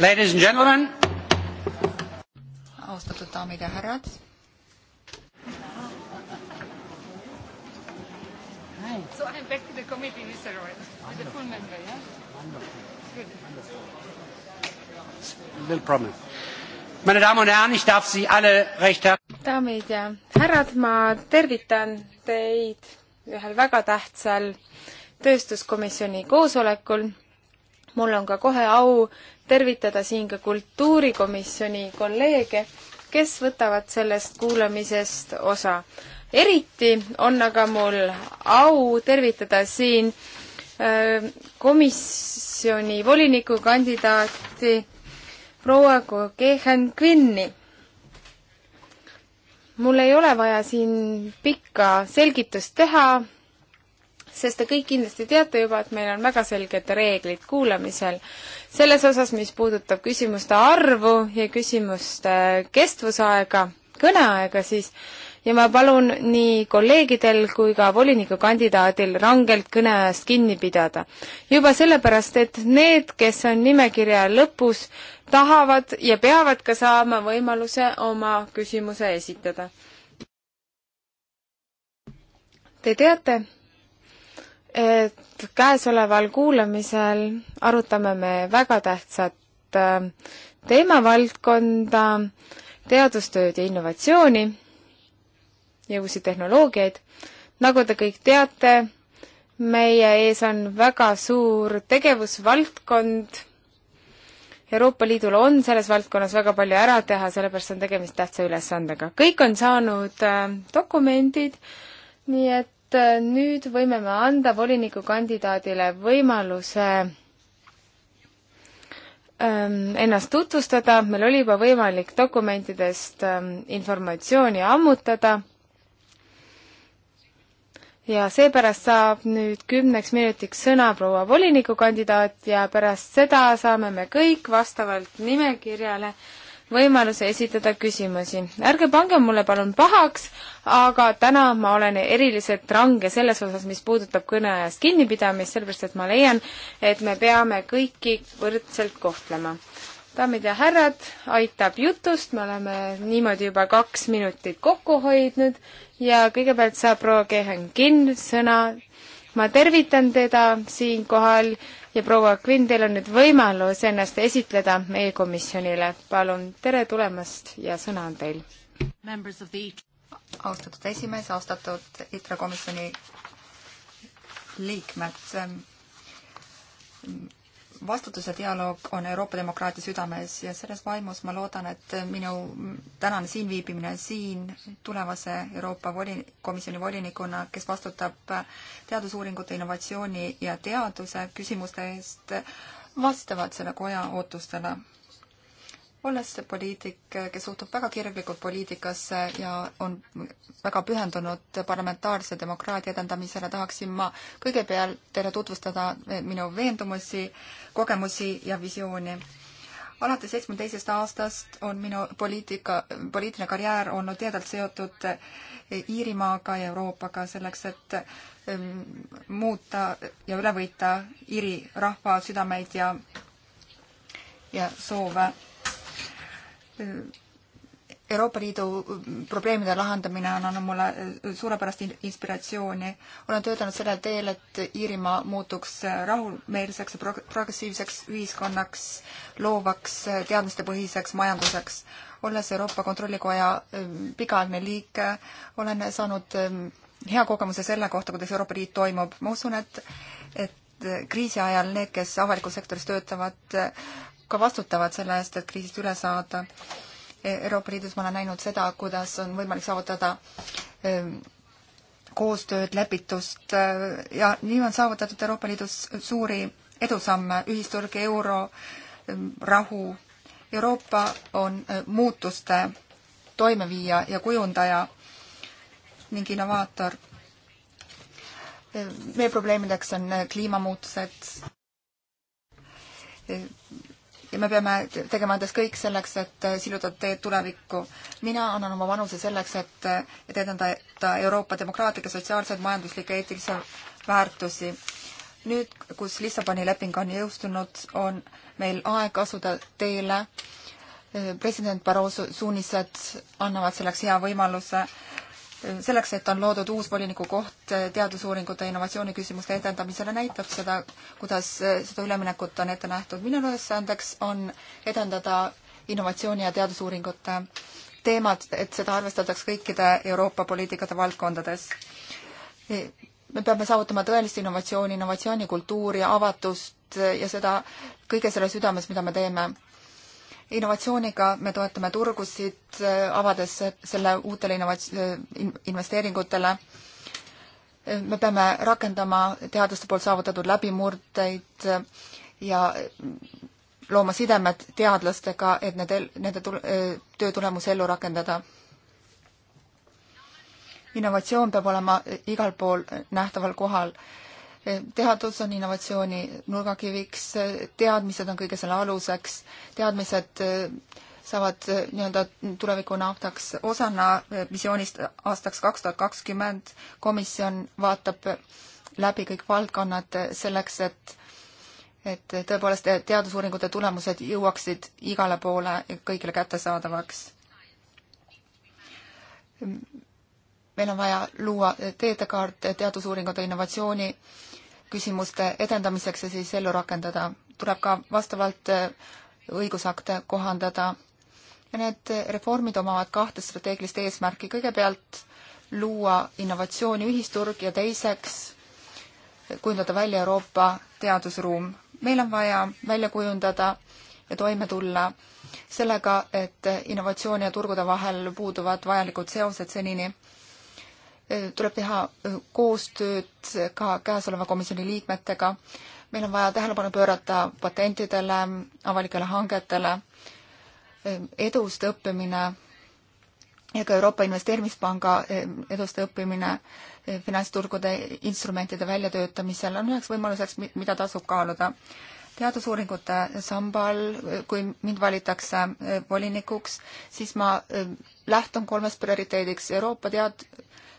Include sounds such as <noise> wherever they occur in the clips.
Ladies and gentlemen. austatud daamid ja härrad. So I am back to the committee, Mr. Roy, with the full member, yeah? Wonderful. Good. Wonderful. Little problem. Meine Damen und Herren, ich darf Sie alle recht herzlich. daamid ja härrad, ma tervitan teid ühel väga tähtsal tööstuskomisjoni koosolekul. mul on ka kohe au tervitada siin ka kultuurikomisjoni kolleege, kes võtavad sellest kuulamisest osa. eriti on aga mul au tervitada siin äh, komisjoni volinikukandidaati proua Kehen Kvinni. mul ei ole vaja siin pikka selgitust teha, sest te kõik kindlasti teate juba, et meil on väga selged reeglid kuulamisel selles osas, mis puudutab küsimuste arvu ja küsimuste kestvusaega, kõneaega siis, ja ma palun nii kolleegidel kui ka volinikukandidaadil rangelt kõneajast kinni pidada. juba sellepärast, et need, kes on nimekirja lõpus, tahavad ja peavad ka saama võimaluse oma küsimuse esitada. Te teate, et käesoleval kuulamisel arutame me väga tähtsat äh, teemavaldkonda, teadustööd ja innovatsiooni, ja uusi tehnoloogiaid. nagu te kõik teate, meie ees on väga suur tegevusvaldkond. Euroopa Liidul on selles valdkonnas väga palju ära teha, sellepärast on tegemist tähtsa ülesandega. kõik on saanud äh, dokumendid, nii et Äh, nüüd võime me anda volinikukandidaadile võimaluse ähm, ennast tutvustada, meil oli juba võimalik dokumentidest ähm, informatsiooni ammutada ja seepärast saab nüüd kümneks minutiks sõna proua volinikukandidaat ja pärast seda saame me kõik vastavalt nimekirjale võimaluse esitada küsimusi. ärge pange mulle palun pahaks, aga täna ma olen eriliselt range selles osas, mis puudutab kõneajast kinnipidamist, sellepärast et ma leian, et me peame kõiki võrdselt kohtlema. daamid ja härrad, aitab jutust, me oleme niimoodi juba kaks minutit kokku hoidnud ja kõigepealt saab proua Kehen Kinn sõna ma tervitan teda siinkohal ja proua Kvinn, teil on nüüd võimalus ennast esitleda meie komisjonile. palun, tere tulemast ja sõna on teil. E. austatud esimees, austatud ITRA e komisjoni liikmed vastutuse dialoog on Euroopa demokraatia südames ja selles vaimus ma loodan, et minu tänane siin viibimine siin tulevase Euroopa voli-, komisjoni volinikuna, kes vastutab teadusuuringute, innovatsiooni ja teaduse küsimuste eest, vastavad selle koja ootustele olles poliitik, kes suhtub väga kirglikult poliitikasse ja on väga pühendunud parlamentaarse demokraatia edendamisele, tahaksin ma kõigepealt teile tutvustada minu veendumusi, kogemusi ja visiooni alates seitsmeteisest aastast on minu poliitika, poliitiline karjäär olnud teadvalt seotud Iirimaaga ja Euroopaga selleks, et ähm, muuta ja üle võita Iiri rahva südameid ja, ja soove. Euroopa Liidu probleemide lahendamine on andnud mulle suurepärast inspiratsiooni. olen töötanud sellel teel, et Iirimaa muutuks rahumeelseks ja progressiivseks ühiskonnaks, loovaks teadmistepõhiseks majanduseks. olles Euroopa Kontrollikoja ähm, pikaaegne liige, olen saanud ähm, hea kogemuse selle kohta, kuidas Euroopa Liit toimub. ma usun, et, et kriisi ajal need, kes avalikus sektoris töötavad, ka vastutavad selle eest, et kriisist üle saada. E, Euroopa Liidus ma olen näinud seda, kuidas on võimalik saavutada e, koostööd, lepitust e, ja nii on saavutatud Euroopa Liidus suuri edusamme, ühisturg, euro, rahu. Euroopa on muutuste toimeviija ja kujundaja ning innovaator. meie probleemideks on kliimamuutused, ja me peame tegema endast kõik selleks, et sillutada teed tulevikku. mina annan oma panuse selleks, et, et edendada Euroopa demokraatlikke, sotsiaalseid, majanduslikke, eetilisi väärtusi. nüüd, kus Lissaboni leping on jõustunud, on meil aeg asuda teele. president Barroso suunised annavad selleks hea võimaluse selleks, et on loodud uus voliniku koht eh, teadusuuringute ja innovatsiooni küsimuste edendamisele, näitab seda, kuidas eh, seda üleminekut on ette nähtud. minu ülesandeks on edendada innovatsiooni ja teadusuuringute teemat, et seda arvestataks kõikide Euroopa poliitikate valdkondades. Eh, me peame saavutama tõelist innovatsiooni, innovatsioonikultuuri, avatust ja seda kõige selle südames, mida me teeme innovatsiooniga me toetame turgusid, avades selle uutele innovats-, investeeringutele. me peame rakendama teadlaste poolt saavutatud läbimurdeid ja looma sidemed teadlastega, et nende, nende töö tulemusi ellu rakendada. innovatsioon peab olema igal pool nähtaval kohal teadus on innovatsiooni nurgakiviks, teadmised on kõige selle aluseks, teadmised eh, saavad eh, nii-öelda tuleviku naftaks osana eh, visioonist aastaks kaks tuhat kakskümmend. komisjon vaatab läbi kõik valdkonnad selleks, et et tõepoolest teadusuuringute tulemused jõuaksid igale poole kõigile kättesaadavaks meil on vaja luua teedekaart teadusuuringute innovatsiooni küsimuste edendamiseks ja siis ellu rakendada. tuleb ka vastavalt äh, õigusakte kohandada. ja need reformid omavad kahte strateegilist eesmärki. kõigepealt luua innovatsiooni ühisturg ja teiseks kujundada välja Euroopa teadusruum. meil on vaja välja kujundada ja toime tulla sellega, et innovatsiooni ja turgude vahel puuduvad vajalikud seosed senini Äh, tuleb teha äh, koostööd ka käesoleva komisjoni liikmetega. meil on vaja tähelepanu pöörata patentidele, avalikele hangetele, äh, edust õppimine ja ka Euroopa Investeerimispanga edust õppimine finantsturgude instrumentide väljatöötamisel on üheks võimaluseks, mida tasub kaaluda. teadusuuringute sambal, kui mind valitakse volinikuks, siis ma lähtun kolmest prioriteediks Euroopa tead-,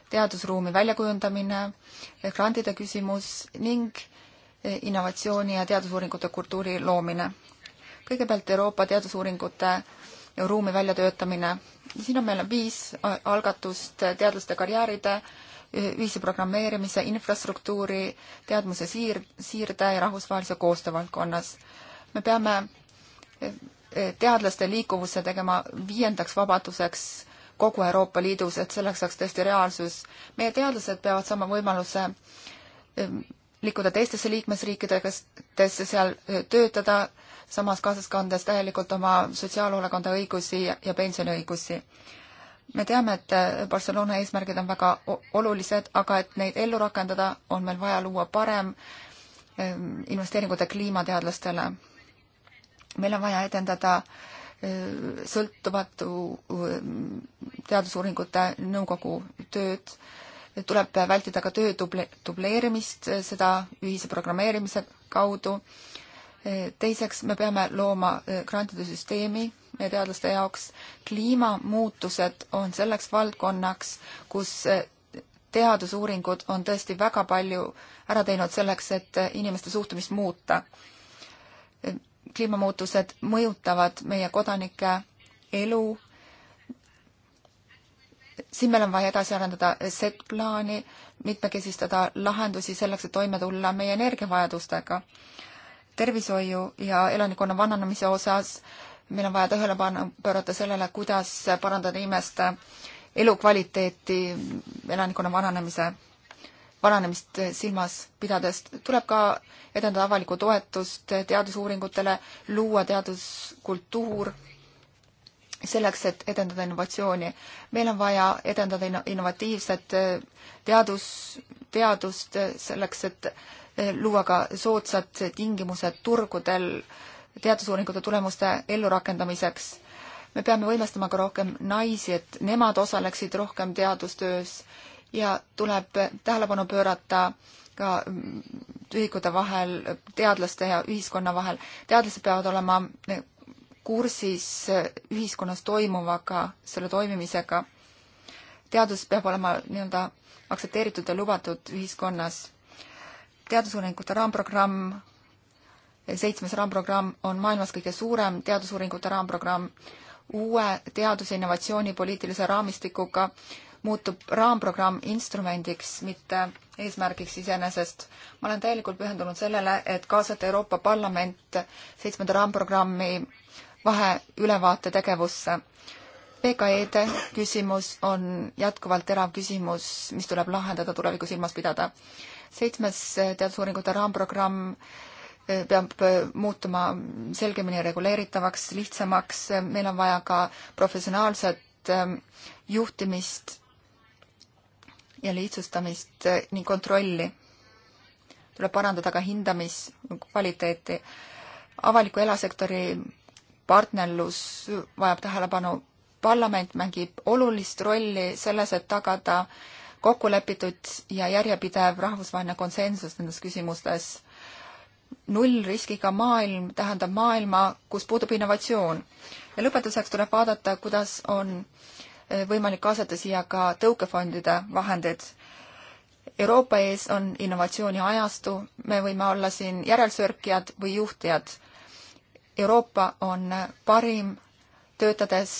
teadusruumi väljakujundamine, grantide küsimus ning eh, innovatsiooni ja teadusuuringute kultuuri loomine. kõigepealt Euroopa teadusuuringute ruumi väljatöötamine. siin on meil viis äh, algatust äh, teadlaste karjääride, ühise programmeerimise, infrastruktuuri, teadmuse siir, siirde ja rahvusvahelise koostöö valdkonnas. me peame eh, eh, teadlaste liikuvuse tegema viiendaks vabaduseks kogu Euroopa Liidus, et selleks saaks tõesti reaalsus. meie teadlased peavad saama võimaluse ehm, liikuda teistesse liikmesriikidesse, seal eh, töötada, samas kaasas kandes täielikult oma sotsiaalhoolekande õigusi ja pensioniõigusi. me teame, et eh, Barcelona eesmärgid on väga olulised, aga et neid ellu rakendada, on meil vaja luua parem ehm, investeeringute kliimateadlastele. meil on vaja edendada äh, sõltumatu mm, teadusuuringute nõukogu tööd. tuleb vältida ka töö duble-, dubleerimist, eh, seda ühise programmeerimise kaudu. Eh, teiseks, me peame looma eh, grantide süsteemi meie teadlaste jaoks. kliimamuutused on selleks valdkonnaks, kus teadusuuringud on tõesti väga palju ära teinud selleks, et inimeste suhtumist muuta kliimamuutused mõjutavad meie kodanike elu. siin meil on vaja edasi arendada set-plaani, mitmekesistada lahendusi selleks, et toime tulla meie energiavajadustega. tervishoiu ja elanikkonna vananemise osas meil on vaja tähelepanu pöörata sellele, kuidas parandada inimeste elukvaliteeti elanikkonna vananemise paranemist silmas pidades tuleb ka edendada avalikku toetust teadusuuringutele, luua teaduskultuur selleks, et edendada innovatsiooni. meil on vaja edendada innovatiivset eh, teadus, teadust selleks, et eh, luua ka soodsad tingimused turgudel teadusuuringute tulemuste ellurakendamiseks me peame võimestama ka rohkem naisi, et nemad osaleksid rohkem teadustöös ja tuleb tähelepanu pöörata ka mm, ühikute vahel, teadlaste ja ühiskonna vahel. teadlased peavad olema eh, kursis eh, ühiskonnas toimuvaga, selle toimimisega. teadus peab olema nii-öelda aktsepteeritud ja lubatud ühiskonnas. teadusuuringute raamprogramm, eh, seitsmes raamprogramm on maailmas kõige suurem teadusuuringute raamprogramm uue teaduse innovatsiooni poliitilise raamistikuga muutub raamprogramm instrumendiks, mitte eesmärgiks iseenesest. ma olen täielikult pühendunud sellele, et kaasata Euroopa Parlament seitsmenda raamprogrammi vaheülevaate tegevusse. PKE-de küsimus on jätkuvalt terav küsimus, mis tuleb lahendada, tulevikku silmas pidada. seitsmes teadusuuringute raamprogramm eh, peab eh, muutuma selgemini reguleeritavaks, lihtsamaks, meil on vaja ka professionaalset eh, juhtimist ja lihtsustamist ning kontrolli. tuleb parandada ka hindamiskvaliteeti. avaliku elasektori partnerlus vajab tähelepanu. parlament mängib olulist rolli selles, et tagada kokkulepitud ja järjepidev rahvusvaheline konsensus nendes küsimustes. nullriskiga maailm tähendab maailma, kus puudub innovatsioon. ja lõpetuseks tuleb vaadata, kuidas on äh, võimalik kaasata siia ka tõukefondide vahendid. Euroopa ees on innovatsiooni ajastu, me võime olla siin järelsörkijad või juhtijad. Euroopa on parim töötades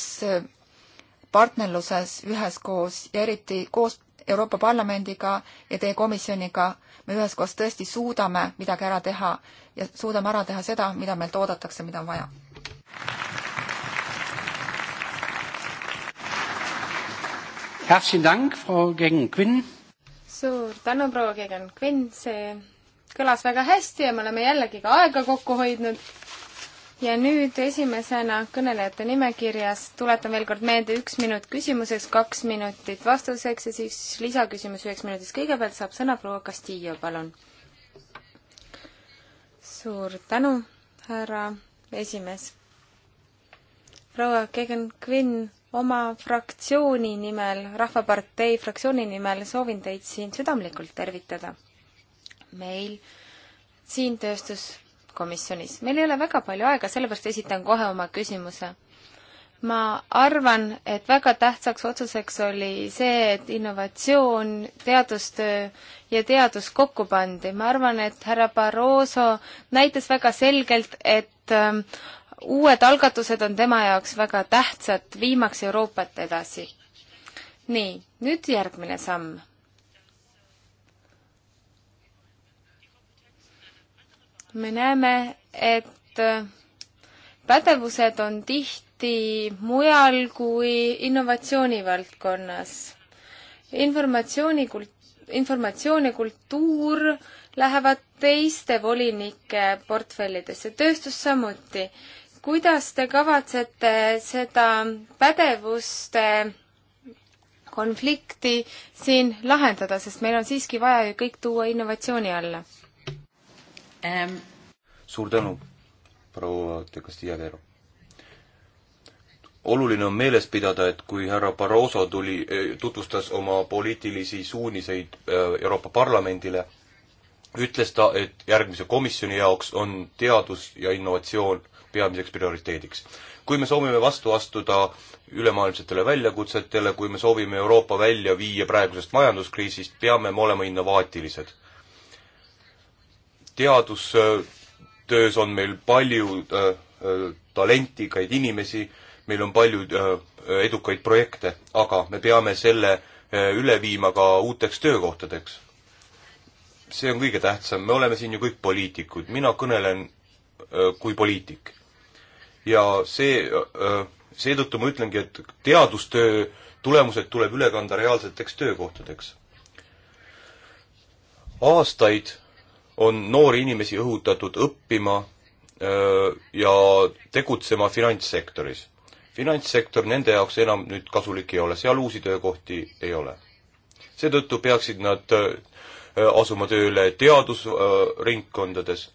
partnerluses üheskoos ja eriti koos Euroopa Parlamendiga ja teie komisjoniga me üheskoos tõesti suudame midagi ära teha ja suudame ära teha seda, mida meilt oodatakse, mida on vaja Herzlichen Dank, Frau Gegen-Quinn. suur tänu, proua Gegen-Quinn, see kõlas väga hästi ja me oleme jällegi ka aega kokku hoidnud. ja nüüd esimesena kõnelejate nimekirjas tuletan veel kord meelde, üks minut küsimuseks, kaks minutit vastuseks ja siis lisaküsimus üheks minutiks. kõigepealt saab sõna proua Castillo, palun. suur tänu, härra esimees. proua Kegen-Quinn oma fraktsiooni nimel, Rahvapartei fraktsiooni nimel soovin teid siin südamlikult tervitada. meil siin tööstuskomisjonis, meil ei ole väga palju aega, sellepärast esitan kohe oma küsimuse. ma arvan, et väga tähtsaks otsuseks oli see, et innovatsioon, teadustöö ja teadus kokku pandi. ma arvan, et härra Barroso näitas väga selgelt, et ähm, uued algatused on tema jaoks väga tähtsad, viimaks Euroopat edasi. nii, nüüd järgmine samm. me näeme, et pädevused on tihti mujal kui innovatsioonivaldkonnas. informatsiooni kult-, informatsioon ja kultuur lähevad teiste volinike portfellidesse, tööstus samuti kuidas te kavatsete seda pädevuste konflikti siin lahendada, sest meil on siiski vaja ju kõik tuua innovatsiooni alla ähm.? suur tänu, proua De Castilla Vero. oluline on meeles pidada, et kui härra Barroso tuli, eh, tutvustas oma poliitilisi suuniseid eh, Euroopa Parlamendile, ütles ta, et järgmise komisjoni jaoks on teadus ja innovatsioon peamiseks prioriteediks. kui me soovime vastu astuda ülemaailmsetele väljakutsetele, kui me soovime Euroopa välja viia praegusest majanduskriisist, peame me olema innovaatilised. teadustöös on meil palju äh, äh, talentikaid inimesi, meil on palju äh, edukaid projekte, aga me peame selle äh, üle viima ka uuteks töökohtadeks see on kõige tähtsam, me oleme siin ju kõik poliitikud, mina kõnelen öö, äh, kui poliitik ja see, seetõttu ma ütlengi, et teadustöö tulemused tuleb üle kanda reaalseteks töökohtadeks. aastaid on noori inimesi õhutatud õppima öö, ja tegutsema finantssektoris. finantssektor nende jaoks enam nüüd kasulik ei ole, seal uusi töökohti ei ole. seetõttu peaksid nad öö, asuma tööle teadusringkondades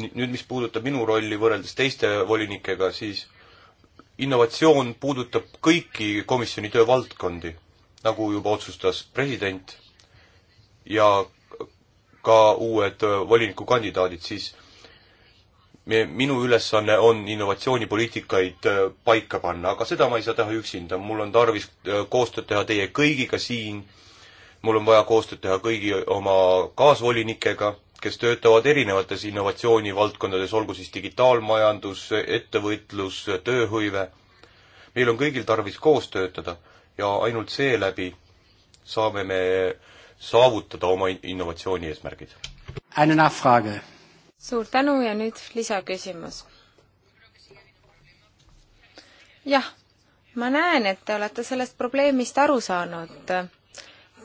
nüüd, mis puudutab minu rolli võrreldes teiste volinikega, siis innovatsioon puudutab kõiki komisjoni töövaldkondi, nagu juba otsustas president ja ka uued äh, volinikukandidaadid, siis me, minu ülesanne on innovatsioonipoliitikaid äh, paika panna, aga seda ma ei saa teha üksinda, mul on tarvis äh, koostööd teha teie kõigiga siin, mul on vaja koostööd teha kõigi oma kaasvolinikega kes töötavad erinevates innovatsioonivaldkondades, olgu siis digitaalmajandus, ettevõtlus, tööhõive. meil on kõigil tarvis koos töötada ja ainult seeläbi saame me saavutada oma innovatsiooni eesmärgid. suur tänu ja nüüd lisaküsimus. jah, ma näen, et te olete sellest probleemist aru saanud.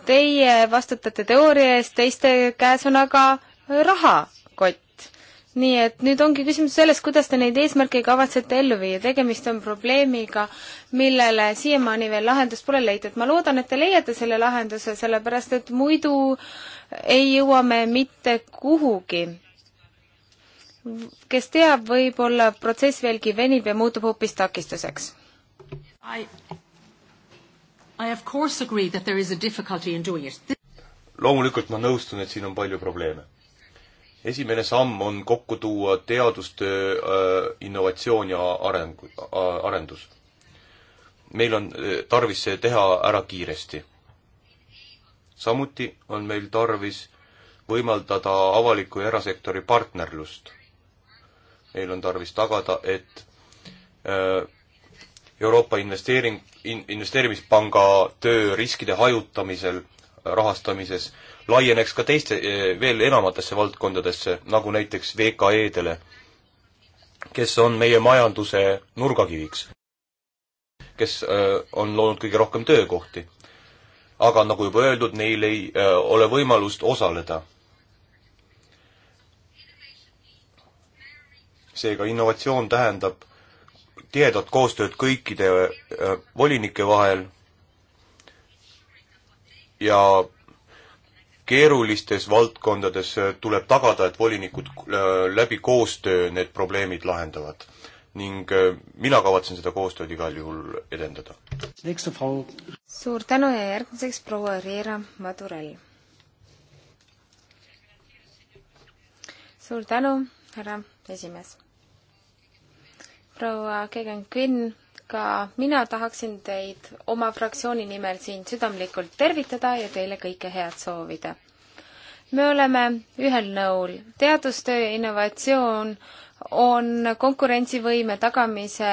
Teie vastutate teooria eest, teiste käes on aga rahakott. nii et nüüd ongi küsimus selles, kuidas te neid eesmärke kavatsete ellu viia, tegemist on probleemiga, millele siiamaani veel lahendust pole leitud. ma loodan, et te leiate selle lahenduse, sellepärast et muidu ei jõua me mitte kuhugi kes teab, võib-olla protsess veelgi venib ja muutub hoopis takistuseks. I, I of course agree that there is a difficulty in doing it. loomulikult ma nõustun, et siin on palju probleeme esimene samm on kokku tuua teadustöö, äh, innovatsioon ja areng, äh, arendus. meil on äh, tarvis see teha ära kiiresti. samuti on meil tarvis võimaldada avaliku ja erasektori partnerlust. meil on tarvis tagada, et Euroopa investeering, investeerimispanga töö riskide hajutamisel rahastamises laieneks ka teiste, eh, veel enamatesse valdkondadesse, nagu näiteks VKE-dele, kes on meie majanduse nurgakiviks, kes eh, on loonud kõige rohkem töökohti. aga nagu juba öeldud, neil ei eh, ole võimalust osaleda. seega innovatsioon tähendab tihedat koostööd kõikide volinike vahel ja keerulistes valdkondades tuleb tagada, et volinikud äh, läbi koostöö need probleemid lahendavad. ning äh, mina kavatsen seda koostööd igal juhul edendada. suur tänu ja järgmiseks proua Riera Madurell. suur tänu, härra esimees. proua Kegen Kvinn ka mina tahaksin teid oma fraktsiooni nimel siin südamlikult tervitada ja teile kõike head soovida. me oleme ühel nõul, teadustöö ja innovatsioon on konkurentsivõime tagamise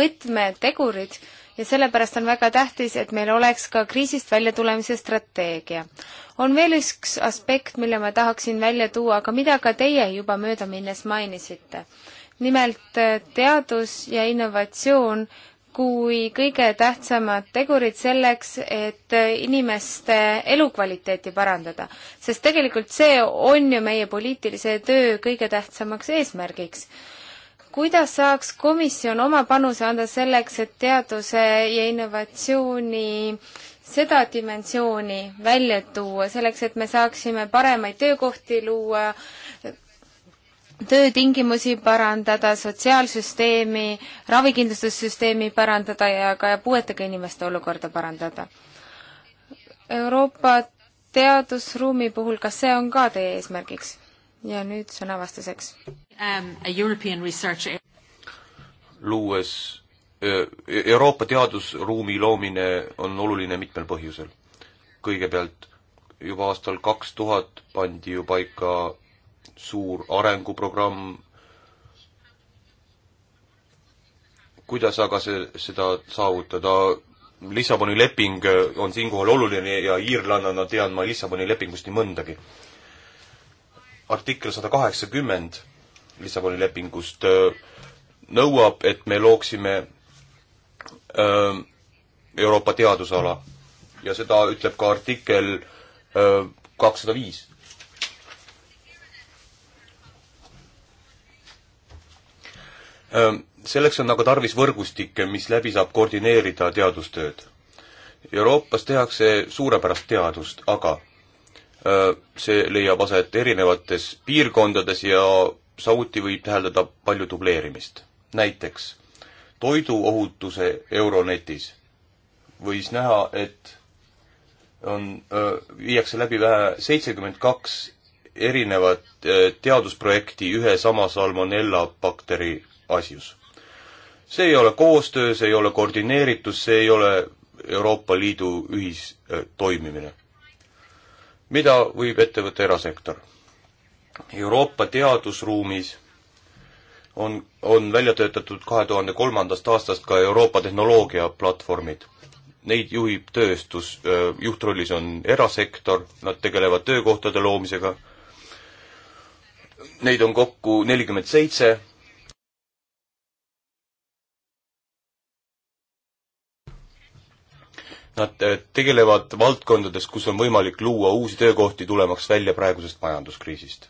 võtmetegurid ja sellepärast on väga tähtis, et meil oleks ka kriisist väljatulemise strateegia. on veel üks aspekt, mille ma tahaksin välja tuua, aga mida ka teie juba möödaminnes mainisite nimelt äh, teadus ja innovatsioon kui kõige tähtsamad tegurid selleks, et äh, inimeste elukvaliteeti parandada. sest tegelikult see on ju meie poliitilise töö kõige tähtsamaks eesmärgiks. kuidas saaks komisjon oma panuse anda selleks, et teaduse ja innovatsiooni seda dimensiooni välja tuua, selleks et me saaksime paremaid töökohti luua, töötingimusi parandada, sotsiaalsüsteemi, ravikindlustussüsteemi parandada ja ka puuetega inimeste olukorda parandada. Euroopa teadusruumi puhul, kas see on ka teie eesmärgiks? ja nüüd sõna vastuseks um,. luues Euroopa teadusruumi loomine on oluline mitmel põhjusel. kõigepealt juba aastal kaks tuhat pandi ju paika suur arenguprogramm. kuidas aga see, seda saavutada? Lissaboni leping on siinkohal oluline ja iirlannana tean ma Lissaboni lepingust nii mõndagi. artikkel sada kaheksakümmend Lissaboni lepingust äh, nõuab, et me looksime äh, Euroopa teadusala ja seda ütleb ka artikkel äh, kakssada viis. selleks on aga nagu tarvis võrgustikke, mis läbi saab koordineerida teadustööd. Euroopas tehakse suurepärast teadust, aga see leiab aset erinevates piirkondades ja samuti võib täheldada palju dubleerimist. näiteks toiduohutuse Euronetis võis näha, et on, viiakse läbi vähe seitsekümmend kaks erinevat teadusprojekti ühe sama salmonella bakteri asjus. see ei ole koostöö, see ei ole koordineeritus, see ei ole Euroopa Liidu ühistoimimine. Äh, mida võib ette võtta erasektor? Euroopa teadusruumis on, on välja töötatud kahe tuhande kolmandast aastast ka Euroopa tehnoloogiaplatvormid. Neid juhib tööstus, äh, juhtrollis on erasektor, nad tegelevad töökohtade loomisega, neid on kokku nelikümmend seitse Nad eh, tegelevad valdkondades, kus on võimalik luua uusi töökohti, tulemaks välja praegusest majanduskriisist.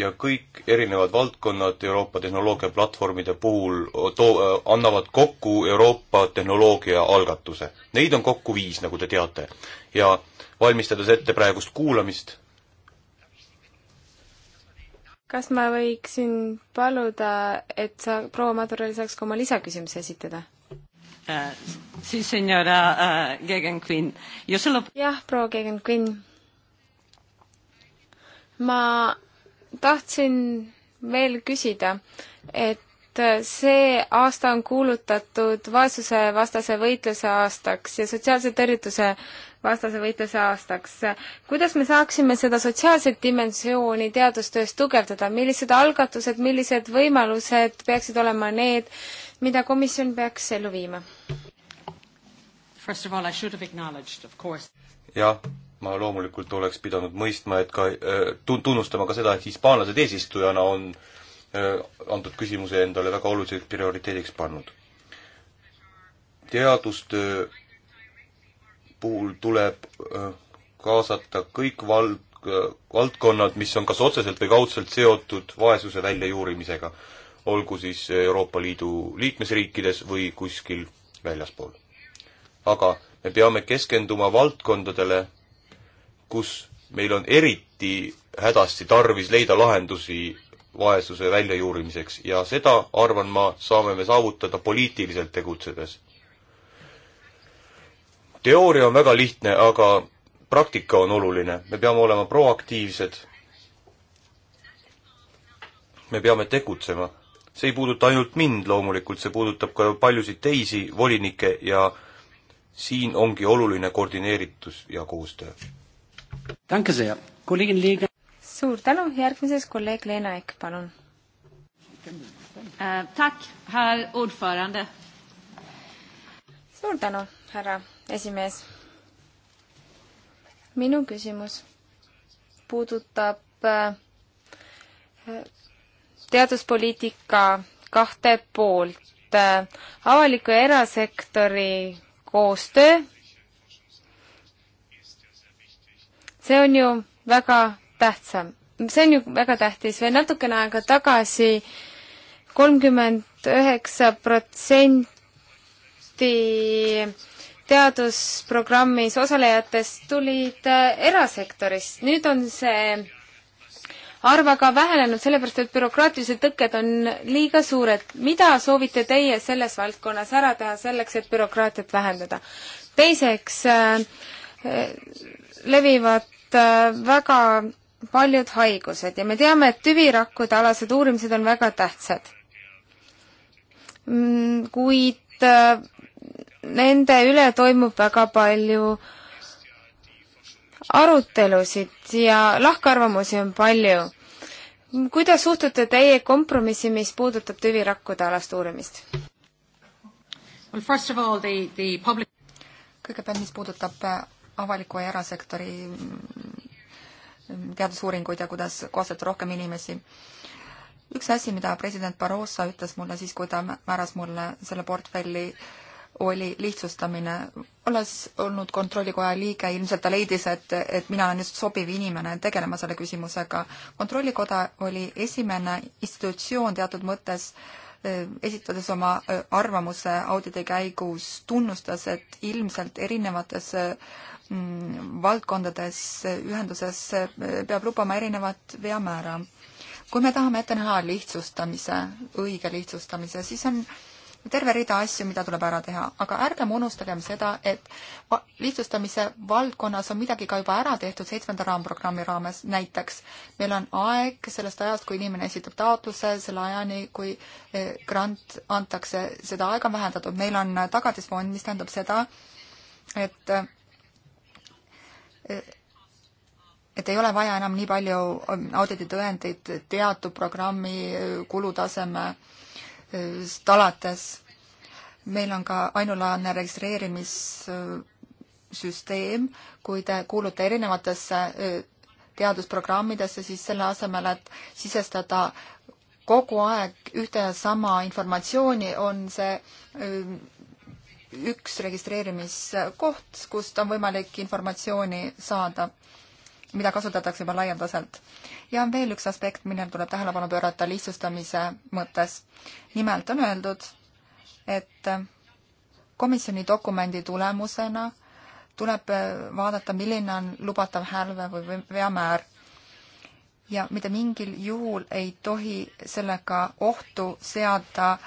ja kõik erinevad valdkonnad Euroopa tehnoloogiaplatvormide puhul too-, eh, annavad kokku Euroopa tehnoloogia algatuse. Neid on kokku viis, nagu te teate. ja valmistades ette praegust kuulamist, kas ma võiksin paluda, et sa, proua Madurel saaks ka oma lisaküsimuse esitada? jah, eh, eh, proua Gegenquin. ma tahtsin veel küsida, et eh, see aasta on kuulutatud vaesusevastase võitluse aastaks ja sotsiaalse tõrjutuse vastase võitluse aastaks. kuidas me saaksime seda sotsiaalset dimensiooni teadustöös tugevdada, millised algatused, millised võimalused peaksid olema need, mida komisjon peaks ellu viima? jah, ma loomulikult oleks pidanud mõistma, et ka äh, tun-, tunnustama ka seda, et hispaanlased eesistujana on äh, antud küsimuse endale väga oluliseks prioriteediks pannud. teadustöö puhul tuleb äh, kaasata kõik vald-, valdkonnad, mis on kas otseselt või kaudselt seotud vaesuse väljajuurimisega olgu siis Euroopa Liidu liikmesriikides või kuskil väljaspool. aga me peame keskenduma valdkondadele, kus meil on eriti hädasti tarvis leida lahendusi vaesuse väljajuurimiseks ja seda, arvan ma, saame me saavutada poliitiliselt tegutsedes. teooria on väga lihtne, aga praktika on oluline, me peame olema proaktiivsed, me peame tegutsema see ei puuduta ainult mind loomulikult, see puudutab ka paljusid teisi volinikke ja siin ongi oluline koordineeritus ja koostöö. suur tänu, järgmises kolleeg Leena Ekk, palun äh,. Tack, herr ordförande. suur tänu, härra esimees. minu küsimus puudutab äh, teaduspoliitika kahte poolt, äh, avaliku ja erasektori koostöö, see on ju väga tähtsam, see on ju väga tähtis, veel natukene aega tagasi kolmkümmend üheksa protsenti teadusprogrammis osalejatest tulid äh, erasektorist, nüüd on see arv aga vähenenud, sellepärast et bürokraatilised tõkked on liiga suured. mida soovite teie selles valdkonnas ära teha selleks, et bürokraatiat vähendada? teiseks äh, levivad äh, väga paljud haigused ja me teame, et tüvirakkude alased uurimised on väga tähtsad mm,. kuid äh, nende üle toimub väga palju äh, arutelusid ja lahkarvamusi on palju. kuidas suhtute teie kompromissi, mis puudutab tüvirakkude alast uurimist well,? Public... kõigepealt, mis puudutab äh, avaliku ja erasektori mm, teadusuuringuid ja kuidas kaasata rohkem inimesi. üks asi, mida president Barroso ütles mulle siis, kui ta määras mulle selle portfelli äh, oli lihtsustamine. olles olnud Kontrollikoja liige, ilmselt ta leidis, et, et mina olen just sobiv inimene tegelema selle küsimusega. kontrollikoda oli esimene institutsioon teatud mõttes, eh, esitades oma eh, arvamuse auditi käigus, tunnustas, et ilmselt erinevates mm, valdkondades ühenduses eh, peab lubama erinevat veamäära. kui me tahame ette näha lihtsustamise, õige lihtsustamise, siis on terve rida asju, mida tuleb ära teha, aga ärgem unustagem seda, et lihtsustamise valdkonnas on midagi ka juba ära tehtud seitsmenda raamprogrammi raames, näiteks meil on aeg sellest ajast, kui inimene esitab taotluse, selle ajani, kui eh, grant antakse, seda aega on vähendatud, meil on tagatisfond, mis tähendab seda, et eh, et ei ole vaja enam nii palju eh, audititõendeid teatud programmi kulutaseme äh, alates. meil on ka ainulaadne registreerimissüsteem, kui te kuulute erinevatesse teadusprogrammidesse, siis selle asemel, et sisestada kogu aeg ühte ja sama informatsiooni, on see üks registreerimiskoht, kust on võimalik informatsiooni saada mida kasutatakse juba laialdaselt. ja on veel üks aspekt, millel tuleb tähelepanu pöörata lihtsustamise mõttes. nimelt on öeldud, et komisjoni dokumendi tulemusena tuleb vaadata, milline on lubatav hälve või veamäär ja mitte mingil juhul ei tohi sellega ohtu seada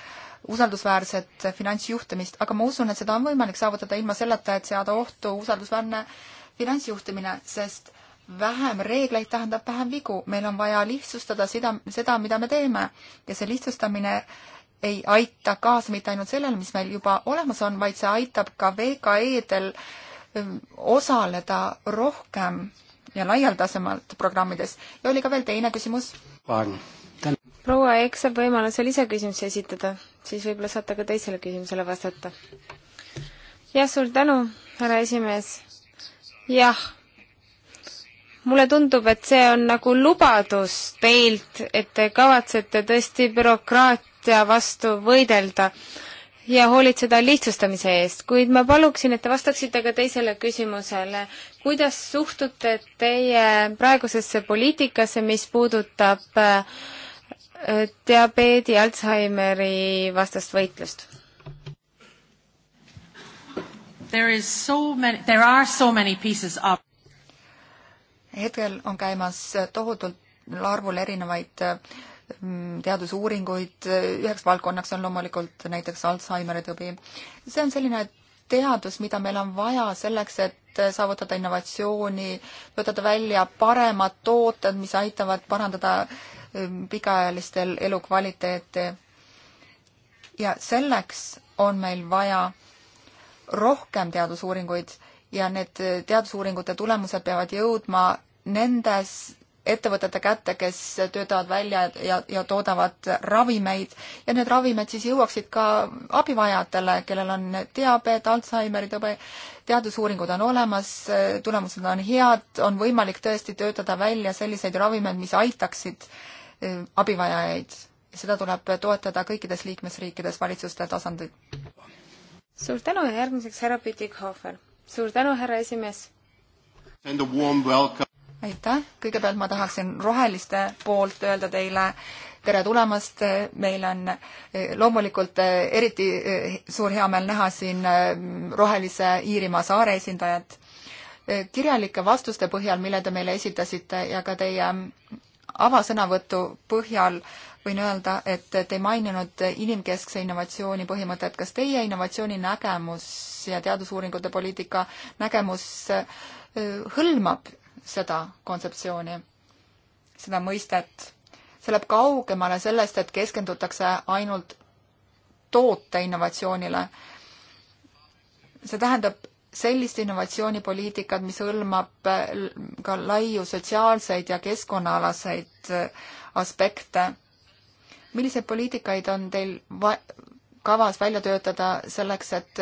usaldusväärset finantsjuhtimist, aga ma usun, et seda on võimalik saavutada ilma selleta, et seada ohtu usaldusväärne finantsjuhtimine, sest vähem reegleid tähendab vähem vigu, meil on vaja lihtsustada seda, seda, mida me teeme ja see lihtsustamine ei aita kaasa mitte ainult sellele, mis meil juba olemas on, vaid see aitab ka VKE-del ähm, osaleda rohkem ja laialdasemalt programmides. ja oli ka veel teine küsimus. proua Eek saab võimaluse lisaküsimusi esitada, siis võib-olla saate ka teisele küsimusele vastata. jah, suur tänu, härra esimees. jah mulle tundub, et see on nagu lubadus teilt, et te kavatsete tõesti bürokraatia vastu võidelda ja hoolitseda lihtsustamise eest, kuid ma paluksin, et te vastaksite ka teisele küsimusele. kuidas suhtute teie praegusesse poliitikasse, mis puudutab äh, diabeedi, Alzheimeri vastast võitlust? There is so many, there are so many pieces of hetkel on käimas tohutult arvul erinevaid mm, teadusuuringuid, üheks valdkonnaks on loomulikult näiteks Alžeimeri tõbi. see on selline teadus, mida meil on vaja selleks, et saavutada innovatsiooni, töötada välja paremad tooted, mis aitavad parandada mm, pikaajalistel elukvaliteeti. ja selleks on meil vaja rohkem teadusuuringuid ja need teadusuuringute tulemused peavad jõudma nendes ettevõtete kätte, kes töötavad välja ja, ja toodavad ravimeid ja need ravimid siis jõuaksid ka abivajajatele, kellel on diabeet, Alžeimeri tõbe, teadusuuringud on olemas, tulemused on head, on võimalik tõesti töötada välja selliseid ravimeid, mis aitaksid eh, abivajajaid. seda tuleb toetada kõikides liikmesriikides valitsuste tasandil. suur tänu ja järgmiseks härra Pütikhofer. suur tänu, härra esimees! aitäh, kõigepealt ma tahaksin roheliste poolt öelda teile tere tulemast, meil on eh, loomulikult eh, eriti eh, suur heameel näha siin rohelise Iirimaa saare esindajat. kirjalike vastuste põhjal, mille te meile esitasite ja ka teie mm, avasõnavõtu põhjal võin öelda, et te ei maininud inimkeskse innovatsiooni põhimõtet. kas teie innovatsiooni nägemus ja teadusuuringute poliitika nägemus hõlmab seda kontseptsiooni, seda mõistet. see läheb kaugemale sellest, et keskendutakse ainult toote innovatsioonile. see tähendab sellist innovatsioonipoliitikat, mis hõlmab ka laiu sotsiaalseid ja keskkonnaalaseid aspekte. milliseid poliitikaid on teil va-, kavas välja töötada selleks, et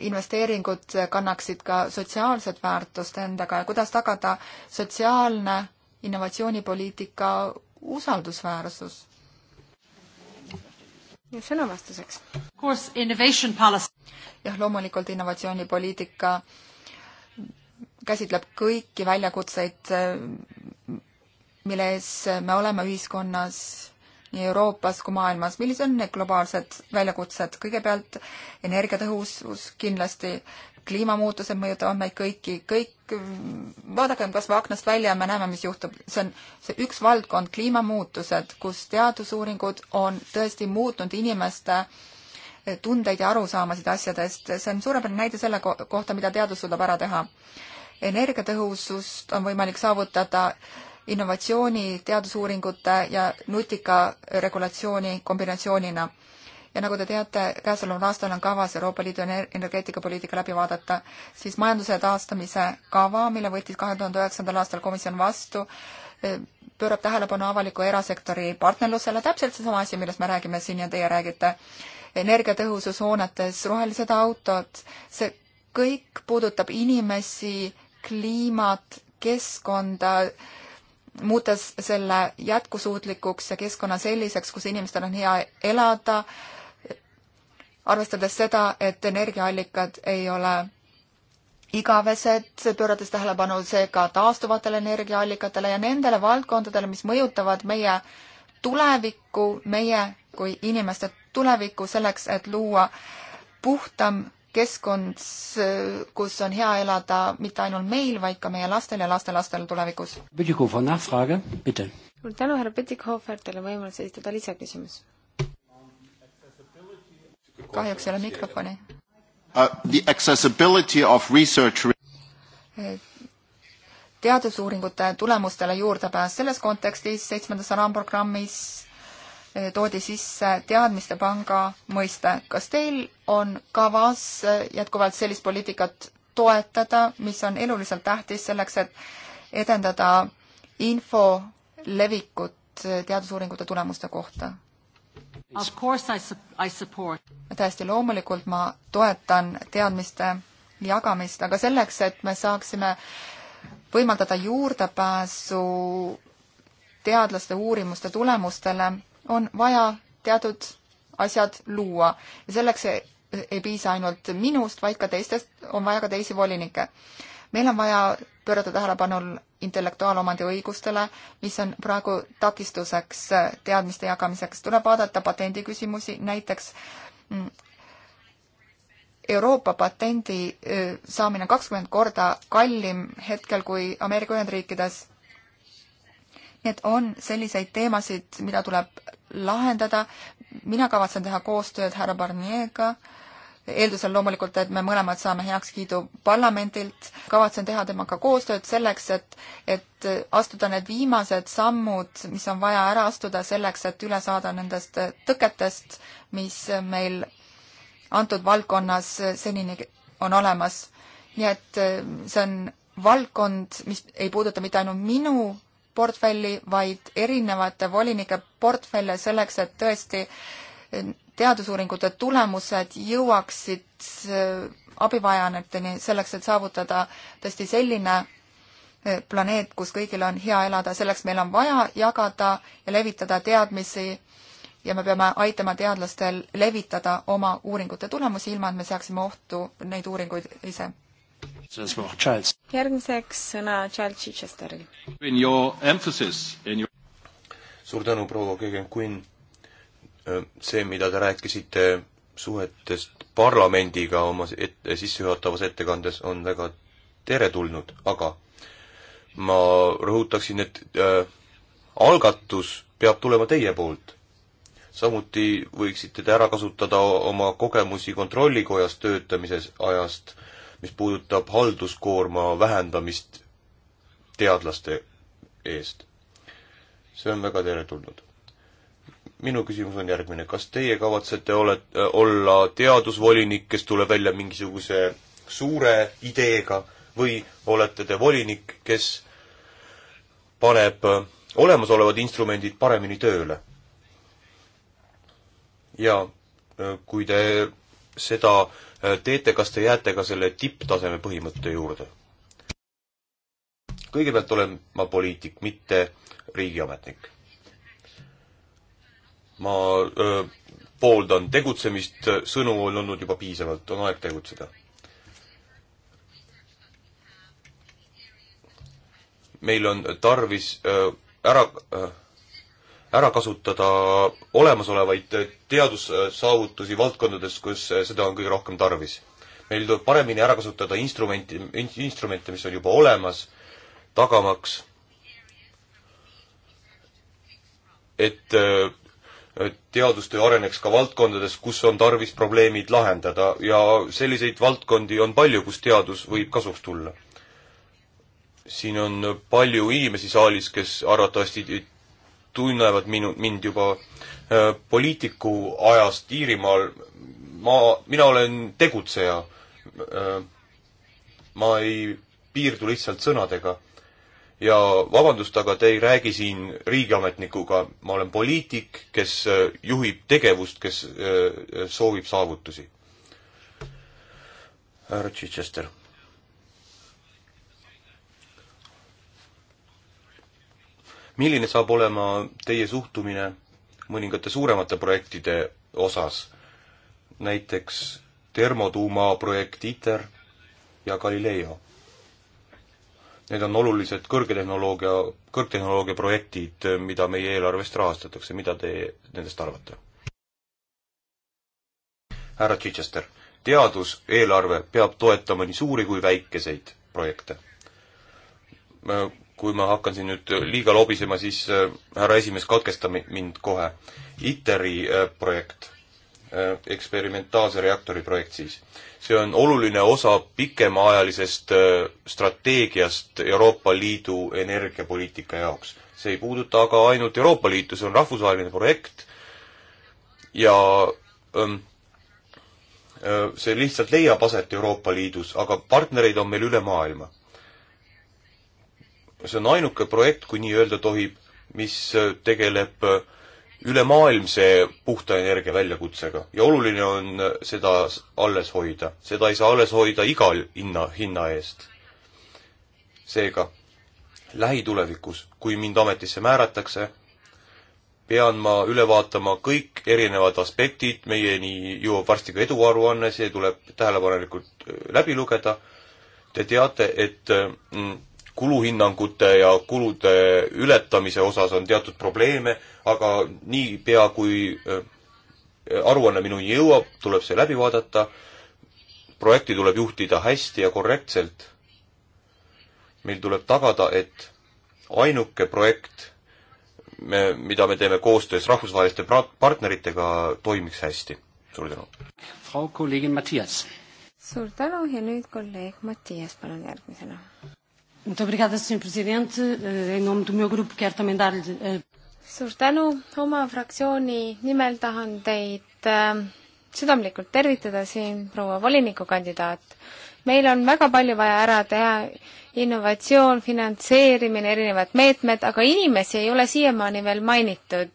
investeeringud kannaksid ka sotsiaalset väärtust endaga ja kuidas tagada sotsiaalne innovatsioonipoliitika usaldusväärsus? ja sõna vastuseks. jah, loomulikult innovatsioonipoliitika käsitleb kõiki väljakutseid, mille ees me oleme ühiskonnas nii Euroopas kui maailmas, millised on need globaalsed väljakutsed, kõigepealt energiatõhusus kindlasti, kliimamuutused mõjutavad meid kõiki, kõik, vaadakem kas või aknast välja ja me näeme, mis juhtub. see on see üks valdkond, kliimamuutused, kus teadusuuringud on tõesti muutnud inimeste tundeid ja arusaamasid asjadest, see on suurepärane näide selle kohta, mida teadus suudab ära teha. energiatõhusust on võimalik saavutada äh, innovatsiooni, teadusuuringute ja nutika regulatsiooni kombinatsioonina. ja nagu te teate, käesoleval aastal on kavas Euroopa Liidu energeetikapoliitika läbi vaadata, siis majanduse taastamise kava, mille võttis kahe tuhande üheksandal aastal komisjon vastu, eh, pöörab tähelepanu avaliku ja erasektori partnerlusele, täpselt seesama asi, millest me räägime siin ja teie räägite. energiatõhusus hoonetes, rohelised autod, see kõik puudutab inimesi, kliimat, keskkonda, muutes selle jätkusuutlikuks ja keskkonna selliseks, kus inimestel on hea elada, arvestades seda, et energiaallikad ei ole igavesed, pöörates tähelepanu seega taastuvatele energiaallikatele ja nendele valdkondadele, mis mõjutavad meie tulevikku, meie kui inimeste tulevikku selleks, et luua puhtam keskkond, kus on hea elada mitte ainult meil, vaid ka meie lastel ja lastelastel tulevikus. suur tänu, härra Pütikofer, teil on võimalus esitada lisaküsimus. kahjuks ei ole mikrofoni uh,. The accessibility of research teadusuuringute tulemustele juurdepääs selles kontekstis seitsmendas raamprogrammis toodi sisse teadmistepanga mõiste. kas teil on kavas jätkuvalt sellist poliitikat toetada, mis on eluliselt tähtis selleks, et edendada info levikut teadusuuringute tulemuste kohta? täiesti loomulikult ma toetan teadmiste jagamist, aga selleks, et me saaksime võimaldada juurdepääsu teadlaste uurimuste tulemustele, on vaja teatud asjad luua ja selleks ei, ei piisa ainult minust, vaid ka teistest, on vaja ka teisi volinikke. meil on vaja pöörata tähelepanu intellektuaalomandi õigustele, mis on praegu takistuseks teadmiste jagamiseks, tuleb vaadata patendiküsimusi, näiteks mm, Euroopa patendi saamine kakskümmend korda kallim hetkel kui Ameerika Ühendriikides nii et on selliseid teemasid, mida tuleb lahendada. mina kavatsen teha koostööd härra Barnier'ga, eeldusel loomulikult, et me mõlemad saame heakskiidu parlamendilt. kavatsen teha temaga koostööd selleks, et, et astuda need viimased sammud, mis on vaja ära astuda selleks, et üle saada nendest tõketest, mis meil antud valdkonnas senini on olemas. nii et eh, see on valdkond, mis ei puuduta mitte ainult minu portfelli, vaid erinevate volinike portfelle selleks, et tõesti teadusuuringute tulemused jõuaksid äh, abivajajateni, selleks et saavutada tõesti selline äh, planeet, kus kõigil on hea elada, selleks meil on vaja jagada ja levitada teadmisi ja me peame aitama teadlastel levitada oma uuringute tulemusi, ilma et me seaksime ohtu neid uuringuid ise järgmiseks sõna Charles Chichesteril. Your... suur tänu, proua Kegen-Quinn. see, mida te rääkisite suhetest parlamendiga oma ette, sissejuhatavas ettekandes, on väga teretulnud, aga ma rõhutaksin, et äh, algatus peab tulema teie poolt. samuti võiksite te ära kasutada oma kogemusi kontrollikojas töötamises ajast mis puudutab halduskoorma vähendamist teadlaste eest. see on väga teretulnud. minu küsimus on järgmine, kas teie kavatsete ole, äh, olla teadusvolinik, kes tuleb välja mingisuguse suure ideega või olete te volinik, kes paneb äh, olemasolevad instrumendid paremini tööle? ja äh, kui te seda äh, Äh, teete, kas te jääte ka selle tipptaseme põhimõtte juurde? kõigepealt olen ma poliitik, mitte riigiametnik. ma öö, äh, pooldan tegutsemist, sõnu on olnud juba piisavalt, on aeg tegutseda. meil on tarvis öö, äh, ära öö, ära kasutada olemasolevaid teadussaavutusi valdkondades, kus seda on kõige rohkem tarvis. meil tuleb paremini ära kasutada instrumenti, instrumente, mis on juba olemas, tagamaks, et teadustöö areneks ka valdkondades, kus on tarvis probleemid lahendada ja selliseid valdkondi on palju, kus teadus võib kasuks tulla. siin on palju inimesi saalis, kes arvatavasti tunnevad minu, mind juba äh, poliitiku ajast Iirimaal, ma, mina olen tegutseja. Äh, ma ei piirdu lihtsalt sõnadega. ja vabandust, aga te ei räägi siin riigiametnikuga, ma olen poliitik, kes äh, juhib tegevust, kes soovib saavutusi. härra Chichester milline saab olema teie suhtumine mõningate suuremate projektide osas, näiteks termotuumaprojekt ITER ja Galileo? Need on olulised kõrgetehnoloogia, kõrgtehnoloogia projektid, mida meie eelarvest rahastatakse, mida te nendest arvate? härra Chichester, teaduseelarve peab toetama nii suuri kui väikeseid projekte kui ma hakkan siin nüüd äh, liiga lobisema, siis äh, härra esimees, katkesta mind kohe. ITER-i äh, projekt, eksperimentaalse reaktori projekt siis, see on oluline osa pikemaajalisest strateegiast Euroopa Liidu energiapoliitika jaoks. see ei puuduta aga ainult Euroopa Liitu, see on rahvusvaheline projekt ja öö, ähm, see lihtsalt leiab aset Euroopa Liidus, aga partnereid on meil üle maailma see on ainuke projekt, kui nii öelda tohib, mis äh, tegeleb äh, ülemaailmse puhta energia väljakutsega ja oluline on äh, seda alles hoida. seda ei saa alles hoida igal hinna, hinna eest. seega, lähitulevikus, kui mind ametisse määratakse, pean ma üle vaatama kõik erinevad aspektid, meieni jõuab varsti ka eduaruanne, see tuleb tähelepanelikult läbi lugeda. Te teate, et kuluhinnangute ja kulude ületamise osas on teatud probleeme, aga niipea, kui äh, aruanne minuni jõuab, tuleb see läbi vaadata, projekti tuleb juhtida hästi ja korrektselt. meil tuleb tagada, et ainuke projekt, me, mida me teeme koostöös rahvusvaheliste partneritega, toimiks hästi. suur tänu. Frau Kollegin Mattias. suur tänu ja nüüd kolleeg Mattias, palun järgmisena. Muito obrigada, Sr. Presidente. Eh, em nome do meu grupo, quero também dar-lhe... Eh, Suur tänu, oma fraktsiooni nimel tahan teid äh, südamlikult tervitada siin, proua volinikukandidaat. meil on väga palju vaja ära teha, innovatsioon, finantseerimine, erinevad meetmed, aga inimesi ei ole siiamaani veel mainitud.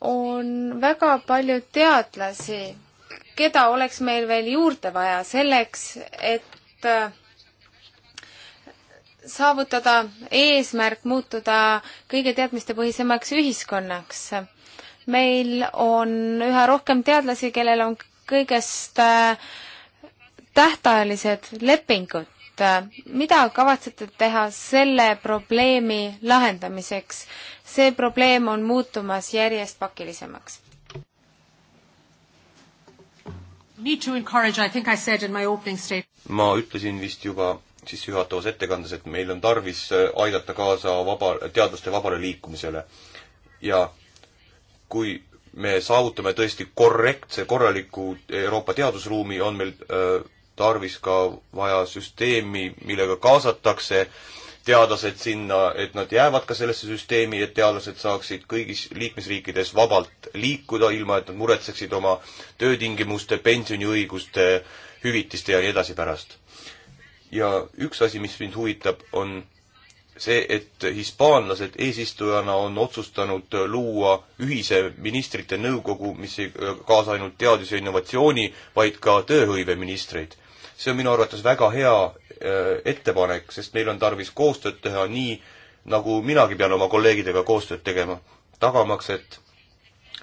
on väga palju teadlasi keda oleks meil veel juurde vaja selleks, et äh, saavutada eesmärk muutuda kõige teadmistepõhisemaks ühiskonnaks. meil on üha rohkem teadlasi, kellel on kõigest äh, tähtajalised lepingud, mida kavatsete teha selle probleemi lahendamiseks? see probleem on muutumas järjest pakilisemaks. need to encourage, I think I said in my opening statement. ma ütlesin vist juba sissejuhatavas ettekandes, et meil on tarvis äh, aidata kaasa vaba, teadlaste vabale liikumisele. ja kui me saavutame tõesti korrektse, korraliku Euroopa teadusruumi, on meil äh, tarvis ka vaja süsteemi, millega kaasatakse äh, teadlased sinna, et nad jäävad ka sellesse süsteemi, et teadlased saaksid kõigis liikmesriikides vabalt liikuda, ilma et nad muretseksid oma töötingimuste, pensioniõiguste, hüvitiste ja nii edasi pärast. ja üks asi, mis mind huvitab, on see, et hispaanlased eesistujana on otsustanud luua ühise ministrite nõukogu, mis ei kaasa ainult teadus- ja innovatsiooni, vaid ka tööhõiveministreid see on minu arvates väga hea äh, ettepanek, sest meil on tarvis koostööd teha nii, nagu minagi pean oma kolleegidega koostööd tegema, tagamaks, et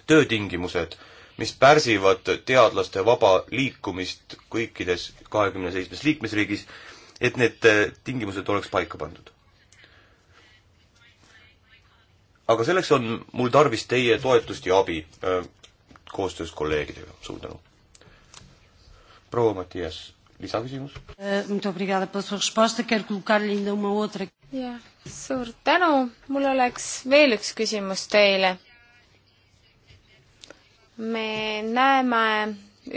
töötingimused, mis pärsivad teadlaste vaba liikumist kõikides kahekümne seitsmes liikmesriigis, et need äh, tingimused oleks paika pandud. aga selleks on mul tarvis teie toetust ja abi äh, koostöös kolleegidega, suur tänu. proua Mattias lisaküsimus? Eh, jah, suur tänu, mul oleks veel üks küsimus teile. me näeme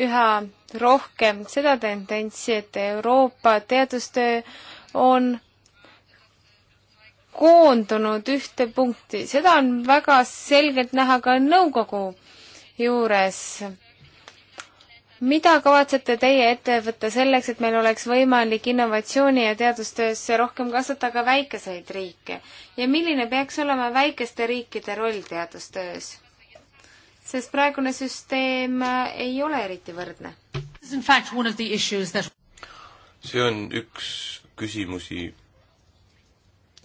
üha rohkem seda tendentsi, et Euroopa teadustöö on koondunud ühte punkti, seda on väga selgelt näha ka nõukogu juures mida kavatsete teie ette võtta selleks, et meil oleks võimalik innovatsiooni ja teadustöösse rohkem kaasata ka väikeseid riike ja milline peaks olema väikeste riikide roll teadustöös? sest praegune süsteem äh, ei ole eriti võrdne. see on üks küsimusi,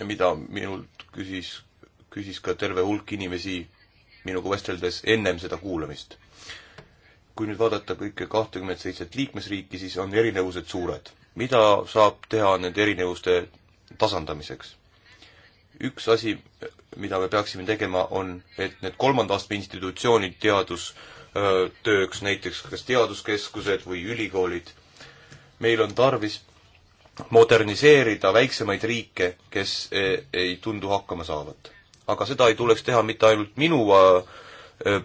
mida minult küsis, küsis ka terve hulk inimesi minuga vesteldes ennem seda kuulamist kui nüüd vaadata kõike kahtekümmet seitset liikmesriiki, siis on erinevused suured. mida saab teha nende erinevuste tasandamiseks? üks asi, mida me peaksime tegema, on, et need kolmanda astme institutsioonid teadustööks, näiteks kas teaduskeskused või ülikoolid, meil on tarvis moderniseerida väiksemaid riike, kes e, ei tundu hakkama saavat. aga seda ei tuleks teha mitte ainult minu äh,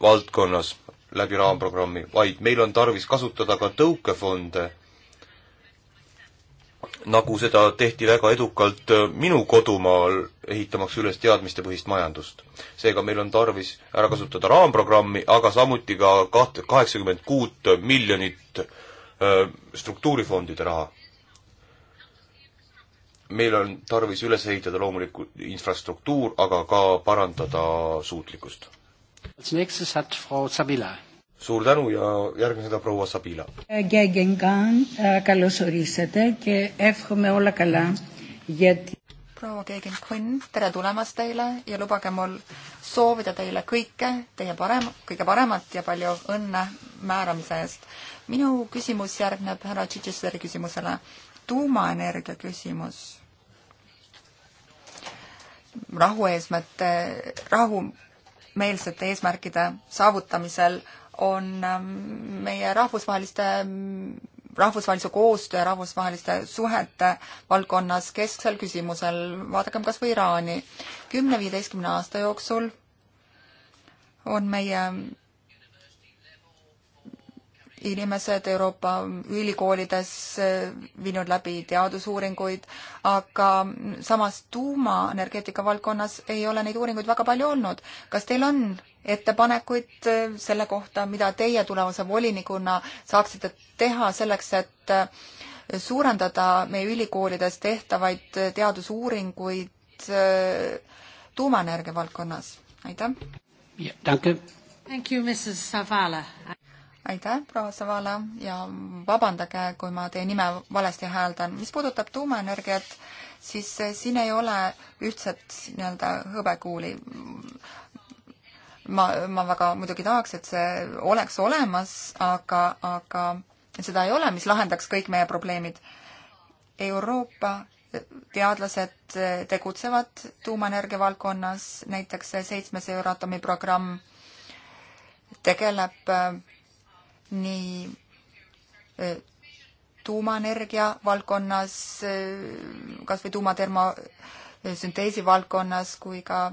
valdkonnas, läbi raamprogrammi, vaid meil on tarvis kasutada ka tõukefonde, nagu seda tehti väga edukalt äh, minu kodumaal, ehitamaks üles teadmistepõhist majandust. seega meil on tarvis ära kasutada raamprogrammi, aga samuti ka kaht-, kaheksakümmend kuut miljonit äh, struktuurifondide raha. meil on tarvis üles ehitada loomulikult infrastruktuur, aga ka parandada suutlikkust suur tänu ja järgmisena proua Sabila. proua Keegen-Quinn, tere tulemast teile ja lubage mul soovida teile kõike teie parem, kõige paremat ja palju õnne määramise eest. minu küsimus järgneb härra Tšitšesteri küsimusele. tuumaenergia küsimus. rahueesmärte, rahu, rahu meelsete eesmärkide saavutamisel on ähm, meie rahvusvaheliste, rahvusvahelise koostöö, rahvusvaheliste suhete valdkonnas kesksel küsimusel, vaadakem kas või Iraani. kümne-viieteistkümne aasta jooksul on meie inimesed Euroopa ülikoolides eh, viinud läbi teadusuuringuid, aga samas tuumaenergeetika valdkonnas ei ole neid uuringuid väga palju olnud. kas teil on ettepanekuid eh, selle kohta, mida teie tulevase volinikuna saaksite teha selleks, et eh, suurendada meie ülikoolides tehtavaid teadusuuringuid tuumaenergia valdkonnas? aitäh! Thank you, Mrs Zavala aitäh, proua Savala ja vabandage, kui ma teie nime valesti hääldan. mis puudutab tuumaenergiat, siis eh, siin ei ole ühtset nii-öelda hõbekuuli. ma, ma väga muidugi tahaks, et see oleks olemas, aga, aga seda ei ole, mis lahendaks kõik meie probleemid. Euroopa eh, teadlased eh, tegutsevad tuumaenergia valdkonnas, näiteks seitsmes Euratomi programm tegeleb nii tuumaenergia valdkonnas, kas või tuumatermosünteesi valdkonnas kui ka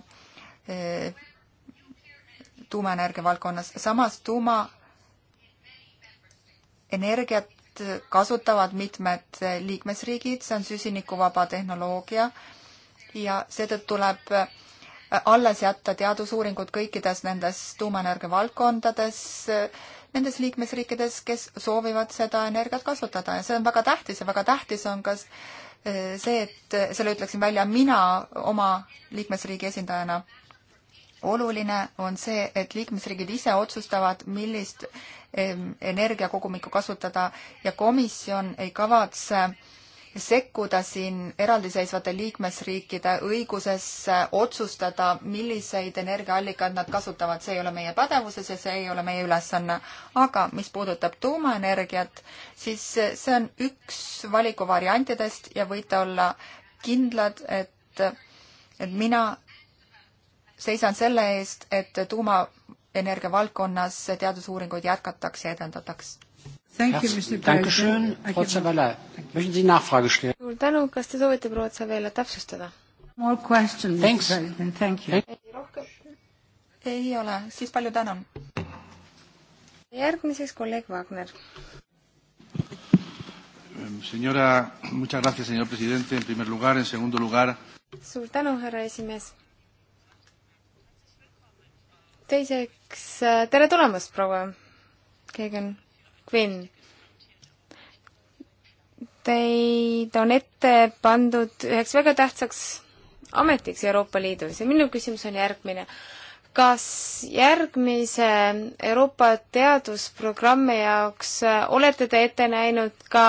tuumaenergia valdkonnas. samas tuumaenergiat kasutavad mitmed liikmesriigid, see on süsinikuvaba tehnoloogia ja seetõttu tuleb alles jätta teadusuuringud kõikides nendes tuumaenergia valdkondades, nendes liikmesriikides, kes soovivad seda energiat kasutada ja see on väga tähtis ja väga tähtis on kas eh, see, et selle ütleksin välja mina oma liikmesriigi esindajana. oluline on see, et liikmesriigid ise otsustavad, millist energiakogumikku kasutada ja komisjon ei kavatse äh, sekkuda siin eraldiseisvate liikmesriikide õigusesse otsustada, milliseid energiaallikaid nad kasutavad, see ei ole meie pädevuses ja see ei ole meie ülesanne. aga mis puudutab tuumaenergiat, siis see on üks valikuvariantidest ja võite olla kindlad, et, et mina seisan selle eest, et tuumaenergia valdkonnas teadusuuringuid jätkataks ja edendataks Dankeschön, Frau Zavala. Möchten Sie Nachfrage stellen? suur tänu, kas te soovite, proua Zavala, täpsustada? More questions, president, thank you. ei, rohkem ei ole, siis palju tänu. järgmiseks kolleeg Wagner. Señora, muchas gracias, señor presidente, en primer lugar, en segundo lugar. suur tänu, härra esimees. teiseks, tere tulemast, proua Keegen Quinn. Teid on ette pandud üheks väga tähtsaks ametiks Euroopa Liidus ja minu küsimus on järgmine. kas järgmise Euroopa teadusprogrammi jaoks olete te ette näinud ka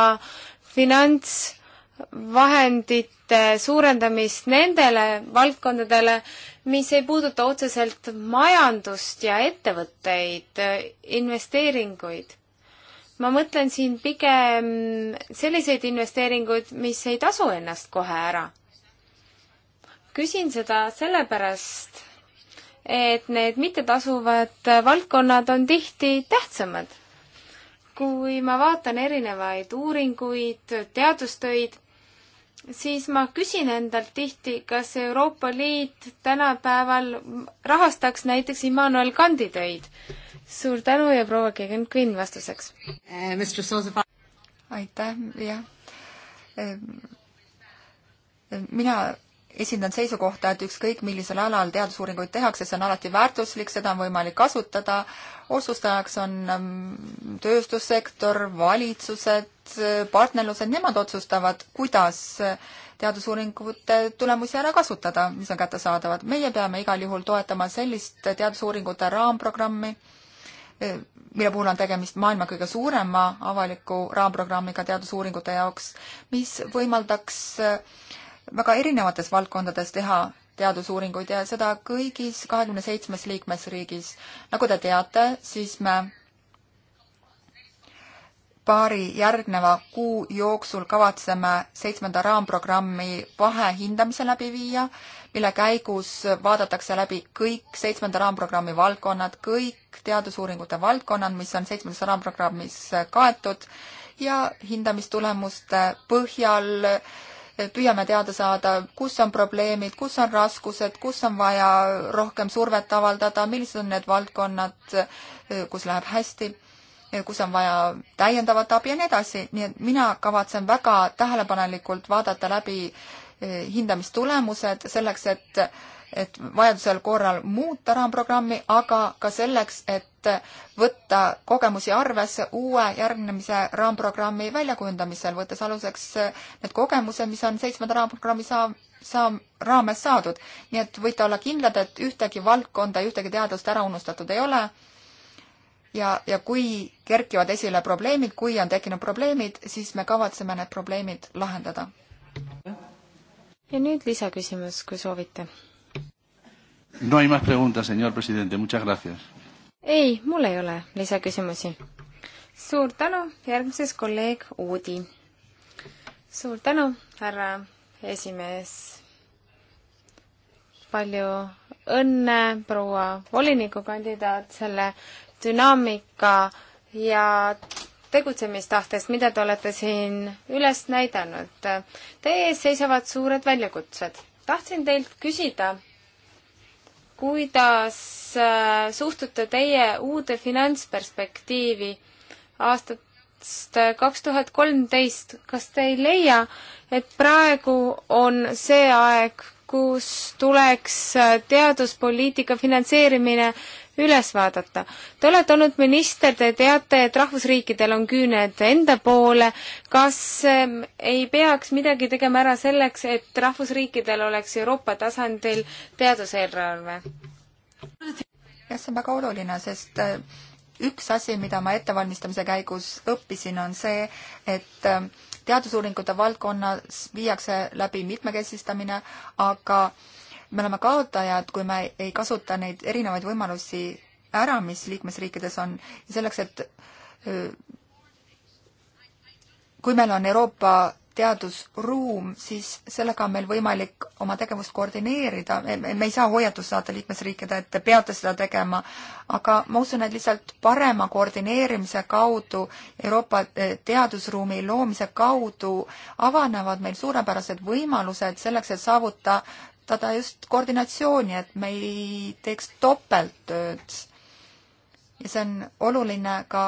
finantsvahendite suurendamist nendele valdkondadele, mis ei puuduta otseselt majandust ja ettevõtteid, investeeringuid? ma mõtlen siin pigem selliseid investeeringuid, mis ei tasu ennast kohe ära. küsin seda sellepärast, et need mittetasuvad valdkonnad on tihti tähtsamad. kui ma vaatan erinevaid uuringuid, teadustöid, siis ma küsin endalt tihti, kas Euroopa Liit tänapäeval rahastaks näiteks Immanuel Kandi töid suur tänu ja proua Keegen Quinn vastuseks. Eh, aitäh, jah. mina esindan seisukohta, et ükskõik millisel alal teadusuuringuid tehakse, see on alati väärtuslik, seda on võimalik kasutada. otsustajaks on tööstussektor, valitsused, partnerlused, nemad otsustavad, kuidas teadusuuringute tulemusi ära kasutada, mis on kättesaadavad. meie peame igal juhul toetama sellist teadusuuringute raamprogrammi mille puhul on tegemist maailma kõige suurema avaliku raamprogrammiga teadusuuringute jaoks, mis võimaldaks äh, väga erinevates valdkondades teha teadusuuringuid ja seda kõigis kahekümne seitsmes liikmesriigis. nagu te teate, siis me paari järgneva kuu jooksul kavatseme seitsmenda raamprogrammi vahehindamisel läbi viia mille käigus vaadatakse läbi kõik seitsmenda raamprogrammi valdkonnad, kõik teadusuuringute valdkonnad, mis on seitsmendas raamprogrammis kaetud ja hindamistulemuste põhjal püüame teada saada, kus on probleemid, kus on raskused, kus on vaja rohkem survet avaldada, millised on need valdkonnad, kus läheb hästi, kus on vaja täiendavat abi ja nii edasi, nii et mina kavatsen väga tähelepanelikult vaadata läbi äh, Eh, hindamistulemused selleks, et, et vajadusel korral muuta raamprogrammi, aga ka selleks, et võtta kogemusi arvesse uue järgnemise raamprogrammi väljakujundamisel, võttes aluseks eh, need kogemused, mis on seitsmenda raamprogrammi saa-, saa-, raames saadud. nii et võite olla kindlad, et ühtegi valdkonda, ühtegi teadust ära unustatud ei ole ja, ja kui kerkivad esile probleemid, kui on tekkinud probleemid, siis me kavatseme need probleemid lahendada ja nüüd lisaküsimus, kui soovite. no hay más preguntas, señor presidente, muchas gracias. ei, mul ei ole lisaküsimusi. suur tänu, järgmises kolleeg Uudi. suur tänu, härra esimees. palju õnne, proua volinikukandidaat, selle dünaamika ja tegutsemistahtest, mida te olete siin üles näidanud. Teie ees seisavad suured väljakutsed. tahtsin teilt küsida, kuidas äh, suhtute teie uude finantsperspektiivi aastast äh, kaks tuhat kolmteist, kas te ei leia, et praegu on see aeg, kus tuleks äh, teaduspoliitika finantseerimine üles vaadata. Te olete olnud minister, te teate, et rahvusriikidel on küüned enda poole. kas ähm, ei peaks midagi tegema ära selleks, et rahvusriikidel oleks Euroopa tasandil teaduseelarve? jah, see on väga oluline, sest äh, üks asi, mida ma ettevalmistamise käigus õppisin, on see, et ähm, teadusuuringute valdkonnas viiakse läbi mitmekesistamine, aga äh, me oleme kaotajad, kui me ei kasuta neid erinevaid võimalusi ära, mis liikmesriikides on, selleks, et kui meil on Euroopa teadusruum, siis sellega on meil võimalik oma tegevust koordineerida, me ei saa hoiatust saata liikmesriikide, et te peate seda tegema, aga ma usun, et lihtsalt parema koordineerimise kaudu, Euroopa e, teadusruumi loomise kaudu avanevad meil suurepärased võimalused selleks, et saavuta saavutada just koordinatsiooni, et me ei teeks topelttööd. ja see on oluline ka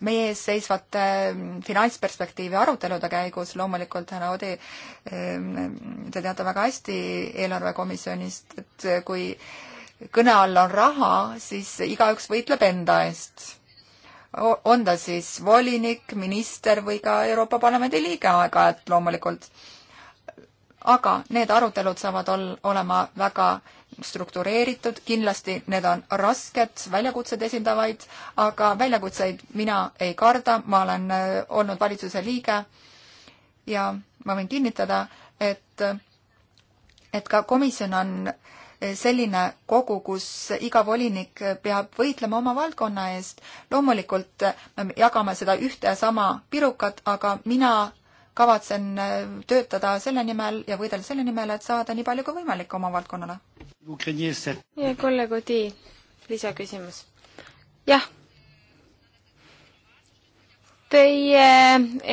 meie ees seisvate mm, finantsperspektiivi arutelude käigus, loomulikult härra Odi, mm, te teate väga hästi eelarvekomisjonist, et kui kõne all on raha, siis igaüks võitleb enda eest. on ta siis volinik, minister või ka Euroopa Parlamendi liige aeg-ajalt loomulikult aga need arutelud saavad ol-, olema väga struktureeritud, kindlasti need on rasked, väljakutsed esindavaid, aga väljakutseid mina ei karda, ma olen äh, olnud valitsuse liige ja ma võin kinnitada, et, et ka komisjon on äh, selline kogu, kus iga volinik peab võitlema oma valdkonna eest. loomulikult äh, me jagame seda ühte ja sama pirukat, aga mina kavatsen äh, töötada selle nimel ja võidelda selle nimel, et saada nii palju kui võimalik oma valdkonnale. ja kolleeg Odi, lisaküsimus. jah. Teie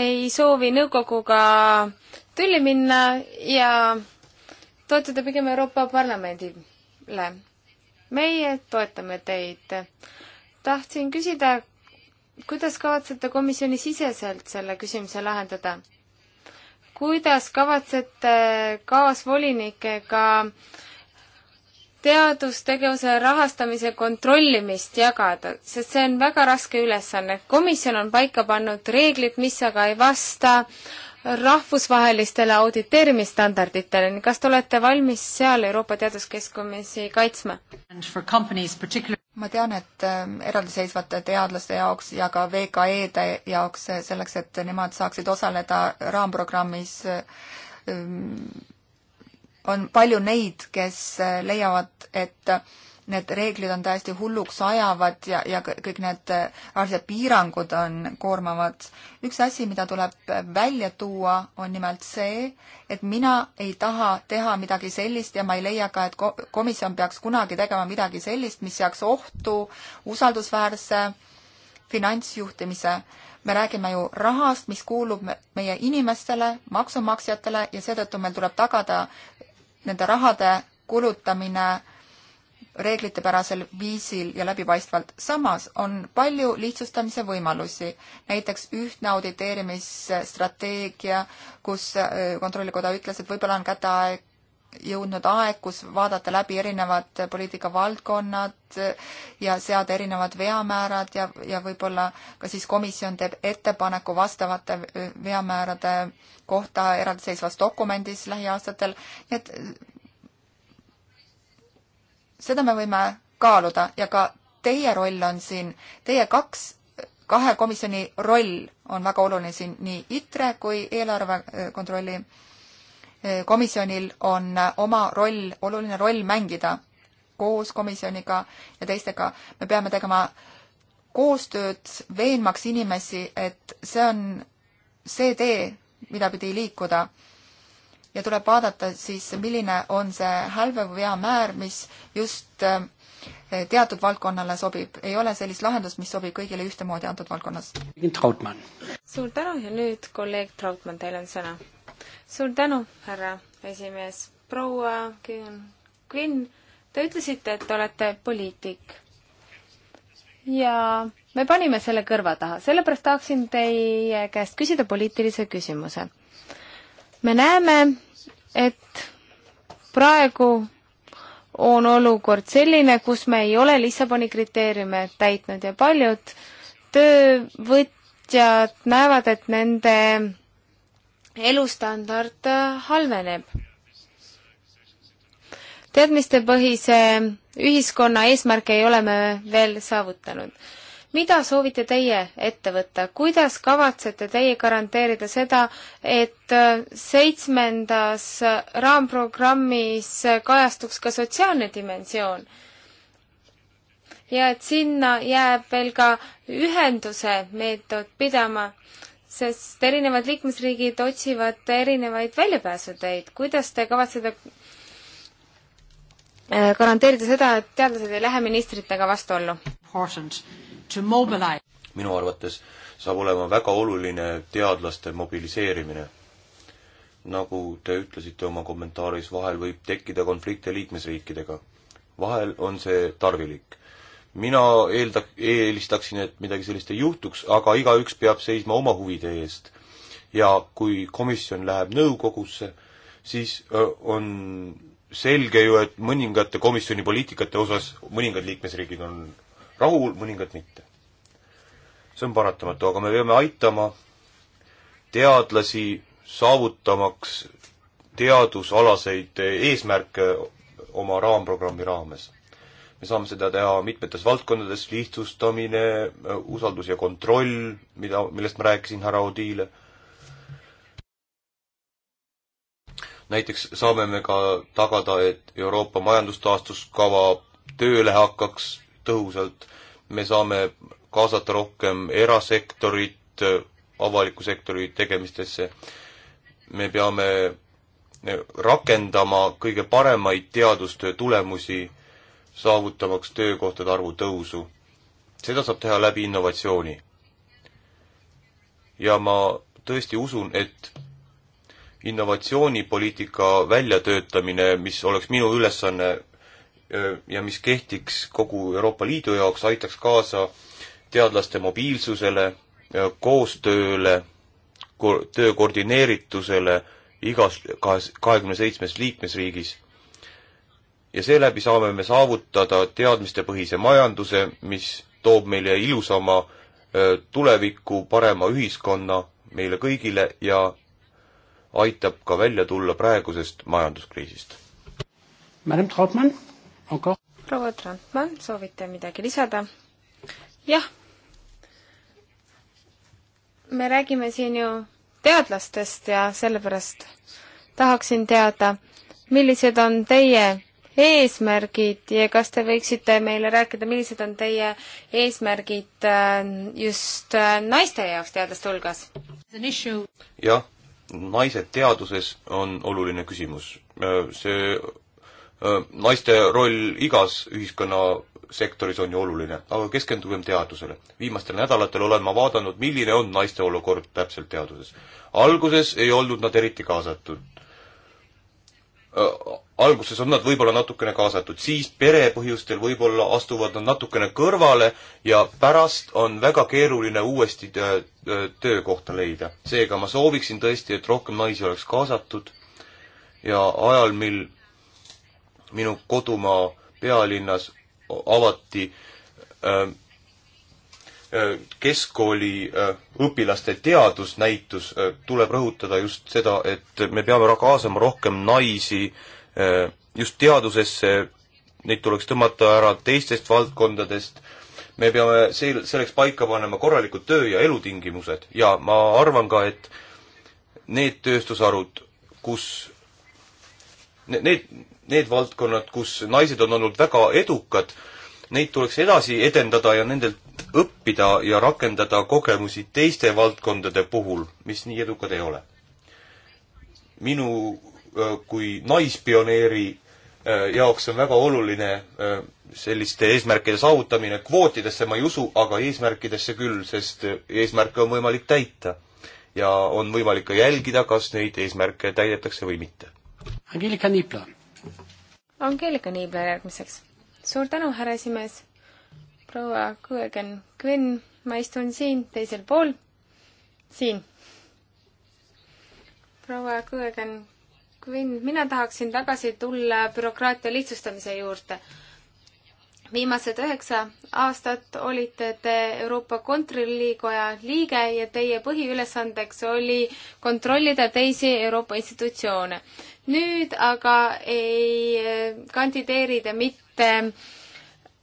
ei soovi nõukoguga tülli minna ja toetuda pigem Euroopa Parlamendile. meie toetame teid. tahtsin küsida, kuidas kavatsete komisjoni siseselt selle küsimuse lahendada? kuidas kavatsete kaasvolinikega teadustegevuse rahastamise kontrollimist jagada, sest see on väga raske ülesanne. komisjon on paika pannud reeglid, mis aga ei vasta rahvusvahelistele auditeerimisstandarditele, kas te olete valmis seal Euroopa Teaduskeskumisi kaitsma? ma tean, et äh, eraldiseisvate teadlaste jaoks ja ka VKE-de jaoks äh, selleks, et nemad saaksid osaleda raamprogrammis, äh, mm, on palju neid, kes leiavad, et need reeglid on täiesti hulluks ajavad ja, ja kõik need äh, arvsed piirangud on koormavad. üks asi, mida tuleb välja tuua, on nimelt see, et mina ei taha teha midagi sellist ja ma ei leia ka, et komisjon peaks kunagi tegema midagi sellist, mis seaks ohtu usaldusväärse finantsjuhtimise. me räägime ju rahast, mis kuulub meie inimestele, maksumaksjatele ja seetõttu meil tuleb tagada nende rahade kulutamine reeglitepärasel viisil ja läbipaistvalt. samas on palju lihtsustamise võimalusi, näiteks ühtne auditeerimisstrateegia, kus äh, Kontrollikoda ütles, et võib-olla on kätte aeg jõudnud aeg, kus vaadata läbi erinevad poliitikavaldkonnad äh, ja seada erinevad veamäärad ja, ja võib-olla ka siis komisjon teeb ettepaneku vastavate äh, veamäärade kohta eraldiseisvas dokumendis lähiaastatel. nii et seda me võime kaaluda ja ka teie roll on siin, teie kaks, kahe komisjoni roll on väga oluline siin, nii ITRE kui eelarve äh, kontrolli äh, komisjonil on äh, oma roll, oluline roll mängida koos komisjoniga ja teistega. me peame tegema koostööd, veenmaks inimesi, et see on see tee, mida pidi liikuda ja tuleb vaadata siis, milline on see hälve või vea määr, mis just eh, teatud valdkonnale sobib, ei ole sellist lahendust, mis sobib kõigile ühtemoodi antud valdkonnas. suur tänu ja nüüd kolleeg Trautmann, teil on sõna. suur tänu, härra esimees. proua Quinn, te ütlesite, et te olete poliitik. ja me panime selle kõrva taha, sellepärast tahaksin teie käest küsida poliitilise küsimuse. me näeme, et praegu on olukord selline, kus me ei ole Lissaboni kriteeriume täitnud ja paljud töövõtjad näevad, et nende elustandard halveneb. teadmistepõhise ühiskonna eesmärke ei ole me veel saavutanud mida soovite teie ette võtta, kuidas kavatsete teie garanteerida seda, et äh, seitsmendas äh, raamprogrammis äh, kajastuks ka sotsiaalne dimensioon? ja et sinna jääb veel ka ühenduse meetod pidama, sest erinevad liikmesriigid otsivad erinevaid väljapääsuteid. kuidas te kavatsete garanteerida seda, et teadlased ei lähe ministritega vastuollu? minu arvates saab olema väga oluline teadlaste mobiliseerimine. nagu te ütlesite oma kommentaaris, vahel võib tekkida konflikte liikmesriikidega. vahel on see tarvilik. mina eelda-, eelistaksin, et midagi sellist ei juhtuks, aga igaüks peab seisma oma huvide eest. ja kui komisjon läheb nõukogusse, siis on selge ju, et mõningate komisjoni poliitikate osas mõningad liikmesriigid on rahul, mõningad mitte. see on paratamatu, aga me peame aitama teadlasi saavutamaks teadusalaseid eesmärke oma raamprogrammi raames. me saame seda teha mitmetes valdkondades, lihtsustamine, usaldus ja kontroll, mida, millest ma rääkisin härra Odile. näiteks saame me ka tagada, et Euroopa majandustaastuskava tööle hakkaks tõhusalt, me saame kaasata rohkem erasektorit avaliku sektori tegemistesse, me peame rakendama kõige paremaid teadustöö tulemusi, saavutamaks töökohtade arvu tõusu. seda saab teha läbi innovatsiooni. ja ma tõesti usun, et innovatsioonipoliitika väljatöötamine, mis oleks minu ülesanne Äh, ja mis kehtiks kogu Euroopa Liidu jaoks, aitaks kaasa teadlaste mobiilsusele, äh, koostööle, töö koordineeritusele igas kahes, kahekümne seitsmes liikmesriigis. ja seeläbi saame me saavutada teadmistepõhise majanduse, mis toob meile ilusama äh, tuleviku, parema ühiskonna meile kõigile ja aitab ka välja tulla praegusest majanduskriisist. Madam Trautmann? proua Trandmann, soovite midagi lisada? jah. me räägime siin ju teadlastest ja sellepärast tahaksin teada, millised on teie eesmärgid ja kas te võiksite meile rääkida, millised on teie eesmärgid äh, just äh, naiste jaoks teadlaste hulgas? jah, naised teaduses on oluline küsimus. Äh, see naiste roll igas ühiskonnasektoris on ju oluline, aga keskendugem teadusele. viimastel nädalatel olen ma vaadanud, milline on naiste olukord täpselt teaduses. alguses ei olnud nad eriti kaasatud. alguses on nad võib-olla natukene kaasatud, siis perepõhjustel võib-olla astuvad nad natukene kõrvale ja pärast on väga keeruline uuesti töökohta leida. seega ma sooviksin tõesti, et rohkem naisi oleks kaasatud ja ajal, mil minu kodumaa pealinnas avati äh, äh, keskkooli äh, õpilaste teadusnäitus, tuleb rõhutada just seda, et me peame kaasama rohkem naisi just teadusesse, neid tuleks tõmmata ära teistest valdkondadest, me peame sel-, selleks paika panema korralikud töö- ja elutingimused ja ma arvan ka, et need tööstusharud, kus need, need valdkonnad, kus naised on olnud väga edukad, neid tuleks edasi edendada ja nendelt õppida ja rakendada kogemusi teiste valdkondade puhul, mis nii edukad ei ole. minu kui naispioneeri jaoks on väga oluline selliste eesmärkide saavutamine, kvootidesse ma ei usu, aga eesmärkidesse küll, sest eesmärke on võimalik täita. ja on võimalik ka jälgida, kas neid eesmärke täidetakse või mitte. Angelika Niibla Angeelika Niibler järgmiseks. suur tänu, härra esimees. proua Kõõgen Kvinn, ma istun siin teisel pool. siin. proua Kõõgen Kvinn, mina tahaksin tagasi tulla bürokraatia lihtsustamise juurde. viimased üheksa aastat olite te Euroopa Kontrollikoja liige ja teie põhiülesandeks oli kontrollida teisi Euroopa institutsioone nüüd aga ei eh, kandideeri te mitte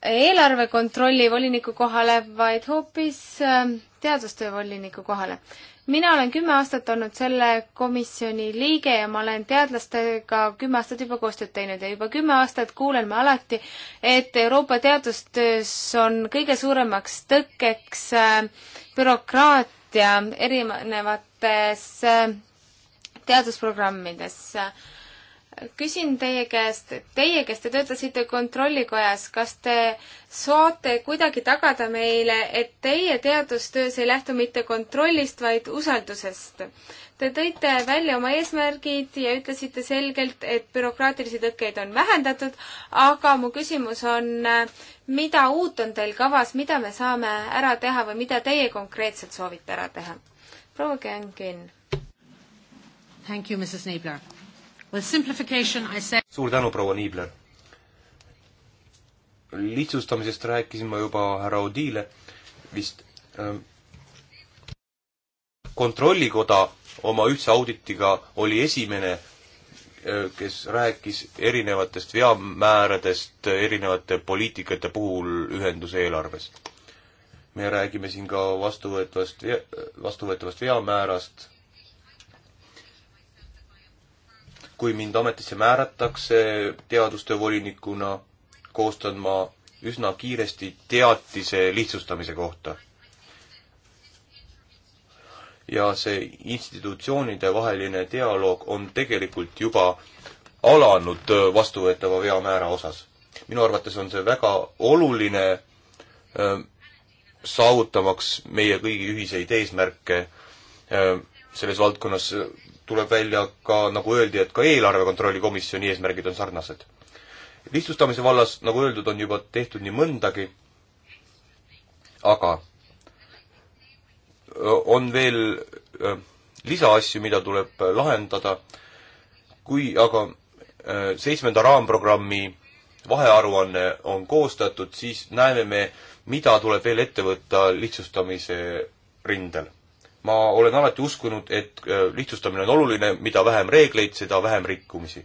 eelarve kontrolli voliniku kohale, vaid hoopis eh, teadustöö voliniku kohale. mina olen kümme aastat olnud selle komisjoni liige ja ma olen teadlastega kümme aastat juba koostööd teinud ja juba kümme aastat kuulen ma alati, et Euroopa teadustöös on kõige suuremaks tõkkeks eh, bürokraatia erinevates teadusprogrammidesse. küsin teie käest, teie, kes te töötasite Kontrollikojas, kas te saate kuidagi tagada meile, et teie teadustöös ei lähtu mitte kontrollist, vaid usaldusest? Te tõite välja oma eesmärgid ja ütlesite selgelt, et bürokraatilisi tõkkeid on vähendatud, aga mu küsimus on, mida uut on teil kavas, mida me saame ära teha või mida teie konkreetselt soovite ära teha? proua Gengin Thank you, Mrs Niibler. Well simplification I said suur tänu, proua Niibler. lihtsustamisest rääkisin ma juba härra Odile vist ähm,. kontrollikoda oma ühtse auditiga oli esimene äh, kes rääkis erinevatest veamääradest erinevate poliitikate puhul ühenduse eelarves. me räägime siin ka vastuvõetavast, vastuvõetavast veamäärast kui mind ametisse määratakse teadustöö volinikuna, koostan ma üsna kiiresti teatise lihtsustamise kohta. ja see institutsioonide vaheline dialoog on tegelikult juba alanud vastuvõetava veamäära osas. minu arvates on see väga oluline saavutamaks meie kõigi ühiseid eesmärke selles valdkonnas tuleb välja ka, nagu öeldi, et ka eelarve kontrolli komisjoni eesmärgid on sarnased. lihtsustamise vallas, nagu öeldud, on juba tehtud nii mõndagi, aga on veel lisaasju, mida tuleb lahendada, kui aga seitsmenda raamprogrammi vahearuanne on koostatud, siis näeme me, mida tuleb veel ette võtta lihtsustamise rindel ma olen alati uskunud, et äh, lihtsustamine on oluline, mida vähem reegleid, seda vähem rikkumisi.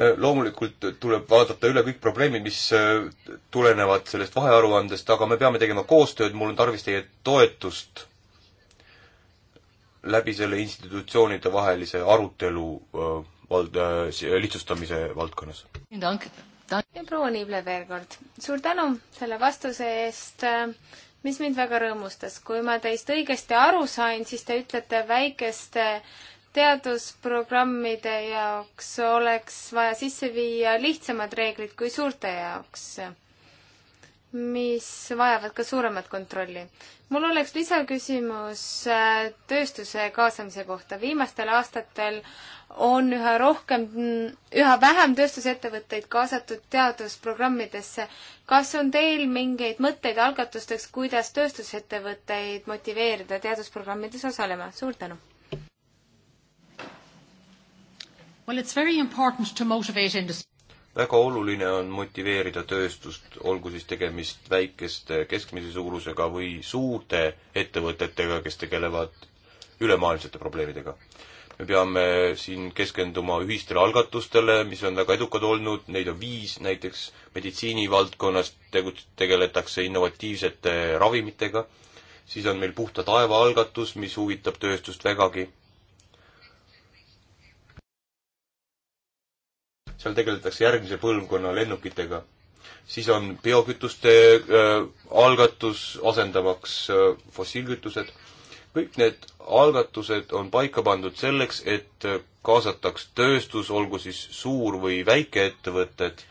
Äh, loomulikult tuleb vaadata üle kõik probleemid, mis äh, tulenevad sellest vahearuandest, aga me peame tegema koostööd, mul on tarvis teie toetust läbi selle institutsioonide vahelise arutelu vald-, lihtsustamise valdkonnas ja proua Niivle veel kord, suur tänu selle vastuse eest, mis mind väga rõõmustas. kui ma teist õigesti aru sain, siis te ütlete väikeste teadusprogrammide jaoks oleks vaja sisse viia lihtsamad reeglid kui suurte jaoks mis vajavad ka suuremat kontrolli. mul oleks lisaküsimus äh, tööstuse kaasamise kohta. viimastel aastatel on üha rohkem, üha vähem tööstusettevõtteid kaasatud teadusprogrammidesse. kas on teil mingeid mõtteid algatusteks, kuidas tööstusettevõtteid motiveerida teadusprogrammides osalema? suur tänu! Well, it's very important to motivate industry väga oluline on motiveerida tööstust, olgu siis tegemist väikeste, keskmise suurusega või suurte ettevõtetega, kes tegelevad ülemaailmsete probleemidega. me peame siin keskenduma ühistele algatustele, mis on väga edukad olnud, neid on viis, näiteks meditsiinivaldkonnas tegu-, tegeletakse innovatiivsete ravimitega, siis on meil Puhta taeva algatus, mis huvitab tööstust vägagi seal tegeletakse järgmise põlvkonna lennukitega. siis on biokütuste äh, algatus asendamaks äh, fossiilkütused. kõik need algatused on paika pandud selleks, et äh, kaasataks tööstus, olgu siis suur- või väikeettevõtted,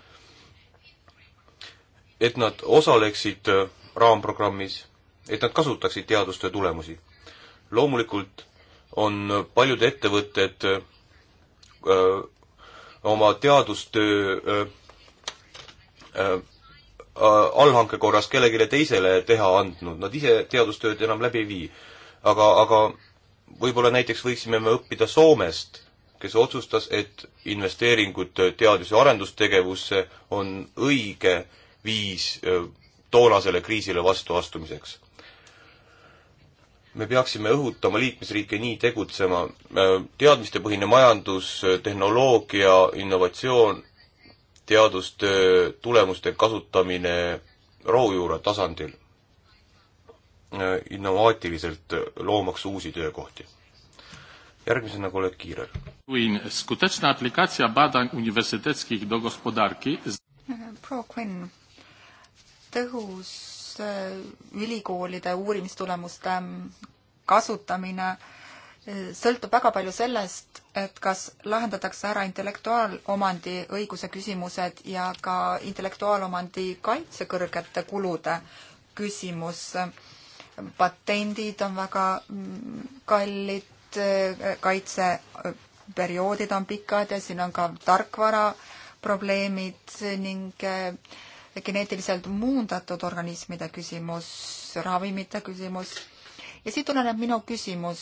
et nad osaleksid äh, raamprogrammis, et nad kasutaksid teadustöö tulemusi. loomulikult on äh, paljud ettevõtted äh, oma teadustöö öö, öö, allhanke korras kellelegi teisele teha andnud, nad ise teadustööd enam läbi ei vii. aga, aga võib-olla näiteks võiksime me õppida Soomest, kes otsustas, et investeeringud teadus- ja arendustegevusse on õige viis toonasele kriisile vastuastumiseks me peaksime õhutama liikmesriike nii tegutsema. Äh, teadmistepõhine majandus, äh, tehnoloogia, innovatsioon, teadustöö tulemuste kasutamine rohujuure tasandil äh, innovaatiliselt loomaks uusi töökohti. järgmisena kolleeg Kiirel. skuteczna aplikacja badań uniwersyteckich do gospodarki. proua Quinn, tõhus Äh, ülikoolide uurimistulemuste mm, kasutamine äh, sõltub väga palju sellest, et kas lahendatakse ära intellektuaalomandi õiguse küsimused ja ka intellektuaalomandi kaitse kõrgete kulude küsimus. patendid on väga mm, kallid, äh, kaitseperioodid on pikad ja siin on ka tarkvara probleemid ning äh, geneetiliselt muundatud organismide küsimus, ravimite küsimus. ja siit tuleneb minu küsimus,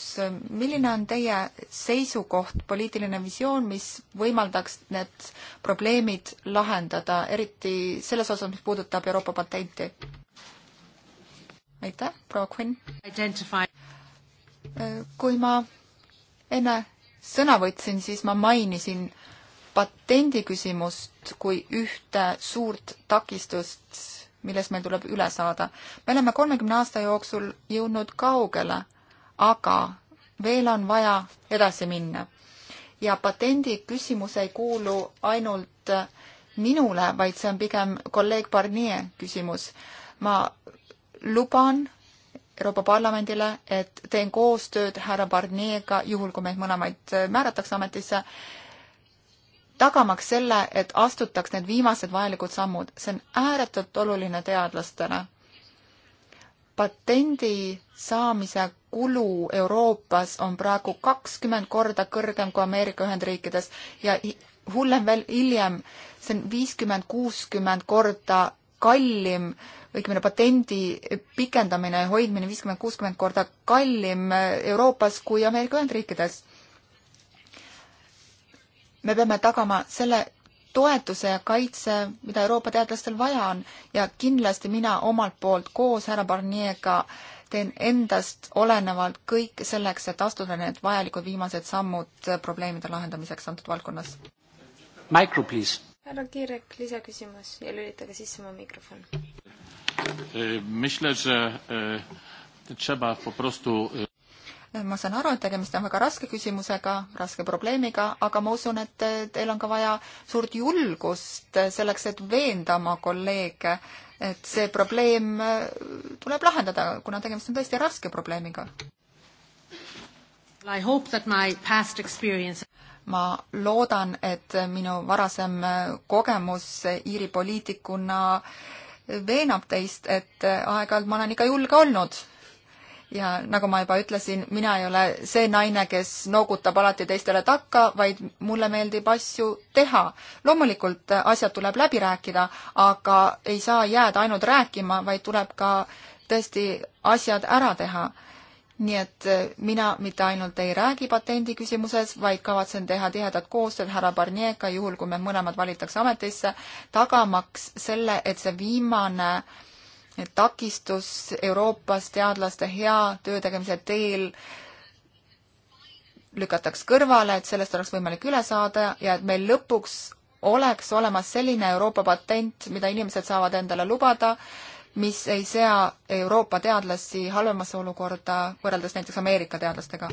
milline on teie seisukoht, poliitiline visioon, mis võimaldaks need probleemid lahendada, eriti selles osas, mis puudutab Euroopa patenti? aitäh, proua Quinn. kui ma enne sõna võtsin, siis ma mainisin patendiküsimust kui ühte suurt takistust, millest meil tuleb üle saada. me oleme kolmekümne aasta jooksul jõudnud kaugele, aga veel on vaja edasi minna. ja patendi küsimus ei kuulu ainult minule, vaid see on pigem kolleeg Barnier küsimus. ma luban Euroopa Parlamendile, et teen koostööd härra Barnier'ga, juhul kui meid mõlemaid määratakse ametisse, tagamaks selle, et astutaks need viimased vajalikud sammud. see on ääretult oluline teadlastele. patendi saamise kulu Euroopas on praegu kakskümmend korda kõrgem kui Ameerika Ühendriikides ja hullem veel hiljem, see on viiskümmend, kuuskümmend korda kallim, õigemini patendi pikendamine ja hoidmine viiskümmend, kuuskümmend korda kallim Euroopas kui Ameerika Ühendriikides me peame tagama selle toetuse ja kaitse, mida Euroopa teadlastel vaja on ja kindlasti mina omalt poolt koos härra Barnier'ga teen endast olenevalt kõik selleks, et astuda need vajalikud viimased sammud probleemide lahendamiseks antud valdkonnas. Micro, please. härra Kiirek, lisaküsimus ja lülitage sisse oma mikrofon. Äh, myślę, że äh, trzeba po prostu äh, ma saan aru, et tegemist on väga raske küsimusega, raske probleemiga, aga ma usun, et teil on ka vaja suurt julgust selleks, et veenda oma kolleege, et see probleem äh, tuleb lahendada, kuna tegemist on tõesti raske probleemiga. Experience... ma loodan, et minu varasem äh, kogemus Iiri poliitikuna veenab teist, et äh, aeg-ajalt ma olen ikka julge olnud ja nagu ma juba ütlesin, mina ei ole see naine, kes noogutab alati teistele takka, vaid mulle meeldib asju teha. loomulikult asjad tuleb läbi rääkida, aga ei saa jääda ainult rääkima, vaid tuleb ka tõesti asjad ära teha. nii et mina mitte ainult ei räägi patendi küsimuses, vaid kavatsen teha tihedat koostööd härra Barnier'ga, juhul kui me mõlemad valitakse ametisse, tagamaks selle, et see viimane äh, takistus Euroopas teadlaste hea töö tegemise teel lükataks kõrvale, et sellest oleks võimalik üle saada ja et meil lõpuks oleks olemas selline Euroopa patent, mida inimesed saavad endale lubada, mis ei sea Euroopa teadlasi halvemasse olukorda võrreldes näiteks Ameerika teadlastega.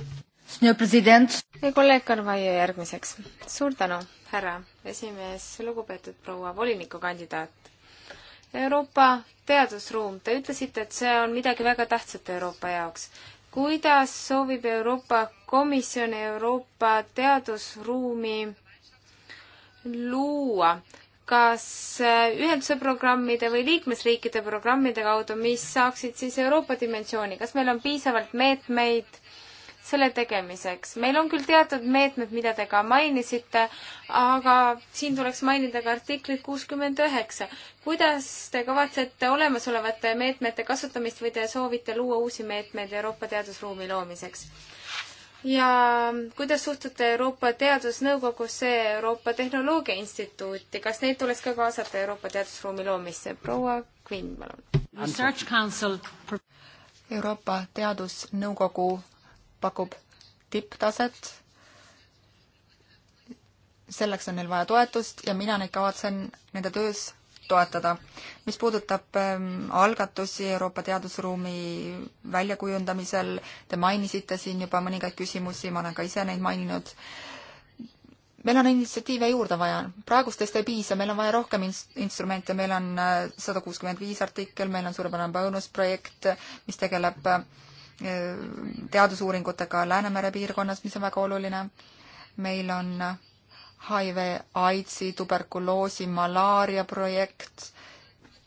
kolleeg Karvaio järgmiseks. suur tänu, härra esimees, lugupeetud proua volinikukandidaat Euroopa teadusruum, te ütlesite, et see on midagi väga tähtsat Euroopa jaoks. kuidas soovib Euroopa Komisjon Euroopa teadusruumi luua? kas äh, ühenduse programmide või liikmesriikide programmide kaudu, mis saaksid siis Euroopa dimensiooni, kas meil on piisavalt meetmeid selle tegemiseks. meil on küll teatud meetmed, mida te ka mainisite, aga siin tuleks mainida ka artiklit kuuskümmend üheksa. kuidas te kavatsete olemasolevate meetmete kasutamist või te soovite luua uusi meetmeid Euroopa teadusruumi loomiseks? ja kuidas suhtute Euroopa Teadusnõukogusse ja Euroopa Tehnoloogia Instituuti, kas neid tuleks ka kaasata Euroopa teadusruumi loomisse? proua Kvinn, palun. Euroopa Teadusnõukogu pakub tipptaset. selleks on neil vaja toetust ja mina neid kavatsen nende töös toetada. mis puudutab ähm, algatusi Euroopa teadusruumi väljakujundamisel, te mainisite siin juba mõningaid küsimusi, ma olen ka ise neid maininud. meil on initsiatiive juurde vaja, praegustest ei piisa, meil on vaja rohkem ins-, instrumente, meil on äh, sada kuuskümmend viis artikkel, meil on suurepärane bonusprojekt, mis tegeleb äh, teadusuuringutega Läänemere piirkonnas, mis on väga oluline. meil on HIV, AIDSi, tuberkuloosi, malaaria projekt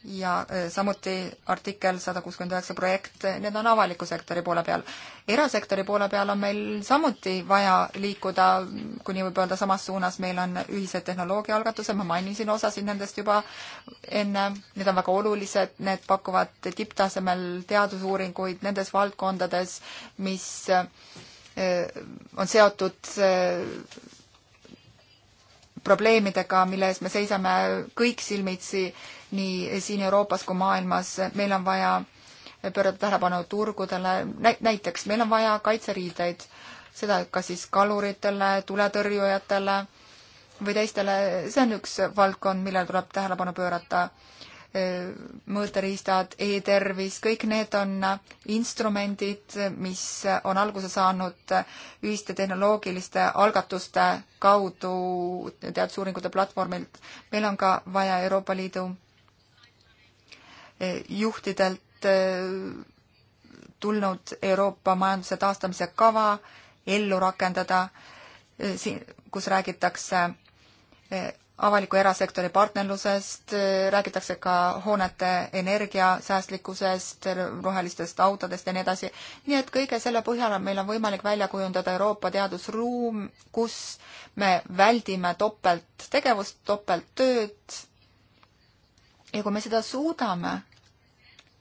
ja äh, samuti artikkel sada kuuskümmend üheksa projekt, äh, need on avaliku sektori poole peal. erasektori poole peal on meil samuti vaja liikuda, kui nii võib öelda, samas suunas, meil on ühised tehnoloogiaalgatused, ma mainisin osasid nendest juba enne, need on väga olulised, need pakuvad tipptasemel teadusuuringuid nendes valdkondades, mis äh, on seotud probleemidega, mille ees me seisame kõik silmitsi nii siin Euroopas kui maailmas. meil on vaja pöörata tähelepanu turgudele, näiteks meil on vaja kaitseriideid, seda kas siis kaluritele, tuletõrjujatele või teistele, see on üks valdkond, millele tuleb tähelepanu pöörata mõõteriistad e, e-tervis, kõik need on instrumendid, mis on alguse saanud ühiste tehnoloogiliste algatuste kaudu teadusuuringute platvormilt. meil on ka vaja Euroopa Liidu eh, juhtidelt eh, tulnud Euroopa majanduse taastamise kava ellu rakendada, eh, siin, kus räägitakse avaliku erasektori partnerlusest, räägitakse ka hoonete energiasäästlikkusest, rohelistest autodest ja nii edasi. nii et kõige selle põhjal on meil on võimalik välja kujundada Euroopa teadusruum, kus me väldime topelttegevust, topelttööd. ja kui me seda suudame,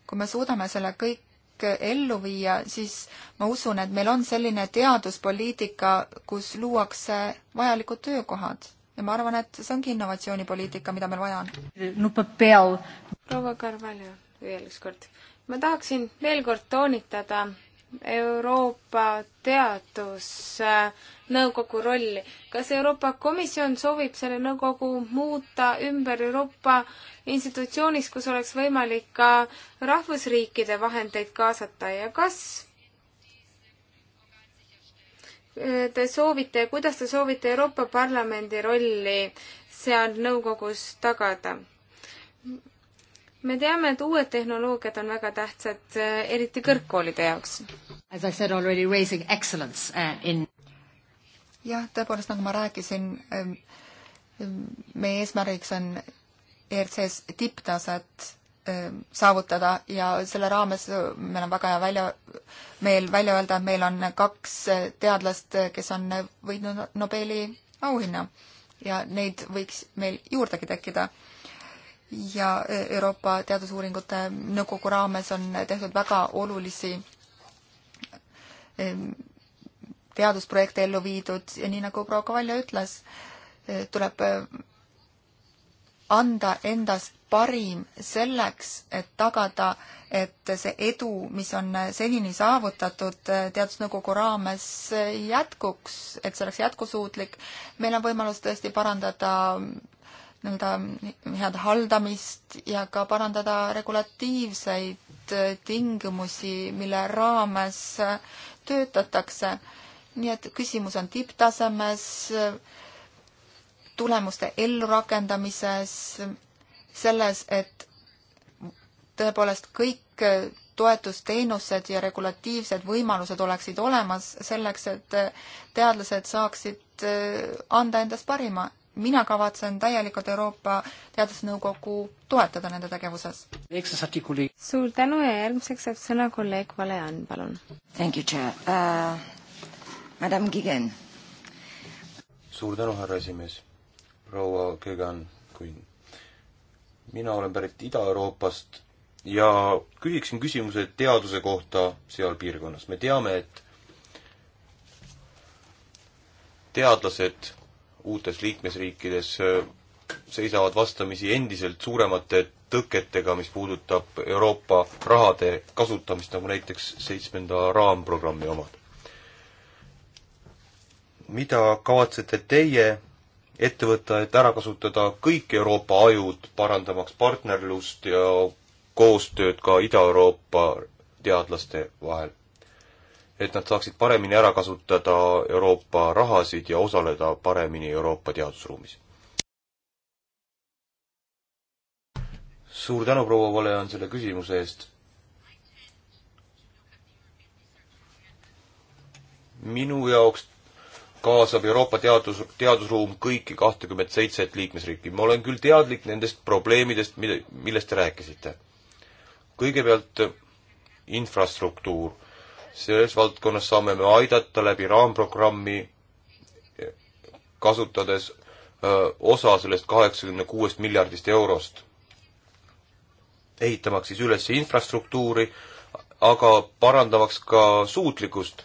kui me suudame selle kõik ellu viia, siis ma usun, et meil on selline teaduspoliitika, kus luuakse vajalikud töökohad ja ma arvan, et see ongi innovatsioonipoliitika, mida meil vaja on. proua Carvalho, veel ükskord. ma tahaksin veel kord toonitada Euroopa Teadusnõukogu rolli. kas Euroopa Komisjon soovib selle nõukogu muuta ümber Euroopa institutsioonis, kus oleks võimalik ka rahvusriikide vahendeid kaasata ja kas te soovite ja kuidas te soovite Euroopa Parlamendi rolli seal nõukogus tagada? me teame, et uued tehnoloogiad on väga tähtsad, eh, eriti kõrgkoolide jaoks. As I said already, raising excellence eh, in jah, tõepoolest, nagu ma rääkisin, meie eesmärgiks on ERC-s tipptaset Ähm, saavutada ja selle raames äh, meil on väga hea välja, meil välja öelda, et meil on kaks äh, teadlast, äh, kes on võitnud Nobeli auhinna ja neid võiks meil juurdegi tekkida. ja Euroopa Teadusuuringute Nõukogu raames on tehtud väga olulisi ähm, teadusprojekte ellu viidud ja nii nagu proua Kavalja ütles, tuleb anda endast parim selleks, et tagada, et see edu, mis on senini saavutatud äh, teadusnõukogu raames, äh, jätkuks, et see oleks jätkusuutlik. meil on võimalus tõesti parandada mm, nii-öelda mm, head haldamist ja ka parandada regulatiivseid äh, tingimusi, mille raames töötatakse. nii et küsimus on tipptasemes, tulemuste ellurakendamises selles, et tõepoolest kõik toetusteenused ja regulatiivsed võimalused oleksid olemas selleks, et teadlased saaksid äh, anda endast parima. mina kavatsen täielikult Euroopa Teadusnõukogu toetada nende tegevuses. suur tänu ja järgmiseks saab sõna kolleeg Vale Ann, palun. Thank you, chair uh,. Madam Gigen. suur tänu, härra esimees. proua Gigen, kui mina olen pärit Ida-Euroopast ja küsiksin küsimuse teaduse kohta seal piirkonnas. me teame, et teadlased uutes liikmesriikides äh, seisavad vastamisi endiselt suuremate tõketega, mis puudutab Euroopa rahade kasutamist, nagu näiteks seitsmenda raamprogrammi omad. mida kavatsete teie ette võtta, et ära kasutada kõik Euroopa ajud, parandamaks partnerlust ja koostööd ka Ida-Euroopa teadlaste vahel. et nad saaksid paremini ära kasutada Euroopa rahasid ja osaleda paremini Euroopa teadusruumis. suur tänu, proua Valean, selle küsimuse eest. minu jaoks kaasab Euroopa teadus, teadusruum kõiki kahtekümmet seitset liikmesriiki. ma olen küll teadlik nendest probleemidest, mille, millest te rääkisite. kõigepealt äh, infrastruktuur. selles valdkonnas saame me aidata läbi raamprogrammi, äh, kasutades öö, äh, osa sellest kaheksakümne kuuest miljardist eurost. ehitamaks siis üles infrastruktuuri, aga parandamaks ka suutlikkust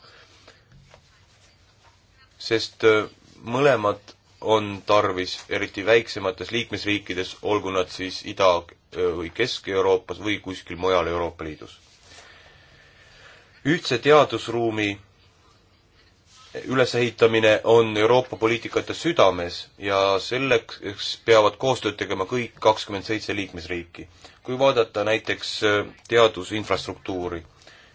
sest äh, mõlemat on tarvis, eriti väiksemates liikmesriikides, olgu nad siis Ida- äh, või Kesk-Euroopas või kuskil mujal Euroopa Liidus. ühtse teadusruumi ülesehitamine on Euroopa poliitikate südames ja selleks peavad koostööd tegema kõik kakskümmend seitse liikmesriiki. kui vaadata näiteks äh, teadusinfrastruktuuri,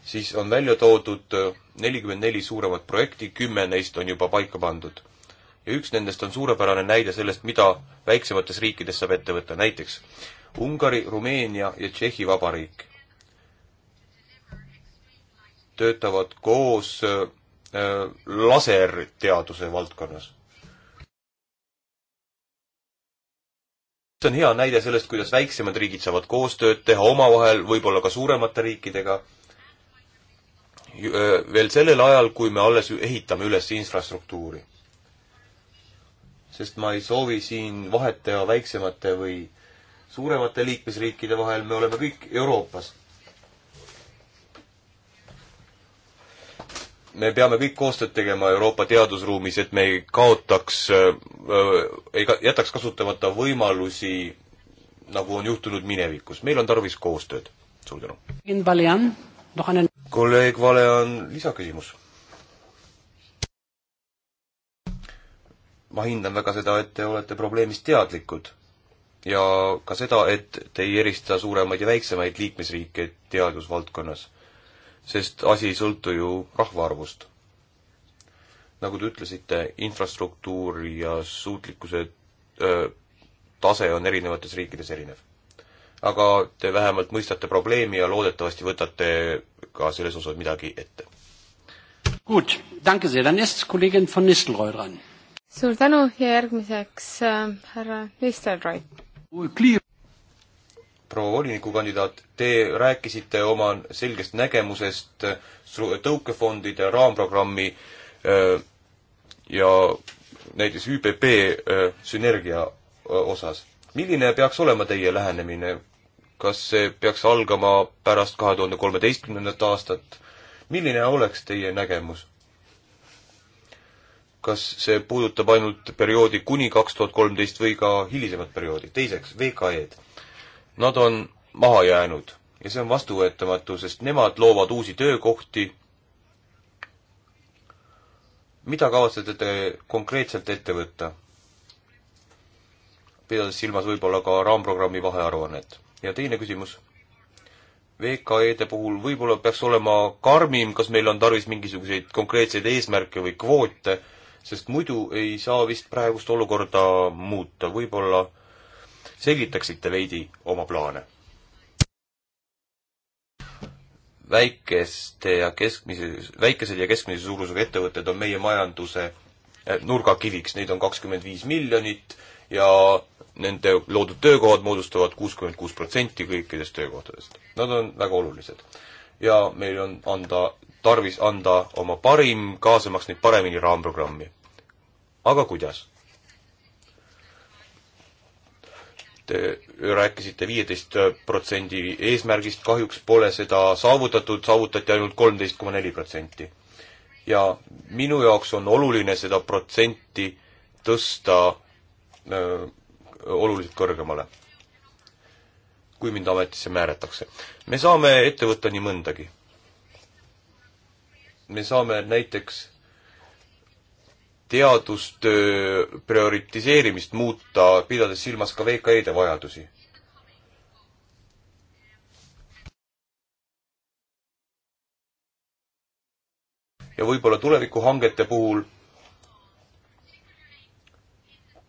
siis on välja toodud nelikümmend neli suuremat projekti, kümme neist on juba paika pandud. ja üks nendest on suurepärane näide sellest, mida väiksemates riikides saab ette võtta, näiteks Ungari, Rumeenia ja Tšehhi Vabariik töötavad koos äh, laserteaduse valdkonnas. see on hea näide sellest, kuidas väiksemad riigid saavad koostööd teha omavahel, võib-olla ka suuremate riikidega veel sellel ajal, kui me alles ehitame üles infrastruktuuri. sest ma ei soovi siin vahet teha väiksemate või suuremate liikmesriikide vahel, me oleme kõik Euroopas. me peame kõik koostööd tegema Euroopa teadusruumis, et me ei kaotaks äh,, ei jätaks kasutamata võimalusi, nagu on juhtunud minevikus. meil on tarvis koostööd. suur tänu! Noh, kolleeg Vale on lisaküsimus. ma hindan väga seda, et te olete probleemist teadlikud ja ka seda, et te ei erista suuremaid ja väiksemaid liikmesriike teadusvaldkonnas, sest asi ei sõltu ju rahvaarvust. nagu te ütlesite, infrastruktuuri ja suutlikkuse öö, tase on erinevates riikides erinev aga te vähemalt mõistate probleemi ja loodetavasti võtate ka selles osas midagi ette. Gut, danke sehr, dann ist kolleegin von Nistelrooy dran. suur tänu ja järgmiseks äh, härra Nistelrooy. proua volinikukandidaat, te rääkisite oma selgest nägemusest äh, tõukefondide raamprogrammi äh, ja näiteks ÜPP äh, sünergia äh, osas. milline peaks olema teie lähenemine kas see peaks algama pärast kahe tuhande kolmeteistkümnendat aastat? milline oleks teie nägemus? kas see puudutab ainult perioodi kuni kaks tuhat kolmteist või ka hilisemat perioodi? teiseks, VKE-d. Nad on maha jäänud ja see on vastuvõetamatu, sest nemad loovad uusi töökohti. mida kavatsete te konkreetselt ette võtta? pidades silmas võib-olla ka raamprogrammi vahearuannet ja teine küsimus. VKE-de puhul võib-olla peaks olema karmim, kas meil on tarvis mingisuguseid konkreetseid eesmärke või kvoote, sest muidu ei saa vist praegust olukorda muuta, võib-olla selgitaksite veidi oma plaane? väikeste ja keskmise, väikesed ja keskmise suurusega ettevõtted on meie majanduse eh, nurgakiviks, neid on kakskümmend viis miljonit ja nende loodud töökohad moodustavad kuuskümmend kuus protsenti kõikidest töökohtadest. Nad on väga olulised. ja meil on anda, tarvis anda oma parim, kaasamaks neid paremini raamprogrammi. aga kuidas? Te rääkisite viieteist protsendi eesmärgist, kahjuks pole seda saavutatud, saavutati ainult kolmteist koma neli protsenti. ja minu jaoks on oluline seda protsenti tõsta öö, äh, oluliselt kõrgemale, kui mind ametisse määratakse. me saame ette võtta nii mõndagi. me saame näiteks teadustöö prioritiseerimist muuta, pidades silmas ka VKE-de vajadusi. ja võib-olla tulevikuhangete puhul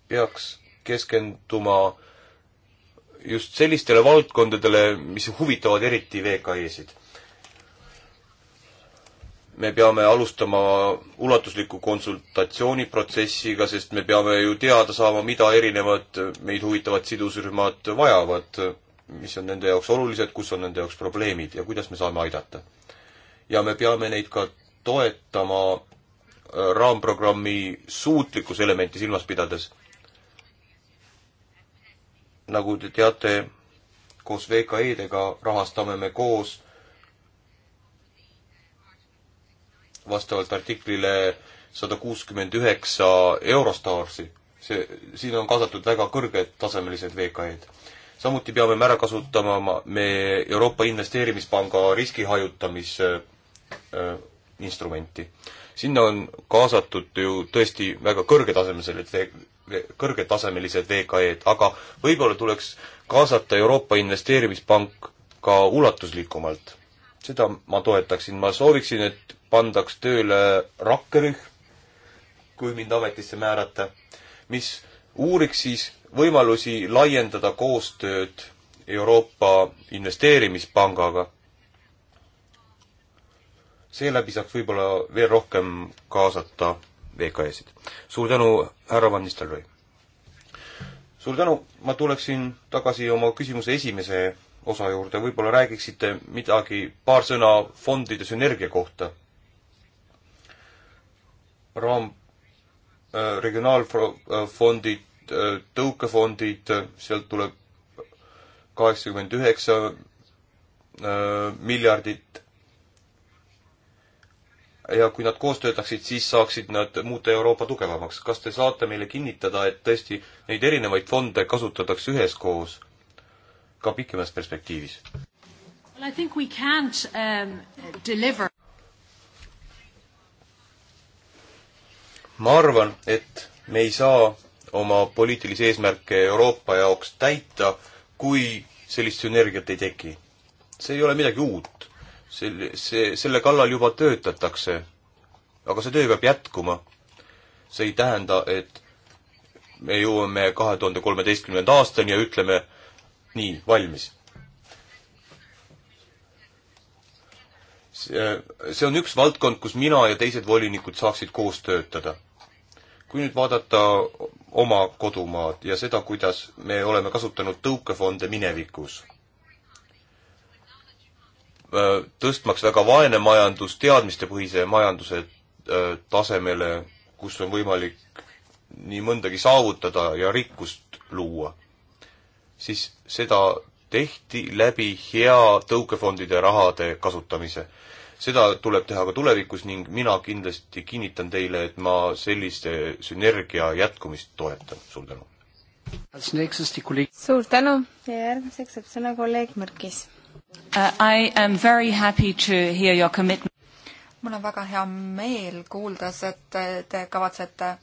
peaks keskenduma just sellistele valdkondadele, mis huvitavad eriti VKE-sid. me peame alustama ulatusliku konsultatsiooniprotsessiga, sest me peame ju teada saama, mida erinevad meid huvitavad sidusrühmad vajavad, mis on nende jaoks olulised, kus on nende jaoks probleemid ja kuidas me saame aidata. ja me peame neid ka toetama äh, raamprogrammi suutlikkuse elementi silmas pidades nagu te teate, koos VKE-dega rahastame me koos vastavalt artiklile sada kuuskümmend üheksa Eurostarsi. see, siin on kaasatud väga kõrgetasemelised VKE-d. samuti peame me ära kasutama me Euroopa Investeerimispanga riski hajutamise äh, instrumenti. sinna on kaasatud ju tõesti väga kõrgetasemelised kõrgetasemelised VKE-d, aga võib-olla tuleks kaasata Euroopa Investeerimispank ka ulatuslikumalt. seda ma toetaksin, ma sooviksin, et pandaks tööle rakkerühm, kui mind ametisse määrata, mis uuriks siis võimalusi laiendada koostööd Euroopa Investeerimispangaga. seeläbi saaks võib-olla veel rohkem kaasata VKE-sid. suur tänu, härra Van Nistelrooy! suur tänu, ma tuleksin tagasi oma küsimuse esimese osa juurde, võib-olla räägiksite midagi, paar sõna fondide sünergia kohta. raam äh,, regionaalfondid, äh, tõukefondid, sealt tuleb kaheksakümmend üheksa äh, miljardit ja kui nad koos töötaksid, siis saaksid nad muuta Euroopa tugevamaks. kas te saate meile kinnitada, et tõesti neid erinevaid fonde kasutatakse üheskoos ka pikemas perspektiivis? Well, I think we can't um, deliver. ma arvan, et me ei saa oma poliitilisi eesmärke Euroopa jaoks täita, kui sellist sünergiat ei teki. see ei ole midagi uut selle, see, selle kallal juba töötatakse. aga see töö peab jätkuma. see ei tähenda, et me jõuame kahe tuhande kolmeteistkümnenda aastani ja ütleme nii, valmis. see, see on üks valdkond, kus mina ja teised volinikud saaksid koos töötada. kui nüüd vaadata oma kodumaad ja seda, kuidas me oleme kasutanud tõukefonde minevikus Äh, tõstmaks väga vaene majandus teadmistepõhise majanduse äh, tasemele, kus on võimalik nii mõndagi saavutada ja rikkust luua, siis seda tehti läbi hea tõukefondide rahade kasutamise. seda tuleb teha ka tulevikus ning mina kindlasti kinnitan teile, et ma selliste sünergia jätkumist toetan. suur tänu! suur tänu ja järgmiseks saab sõna kolleeg Märkis uh,. I am very happy to hear your commitment. mul on väga hea meel kuulda, et te kavatsete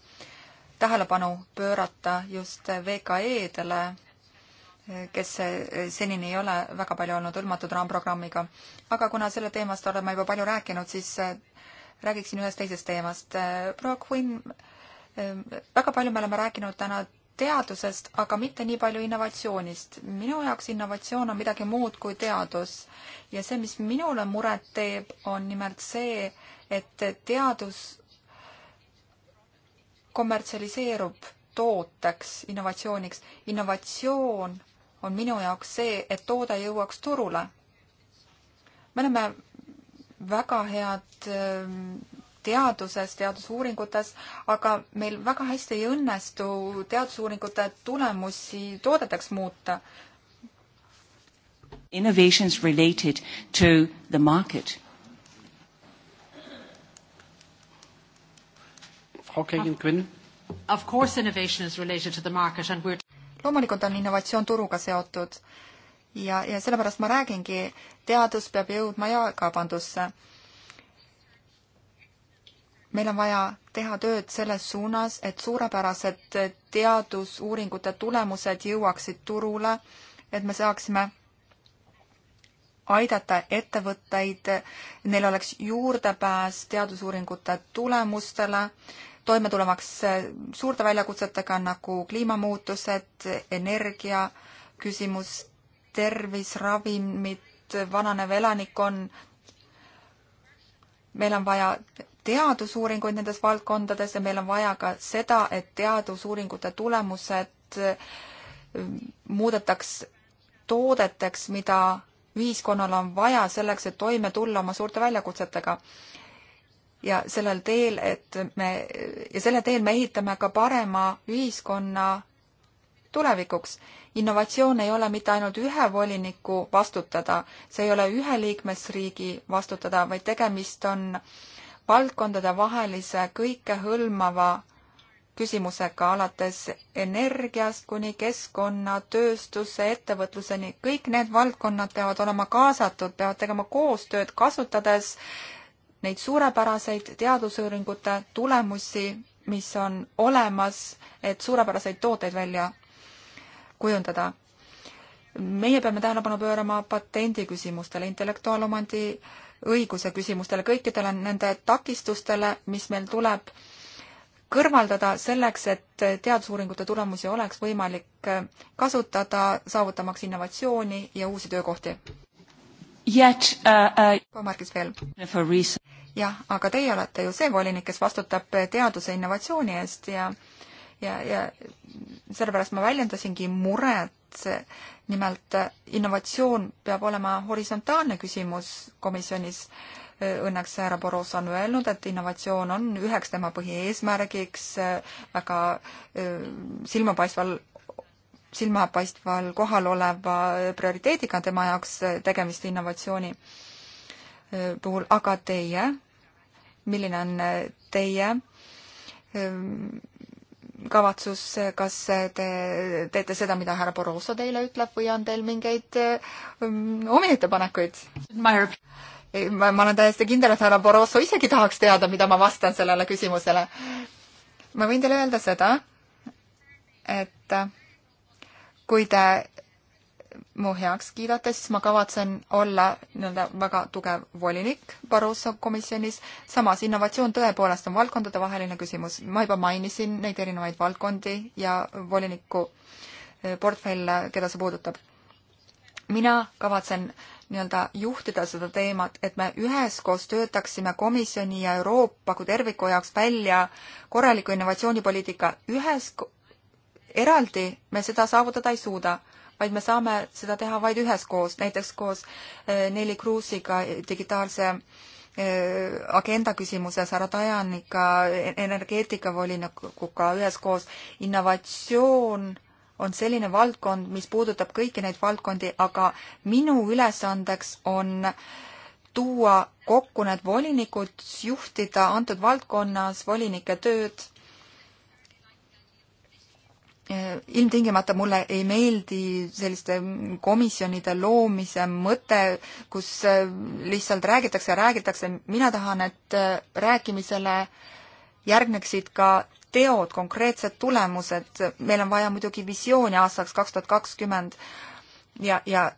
tähelepanu pöörata just VKE-dele, kes senini ei ole väga palju olnud hõlmatud raamprogrammiga. aga kuna selle teemast oleme juba palju rääkinud, siis räägiksin ühest teisest teemast. proua Quinn, väga palju me oleme rääkinud täna teadusest, aga mitte nii palju innovatsioonist. minu jaoks innovatsioon on midagi muud kui teadus ja see, mis minule muret teeb, on nimelt see, et teadus kommertsialiseerub tooteks, innovatsiooniks. innovatsioon on minu jaoks see, et toode jõuaks turule. me oleme väga head ähm, teaduses, teadusuuringutes, aga meil väga hästi ei õnnestu teadusuuringute tulemusi toodeteks muuta. Innovations related to the market. Frau Kagan-Quinn. Of course innovation is related to the market and we're loomulikult on innovatsioon turuga seotud ja, ja sellepärast ma räägingi, teadus peab jõudma jaekaubandusse meil on vaja teha tööd selles suunas, et suurepärased teadusuuringute tulemused jõuaksid turule, et me saaksime aidata ettevõtteid, neil oleks juurdepääs teadusuuringute tulemustele, toime tulemaks suurte väljakutsetega nagu kliimamuutused, energia küsimus, tervis, ravimid, vananev elanikkond, meil on vaja teadusuuringuid nendes valdkondades ja meil on vaja ka seda, et teadusuuringute tulemused ähm, muudetaks toodeteks, mida ühiskonnal on vaja selleks, et toime tulla oma suurte väljakutsetega. ja sellel teel, et me, ja selle teel me ehitame ka parema ühiskonna tulevikuks. innovatsioon ei ole mitte ainult ühe voliniku vastutada, see ei ole ühe liikmesriigi vastutada, vaid tegemist on valdkondadevahelise kõikehõlmava küsimusega alates energiast kuni keskkonna, tööstuse, ettevõtluseni. kõik need valdkonnad peavad olema kaasatud, peavad tegema koostööd, kasutades neid suurepäraseid teadusuuringute tulemusi, mis on olemas, et suurepäraseid tooteid välja kujundada. meie peame tähelepanu pöörama patendiküsimustele, intellektuaalomandi õiguse küsimustele, kõikidele nende takistustele, mis meil tuleb kõrvaldada selleks, et teadusuuringute tulemusi oleks võimalik kasutada, saavutamaks innovatsiooni ja uusi töökohti. Uh, uh, Margit veel. jah, aga teie olete ju see volinik, kes vastutab teaduse innovatsiooni eest ja äh, ja, ja sellepärast ma väljendasingi muret, nimelt innovatsioon peab olema horisontaalne küsimus komisjonis. Õnneks härra Boros on öelnud, et innovatsioon on üheks tema põhieesmärgiks väga äh, silmapaistval silmapaistval kohal oleva prioriteediga tema jaoks tegemist innovatsiooni äh, puhul, aga teie, milline on äh, teie ähm, kavatsus, kas te teete seda, mida härra Borosso teile ütleb või on teil mingeid ähm, omi ettepanekuid? ma, ma olen täiesti kindel, et härra Borosso isegi tahaks teada, mida ma vastan sellele küsimusele. ma võin teile öelda seda, et kui te mu heaks kiidate, siis ma kavatsen olla nii-öelda väga tugev volinik Barroso komisjonis. samas innovatsioon tõepoolest on valdkondadevaheline küsimus, ma juba mainisin neid erinevaid valdkondi ja voliniku e, portfelle, keda see puudutab. mina kavatsen nii-öelda juhtida seda teemat, et me üheskoos töötaksime komisjoni ja Euroopa kui terviku jaoks välja korraliku innovatsioonipoliitika ühes, eraldi me seda saavutada ei suuda vaid me saame seda teha vaid üheskoos, näiteks koos eh, Neeli Kruusiga digitaalse eh, agenda küsimuses, härra Tajaniga, energeetikavolinikuga üheskoos. innovatsioon on selline valdkond, mis puudutab kõiki neid valdkondi, aga minu ülesandeks on tuua kokku need volinikud, juhtida antud valdkonnas volinike tööd Eh, ilmtingimata mulle ei meeldi selliste komisjonide loomise mõte, kus eh, lihtsalt räägitakse ja räägitakse, mina tahan, et eh, rääkimisele järgneksid ka teod, konkreetsed tulemused, meil on vaja muidugi visiooni aastaks kaks tuhat kakskümmend ja, ja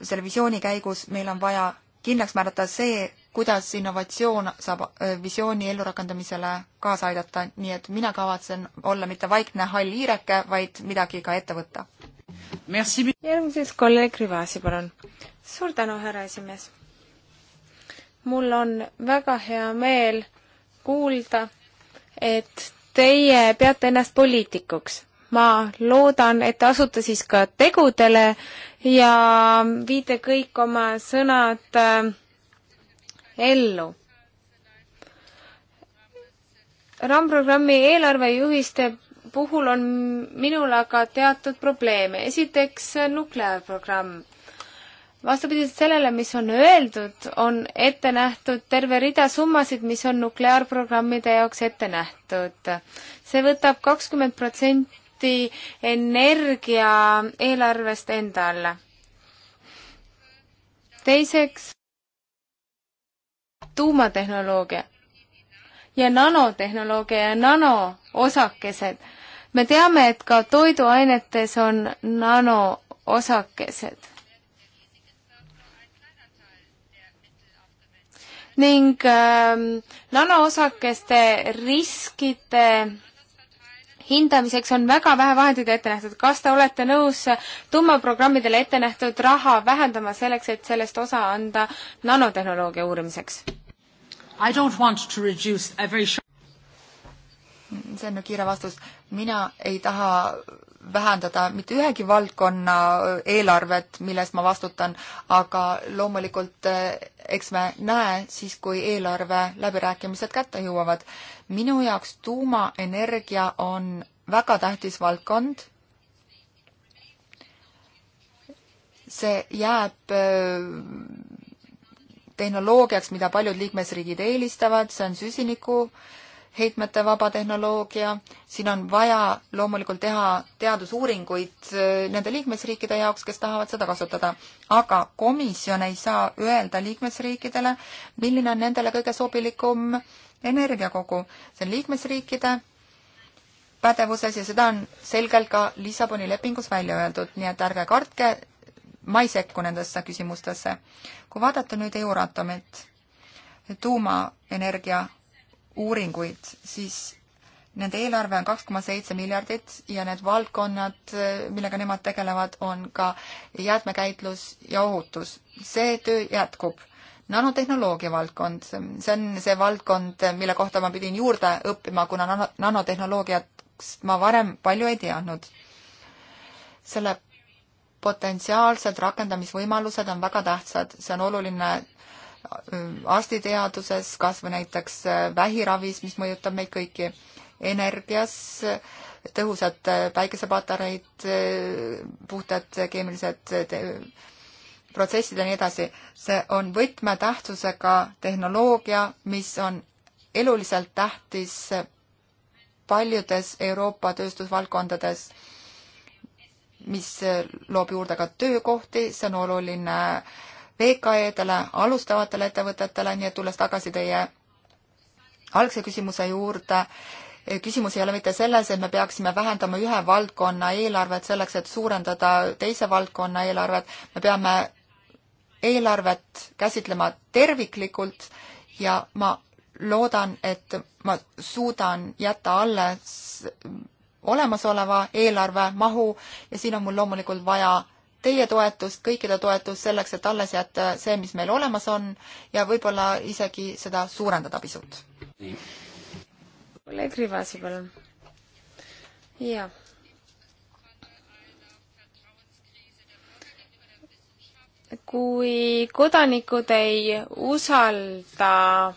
selle visiooni käigus meil on vaja kindlaks määrata see, kuidas innovatsioon saab visiooni ellurakendamisele kaasa aidata, nii et mina kavatsen olla mitte vaikne hall hiireke, vaid midagi ka ette võtta. järgmiseks kolleeg Rivasi, palun. suur tänu, härra esimees. mul on väga hea meel kuulda, et teie peate ennast poliitikuks. ma loodan, et te asute siis ka tegudele ja viite kõik oma sõnad äh, ellu. RAM-programmi eelarvejuhiste puhul on minul aga teatud probleeme. esiteks nukleaarprogramm. vastupidiselt sellele, mis on öeldud, on ette nähtud terve rida summasid, mis on nukleaarprogrammide jaoks ette nähtud. see võtab kakskümmend protsenti energia eelarvest enda alla. teiseks tuumatehnoloogia ja nanotehnoloogia ja nanoosakesed. me teame, et ka toiduainetes on nanoosakesed. ning äh, nanoosakeste riskide hindamiseks on väga vähe vahendeid ette nähtud. kas te olete nõus tuumaprogrammidele ette nähtud raha vähendama selleks, et sellest osa anda nanotehnoloogia uurimiseks? I don't want to reduce a very short see on nüüd kiire vastus. mina ei taha vähendada mitte ühegi valdkonna äh, eelarvet, milles ma vastutan, aga loomulikult äh, eks me näe siis, kui eelarve läbirääkimised kätte jõuavad. minu jaoks tuumaenergia on väga tähtis valdkond. see jääb äh, tehnoloogiaks, mida paljud liikmesriigid eelistavad, see on süsiniku heitmete vaba tehnoloogia, siin on vaja loomulikult teha teadusuuringuid äh, nende liikmesriikide jaoks, kes tahavad seda kasutada. aga komisjon ei saa öelda liikmesriikidele, milline on nendele kõige sobilikum energiakogu. see on liikmesriikide pädevuses ja seda on selgelt ka Lissaboni lepingus välja öeldud, nii et ärge kartke, ma ei sekku nendesse küsimustesse. kui vaadata nüüd Euratomit, tuumaenergia uuringuid, siis nende eelarve on kaks koma seitse miljardit ja need valdkonnad, millega nemad tegelevad, on ka jäätmekäitlus ja ohutus. see töö jätkub. nanotehnoloogia valdkond, see on see valdkond, mille kohta ma pidin juurde õppima, kuna nano, nanotehnoloogiat ma varem palju ei teadnud. selle potentsiaalsed rakendamisvõimalused on väga tähtsad, see on oluline äh, arstiteaduses, kas või näiteks äh, vähiravis, mis mõjutab meid kõiki, energias, äh, tõhusad päikesepatareid, puhtad keemilised protsessid ja nii edasi. see on võtmetähtsusega tehnoloogia, mis on eluliselt tähtis paljudes Euroopa tööstusvaldkondades mis äh, loob juurde ka töökohti, see on oluline VKE-dele, alustavatele ettevõtetele, nii et tulles tagasi teie algse küsimuse juurde, äh, küsimus ei ole mitte selles, et me peaksime vähendama ühe valdkonna eelarvet selleks, et suurendada teise valdkonna eelarvet, me peame eelarvet käsitlema terviklikult ja ma loodan, et ma suudan jätta alles olemasoleva eelarve mahu ja siin on mul loomulikult vaja teie toetust, kõikide toetust selleks, et alles jätta see, mis meil olemas on ja võib-olla isegi seda suurendada pisut. kolleeg Rivasi, palun. jaa. kui kodanikud ei usalda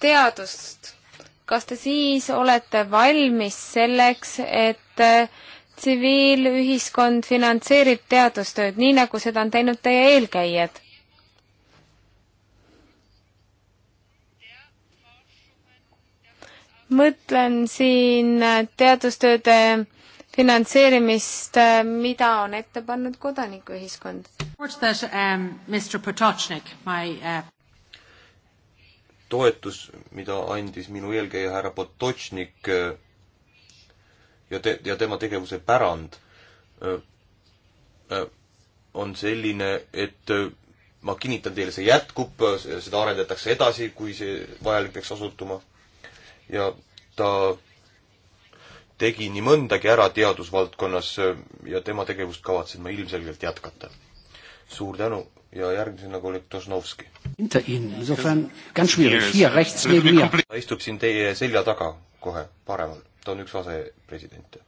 teadust kas te siis olete valmis selleks, et äh, tsiviilühiskond finantseerib teadustööd, nii nagu seda on teinud teie eelkäijad? mõtlen siin äh, teadustööde finantseerimist, äh, mida on ette pannud kodanikuühiskond toetus, mida andis minu eelkäija härra Potočnik äh, ja te-, ja tema tegevuse pärand äh, äh, on selline, et ma kinnitan teile, see jätkub, seda arendatakse edasi, kui see vajalik peaks osutuma. ja ta tegi nii mõndagi ära teadusvaldkonnas ja tema tegevust kavatsen ma ilmselgelt jätkata. suur tänu, ja järgmisena kolleeg Tošnovski. <laughs> ta istub siin teie selja taga kohe paremal, ta on üks asepresidente.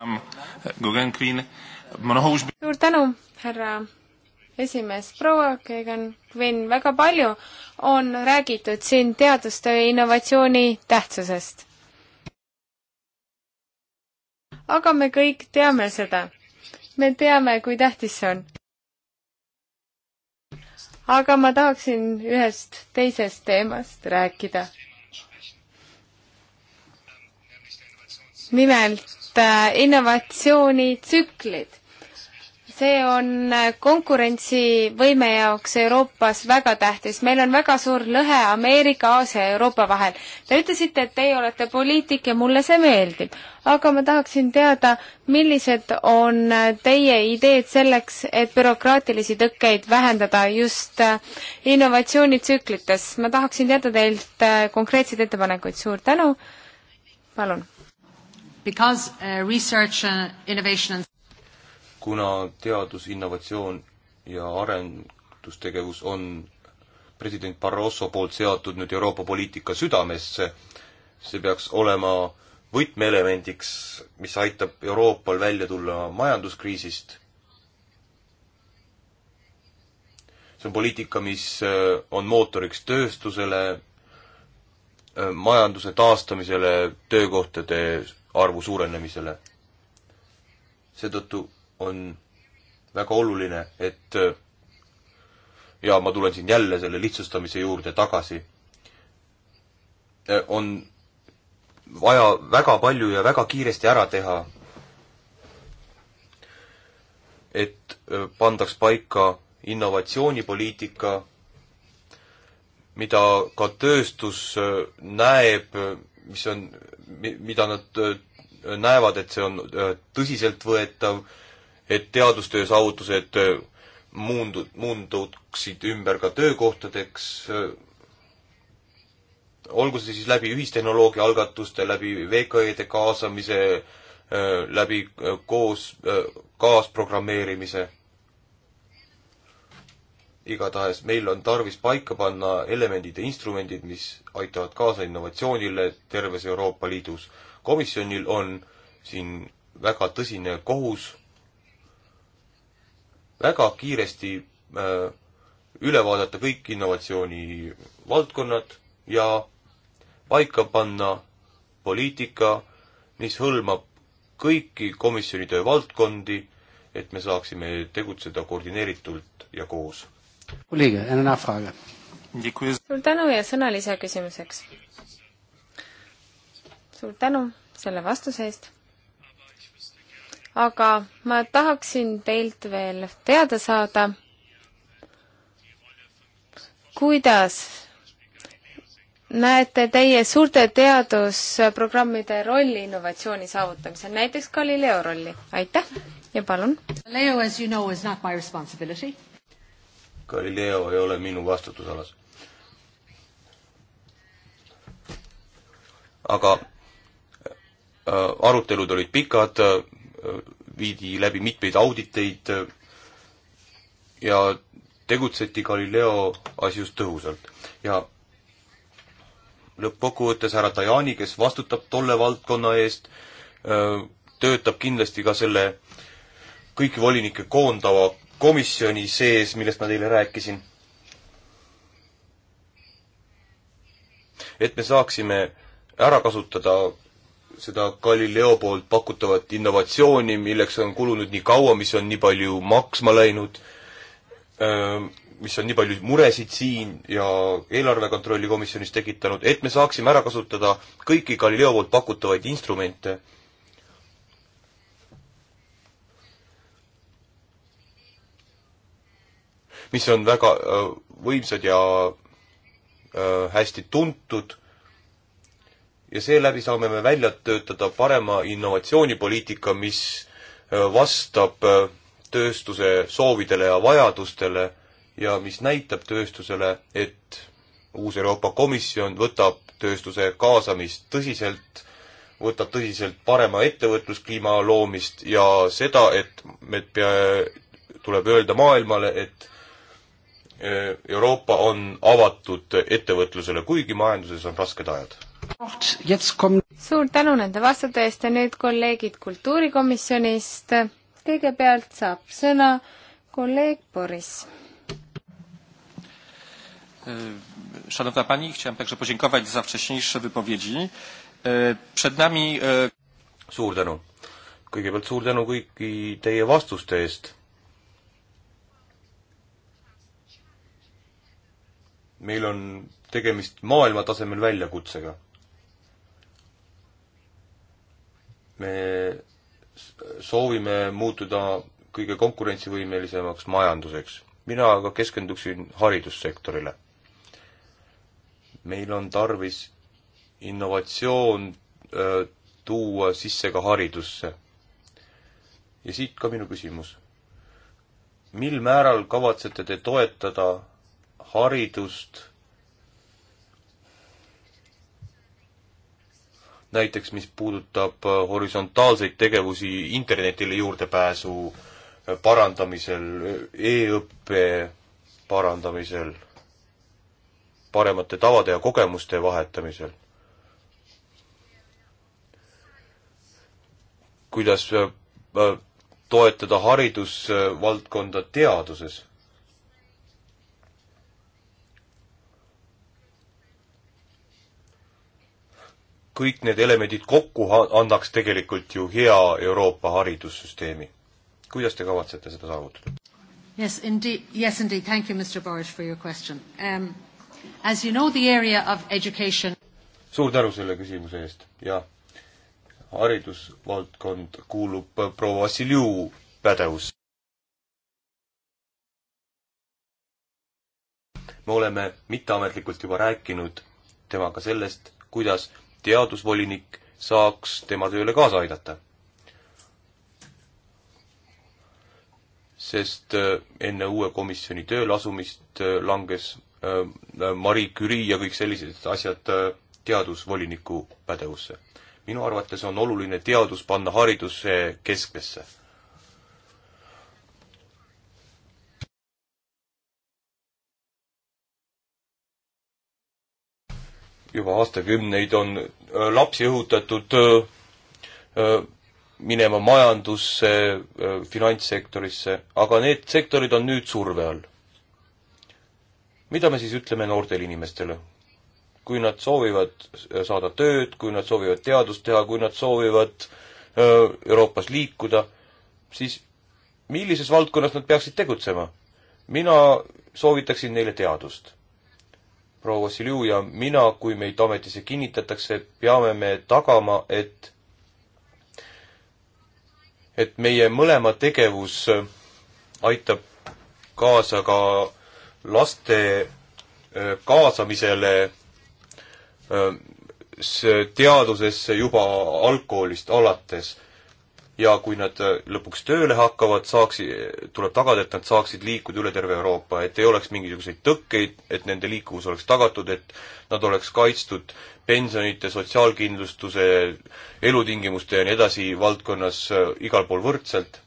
Um, suur tänu, härra esimees, proua Keegan Kvinn, väga palju on räägitud siin teadustöö ja innovatsiooni tähtsusest. aga me kõik teame seda. me teame, kui tähtis see on aga ma tahaksin ühest teisest teemast rääkida. nimelt äh, innovatsioonitsüklid see on konkurentsivõime jaoks Euroopas väga tähtis. meil on väga suur lõhe Ameerika, Aasia ja Euroopa vahel. Te ütlesite, et teie olete poliitik ja mulle see meeldib. aga ma tahaksin teada, millised on teie ideed selleks, et bürokraatilisi tõkkeid vähendada just innovatsioonitsüklites. ma tahaksin teada teilt konkreetseid ettepanekuid. suur tänu, palun! Because uh, research and uh, innovation and kuna teadus, innovatsioon ja arendustegevus on president Barroso poolt seatud nüüd Euroopa poliitika südamesse, see peaks olema võtmeelemendiks, mis aitab Euroopal välja tulla majanduskriisist. see on poliitika, mis äh, on mootoriks tööstusele, äh, majanduse taastamisele, töökohtade arvu suurenemisele. seetõttu on väga oluline, et ja ma tulen siin jälle selle lihtsustamise juurde tagasi, on vaja väga palju ja väga kiiresti ära teha, et pandaks paika innovatsioonipoliitika, mida ka tööstus näeb, mis on, mida nad äh, näevad, et see on äh, tõsiseltvõetav, et teadustöö saavutused äh, muundu-, muunduksid ümber ka töökohtadeks, äh, olgu see siis läbi ühistehnoloogia algatuste, läbi VKE-de kaasamise, äh, läbi koos, kaasprogrammeerimise igatahes meil on tarvis paika panna elemendid ja instrumendid, mis aitavad kaasa innovatsioonile terves Euroopa Liidus. komisjonil on siin väga tõsine kohus väga kiiresti äh, üle vaadata kõik innovatsiooni valdkonnad ja paika panna poliitika, mis hõlmab kõiki komisjoni töö valdkondi, et me saaksime tegutseda koordineeritult ja koos. suur tänu ja sõna lisaküsimuseks. suur tänu selle vastuse eest aga ma tahaksin teilt veel teada saada, kuidas näete teie suurte teadusprogrammide rolli innovatsiooni saavutamisel, näiteks Galileo rolli? aitäh ja palun. Galileo, as you know, is not my responsibility. Galileo ei ole minu vastutusalas. aga äh, arutelud olid pikad äh,, viidi läbi mitmeid auditeid äh, ja tegutseti Galileo asjus tõhusalt. ja lõppkokkuvõttes härra Tajani, kes vastutab tolle valdkonna eest, äh, töötab kindlasti ka selle kõiki volinikke koondava komisjoni sees, millest ma teile rääkisin. et me saaksime ära kasutada seda Galileo poolt pakutavat innovatsiooni, milleks on kulunud nii kaua, mis on nii palju maksma läinud, ähm, mis on nii palju muresid siin ja eelarve kontrolli komisjonis tekitanud, et me saaksime ära kasutada kõiki Galileo poolt pakutavaid instrumente. mis on väga äh, võimsad ja äh, hästi tuntud ja seeläbi saame me välja töötada parema innovatsioonipoliitika, mis äh, vastab äh, tööstuse soovidele ja vajadustele ja mis näitab tööstusele, et uus Euroopa Komisjon võtab tööstuse kaasamist tõsiselt, võtab tõsiselt parema ettevõtluskliima loomist ja seda, et me pea-, tuleb öelda maailmale, et äh, Euroopa on avatud ettevõtlusele, kuigi majanduses on rasked ajad suur tänu nende vastade eest ja nüüd kolleegid Kultuurikomisjonist. kõigepealt saab sõna kolleeg Boris. E, Szanowna Pani, chciałem także podziękować za wcześniejsze wypowiedzi. E, przed nami... E, suur tänu. Kõigepealt suur tänu kõiki teie vastuste eest. Meil on tegemist maailmatasemel väljakutsega me soovime muutuda kõige konkurentsivõimelisemaks majanduseks. mina aga keskenduksin haridussektorile. meil on tarvis innovatsioon öö, äh, tuua sisse ka haridusse. ja siit ka minu küsimus. mil määral kavatsete te toetada haridust näiteks mis puudutab äh, horisontaalseid tegevusi internetile juurdepääsu äh, parandamisel e, e-õppe parandamisel, paremate tavade ja kogemuste vahetamisel. kuidas toetada haridusvaldkonda teaduses kõik need elemendid kokku annaks tegelikult ju hea Euroopa haridussüsteemi. kuidas te kavatsete seda saavutada? Yes, indeed. Yes, indeed. Thank you, Mr. Borge, for your question. Um, as you know, the area of education suur tänu selle küsimuse eest ja haridusvaldkond kuulub proua Vassiljuu pädevusse. me oleme mitteametlikult juba rääkinud temaga sellest, kuidas teadusvolinik saaks tema tööle kaasa aidata. sest äh, enne uue komisjoni tööle asumist äh, langes äh, Marie Curie ja kõik sellised asjad teadusvoliniku pädevusse. minu arvates on oluline teadus panna hariduse keskmesse juba aastakümneid on äh, lapsi õhutatud äh, äh, minema majandusse, finantssektorisse, aga need sektorid on nüüd surve all. mida me siis ütleme noortele inimestele? kui nad soovivad saada tööd, kui nad soovivad teadust teha, kui nad soovivad Euroopas liikuda, siis millises valdkonnas nad peaksid tegutsema? mina soovitaksin neile teadust proua Silju ja mina, kui meid ametisse kinnitatakse, peame me tagama, et et meie mõlema tegevus aitab kaasa ka laste äh, kaasamisele äh, teadusesse juba algkoolist alates ja kui nad äh, lõpuks tööle hakkavad, saaksi-, äh, tuleb tagada, et nad saaksid liikuda üle terve Euroopa, et ei oleks mingisuguseid tõkkeid, et nende liikuvus oleks tagatud, et nad oleks kaitstud pensionite, sotsiaalkindlustuse, elutingimuste ja nii edasi valdkonnas äh, igal pool võrdselt.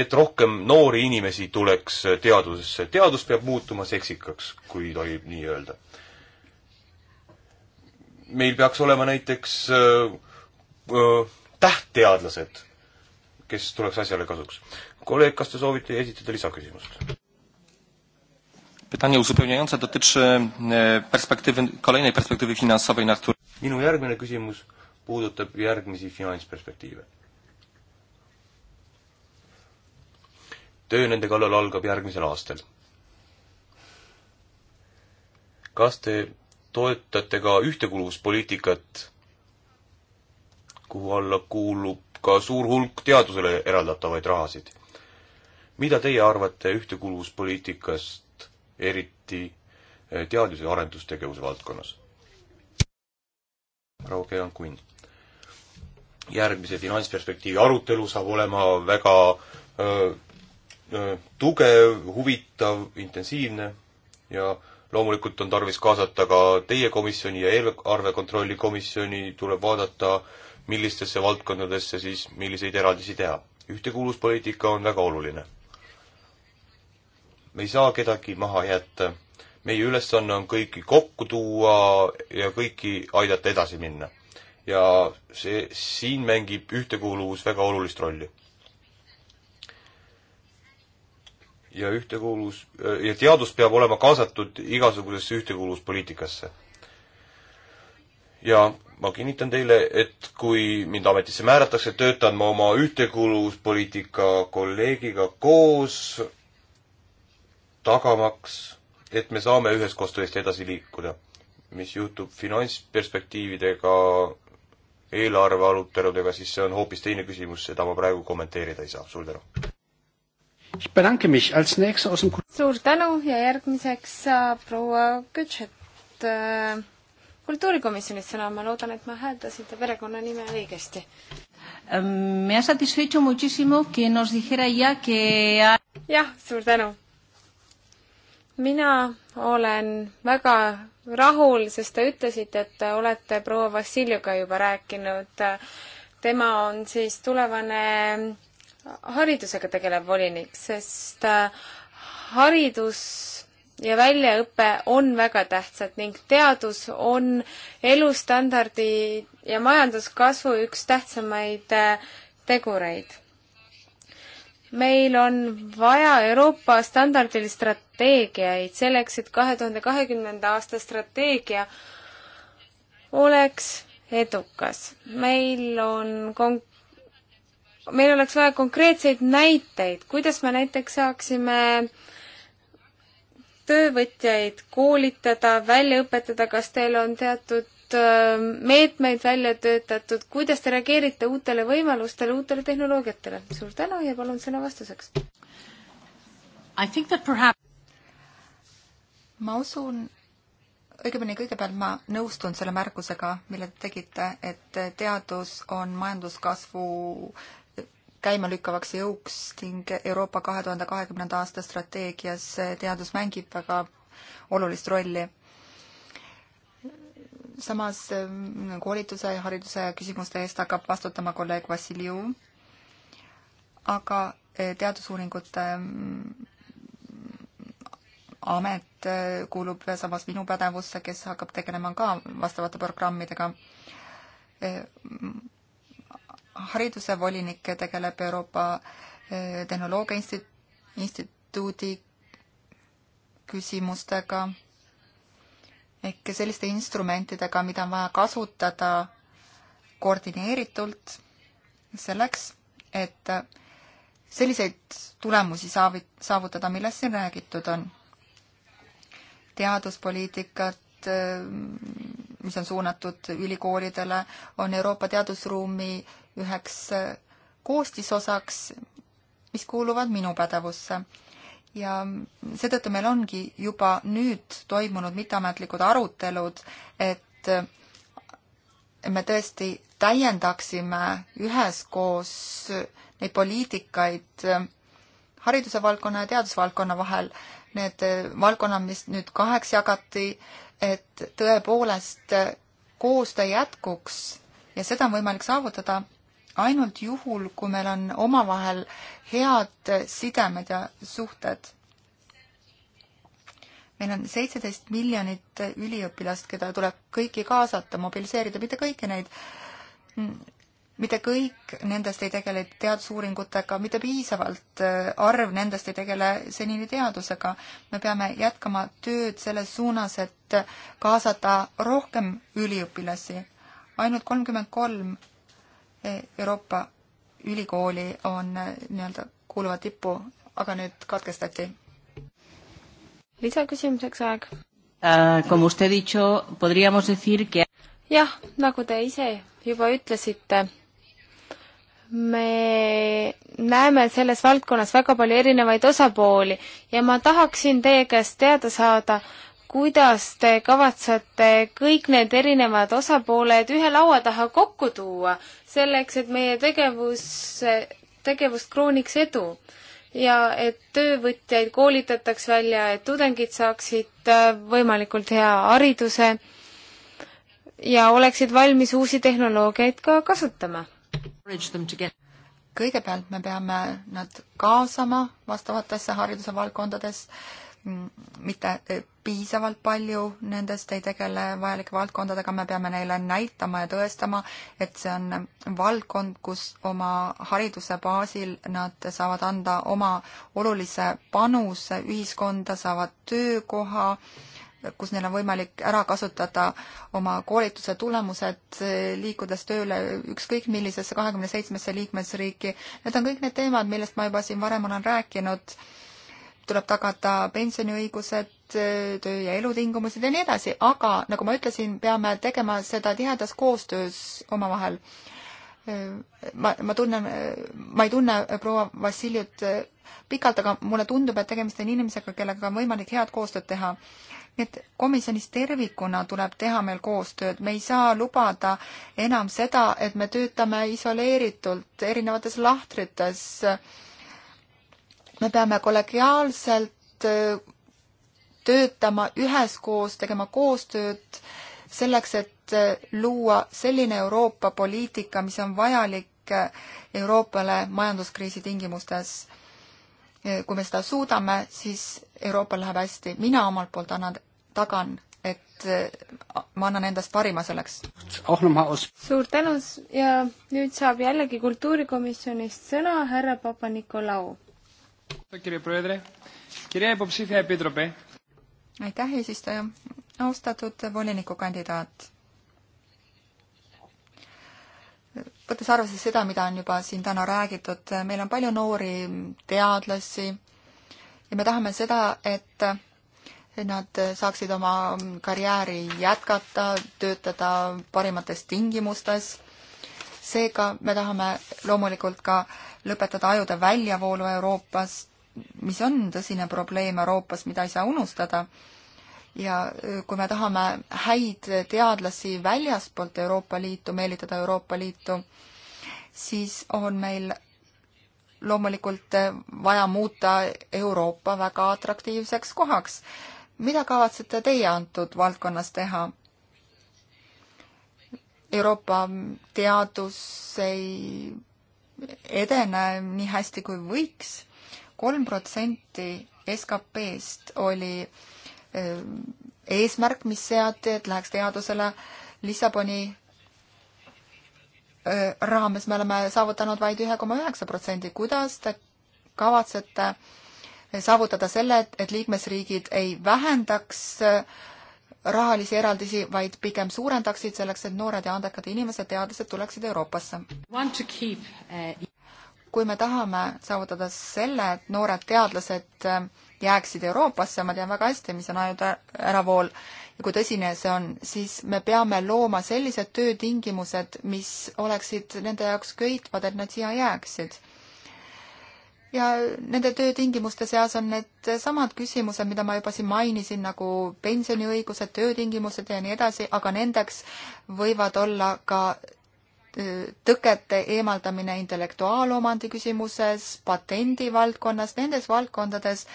et rohkem noori inimesi tuleks teadusesse, teadus peab muutuma seksikaks, kui tohib nii öelda. meil peaks olema näiteks öö, öö, tähtteadlased kes tuleks asjale kasuks. kolleeg, kas te soovite esitada lisaküsimust? Pytanie uzupełniające dotyczy e, perspektywy, kolejnej perspektywy finansowej, na której... Minu järgmine küsimus puudutab järgmisi finantsperspektiive. töö nende kallal algab järgmisel aastal. kas te toetate ka ühtekuuluvuspoliitikat, kuhu alla kuulub ka suur hulk teadusele eraldatavaid rahasid. mida teie arvate ühtekuuluvuspoliitikast, eriti eh, teadus- ja arendustegevuse valdkonnas? proua Kean Kunn. järgmise finantsperspektiivi arutelu saab olema väga öö, eh, öö, eh, tugev, huvitav, intensiivne ja loomulikult on tarvis kaasata ka teie komisjoni ja eelarvekontrolli komisjoni, tuleb vaadata äh, millistesse valdkondadesse siis milliseid eraldisi teha. ühtekuuluvuspoliitika on väga oluline. me ei saa kedagi maha jätta. meie ülesanne on kõiki kokku tuua ja kõiki aidata edasi minna. ja see, siin mängib ühtekuuluvus väga olulist rolli. ja ühtekuuluvus ja teadus peab olema kaasatud igasugusesse ühtekuuluvuspoliitikasse. ja ma kinnitan teile, et kui mind ametisse määratakse, töötan ma oma ühtekuuluvuspoliitika kolleegiga koos, tagamaks, et me saame üheskoos tõesti edasi liikuda. mis juhtub finantsperspektiividega, eelarve aruteludega, siis see on hoopis teine küsimus, seda ma praegu kommenteerida ei saa, suur tänu. suur tänu ja järgmiseks saab proua Kütšet äh, kultuurikomisjonist sõna, ma loodan, et ma hääldasin ta perekonnanime õigesti. jah, suur tänu. mina olen väga rahul, sest te ütlesite, et te olete proua Vassiljuga juba rääkinud. tema on siis tulevane haridusega tegelev volinik, sest haridus ja väljaõpe on väga tähtsad ning teadus on elustandardi ja majanduskasvu üks tähtsamaid äh, tegureid. meil on vaja Euroopa standardil strateegiaid selleks, et kahe tuhande kahekümnenda aasta strateegia oleks edukas. meil on konk-, meil oleks vaja konkreetseid näiteid, kuidas me näiteks saaksime äh, töövõtjaid koolitada, välja õpetada, kas teil on teatud äh, meetmeid välja töötatud, kuidas te reageerite uutele võimalustele, uutele tehnoloogiatele? suur tänu ja palun sõna vastuseks. ma usun, õigemini kõigepealt ma nõustun selle märkusega, mille te tegite, et teadus on majanduskasvu käimalükkavaks jõuks ning Euroopa kahe tuhande kahekümnenda aasta strateegias teadus mängib väga olulist rolli. samas mm, koolituse ja hariduse küsimuste eest hakkab vastutama kolleeg Vassiljev, aga eh, teadusuuringute mm, amet eh, kuulub samas minu pädevusse, kes hakkab tegelema ka vastavate programmidega eh, hariduse volinik tegeleb Euroopa eh, Tehnoloogia Instituudi küsimustega ehk selliste instrumentidega, mida on vaja kasutada koordineeritult selleks, et selliseid tulemusi saavi-, saavutada, millest siin räägitud on. teaduspoliitikat, eh, mis on suunatud ülikoolidele, on Euroopa teadusruumi üheks äh, koostisosaks, mis kuuluvad minu pädevusse. ja seetõttu meil ongi juba nüüd toimunud mitteametlikud arutelud, et äh, me tõesti täiendaksime üheskoos äh, neid poliitikaid hariduse valdkonna ja teadusvaldkonna vahel, need valdkonnad, mis nüüd kaheks jagati, et tõepoolest koostöö jätkuks ja seda on võimalik saavutada ainult juhul, kui meil on omavahel head sidemed ja suhted. meil on seitseteist miljonit üliõpilast, keda tuleb kõiki kaasata, mobiliseerida, mitte kõiki neid, mitte kõik nendest ei tegele teadusuuringutega, mitte piisavalt äh, arv nendest ei tegele senini teadusega. me peame jätkama tööd selles suunas, et kaasata rohkem üliõpilasi ainult kolmkümmend kolm Euroopa ülikooli on äh, nii-öelda kuuluva tippu, aga nüüd katkestati. lisaküsimuseks aeg uh,. Como usted dicho, podríamos decir que jah, nagu te ise juba ütlesite, me näeme selles valdkonnas väga palju erinevaid osapooli ja ma tahaksin teie käest teada saada, kuidas te kavatsete kõik need erinevad osapooled ühe laua taha kokku tuua, selleks et meie tegevus, tegevust krooniks edu? ja et töövõtjaid koolitataks välja, et tudengid saaksid äh, võimalikult hea hariduse ja oleksid valmis uusi tehnoloogiaid ka kasutama. kõigepealt me peame nad kaasama vastavatesse hariduse valdkondades mitte eh, piisavalt palju nendest ei tegele vajalike valdkondadega, me peame neile näitama ja tõestama, et see on valdkond, kus oma hariduse baasil nad saavad anda oma olulise panuse ühiskonda, saavad töökoha, kus neil on võimalik ära kasutada oma koolituse tulemused, liikudes tööle ükskõik millisesse kahekümne seitsmesse liikmesriiki. Need on kõik need teemad, millest ma juba siin varem olen rääkinud tuleb tagada pensioniõigused, töö- ja elutingimused ja nii edasi, aga nagu ma ütlesin, peame tegema seda tihedas koostöös omavahel. ma, ma tunnen, ma ei tunne proua Vassiljut pikalt, aga mulle tundub, et tegemist on inimesega, kellega on võimalik head koostööd teha nii et komisjonis tervikuna tuleb teha meil koostööd, me ei saa lubada enam seda, et me töötame isoleeritult erinevates lahtrites äh, me peame kollegiaalselt äh, töötama üheskoos, tegema koostööd selleks, et äh, luua selline Euroopa poliitika, mis on vajalik äh, Euroopale majanduskriisi tingimustes. kui me seda suudame, siis Euroopal läheb hästi. mina omalt poolt annan, tagan, et ma annan endast parima selleks. suur tänu ja nüüd saab jällegi Kultuurikomisjonist sõna härra Papa-Nikolau aitäh, eesistuja. austatud volinikukandidaat. võttes arvesse seda, mida on juba siin täna räägitud, meil on palju noori teadlasi ja me tahame seda, et nad saaksid oma karjääri jätkata, töötada parimates tingimustes seega me tahame loomulikult ka lõpetada ajude väljavoolu Euroopas mis on tõsine probleem Euroopas, mida ei saa unustada. ja äh, kui me tahame häid teadlasi väljaspoolt Euroopa Liitu, meelitada Euroopa Liitu, siis on meil loomulikult äh, vaja muuta Euroopa väga atraktiivseks kohaks. mida kavatsete teie antud valdkonnas teha? Euroopa teadus ei edene nii hästi, kui võiks kolm protsenti SKP-st oli eh, eesmärk, mis seati, et läheks teadusele Lissaboni eh, raames me oleme saavutanud vaid ühe koma üheksa protsendi. kuidas te kavatsete saavutada selle, et, et liikmesriigid ei vähendaks eh, rahalisi eraldisi, vaid pigem suurendaksid selleks, et noored ja andekad inimesed, teadlased tuleksid Euroopasse? kui me tahame saavutada selle, et noored teadlased äh, jääksid Euroopasse, ma tean väga hästi, mis on ajude äravool ja kui tõsine see on, siis me peame looma sellised töötingimused, mis oleksid nende jaoks köitvad, et nad siia jääksid. ja nende töötingimuste seas on need samad küsimused, mida ma juba siin mainisin, nagu pensioniõigused, töötingimused ja nii edasi, aga nendeks võivad olla ka tõkete eemaldamine intellektuaalomandi küsimuses, patendi valdkonnas, nendes valdkondades,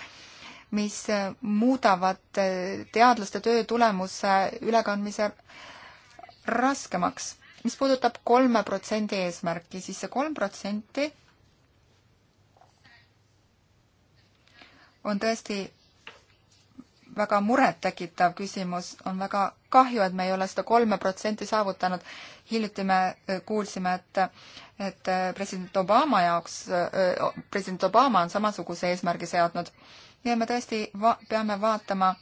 mis äh, muudavad äh, teadlaste töö tulemuse ülekandmise raskemaks. mis puudutab kolme protsendi eesmärki, siis see kolm protsenti on tõesti väga murettekitav küsimus, on väga kahju, et me ei ole seda kolme protsenti saavutanud. hiljuti me äh, kuulsime, et, et äh, president Obama jaoks, äh, president Obama on samasuguse eesmärgi seadnud ja me tõesti va peame vaatama,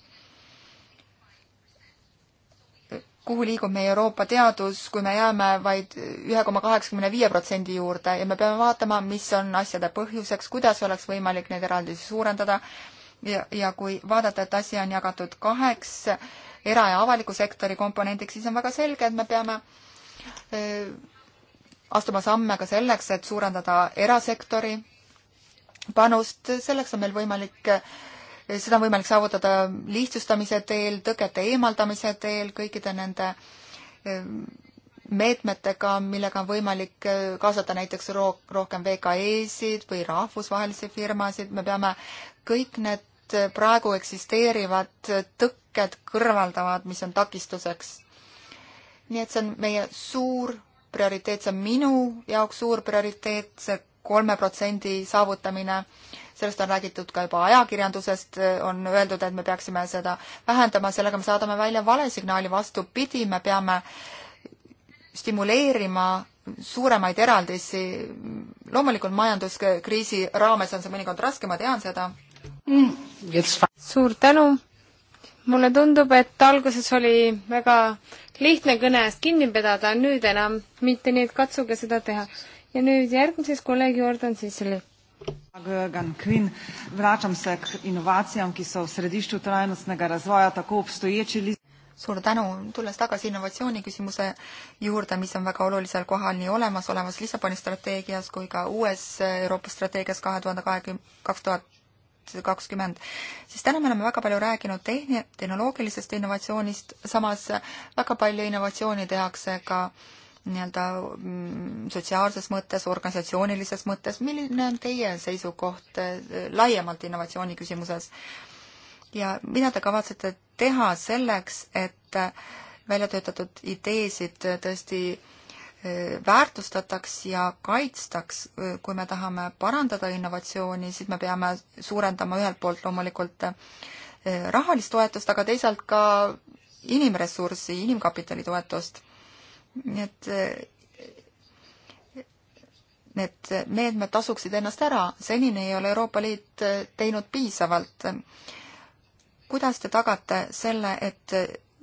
kuhu liigub meie Euroopa teadus, kui me jääme vaid ühe koma kaheksakümne viie protsendi juurde ja me peame vaatama, mis on asjade põhjuseks, kuidas oleks võimalik neid eraldisi suurendada ja, ja kui vaadata, et asi on jagatud kaheks era- ja avaliku sektori komponendiks, siis on väga selge, et me peame e, astuma samme ka selleks, et suurendada erasektori panust, selleks on meil võimalik, e, seda on võimalik saavutada lihtsustamise teel, tõkete eemaldamise teel, kõikide nende e, meetmetega, millega on võimalik kaasata näiteks rohkem VKE-sid või rahvusvahelisi firmasid, me peame kõik need et praegu eksisteerivad tõkked kõrvaldavad, mis on takistuseks. nii et see on meie suur prioriteet, see on minu jaoks suur prioriteet, see kolme protsendi saavutamine, sellest on räägitud ka juba ajakirjandusest, on öeldud, et me peaksime seda vähendama, sellega me saadame välja vale signaali, vastupidi, me peame stimuleerima suuremaid eraldisi, loomulikult majanduskriisi raames on see mõnikord raske, ma tean seda, suur tänu. mulle tundub, et alguses oli väga lihtne kõne eest kinni pidada, nüüd enam mitte, nii et katsuge seda teha. ja nüüd järgmises kolleeg Jordan Sisseli. Gagan eh, Kvin, vračam se k inovacijam, ki so v središču trajnostnega razvoja tako obstoječi suur tänu, tulles tagasi innovatsiooni küsimuse juurde, mis on väga olulisel kohal nii olemas, olemas Lissaboni strateegias kui ka uues eh, Euroopa strateegias kahe tuhande kahekümne, kaks tuhat kakskümmend, siis täna me oleme väga palju rääkinud tehni-, tehnoloogilisest innovatsioonist, samas väga palju innovatsiooni tehakse ka nii-öelda mm, sotsiaalses mõttes, organisatsioonilises mõttes, milline on teie seisukoht äh, laiemalt innovatsiooni küsimuses? ja mida te kavatsete teha selleks, et äh, välja töötatud ideesid äh, tõesti äh, väärtustataks ja kaitstaks, kui me tahame parandada innovatsiooni, siis me peame suurendama ühelt poolt loomulikult eh, rahalist toetust, aga teisalt ka inimressurssi, inimkapitali toetust. nii et eh, need meetmed tasuksid ennast ära, senini ei ole Euroopa Liit eh, teinud piisavalt. kuidas te tagate selle, et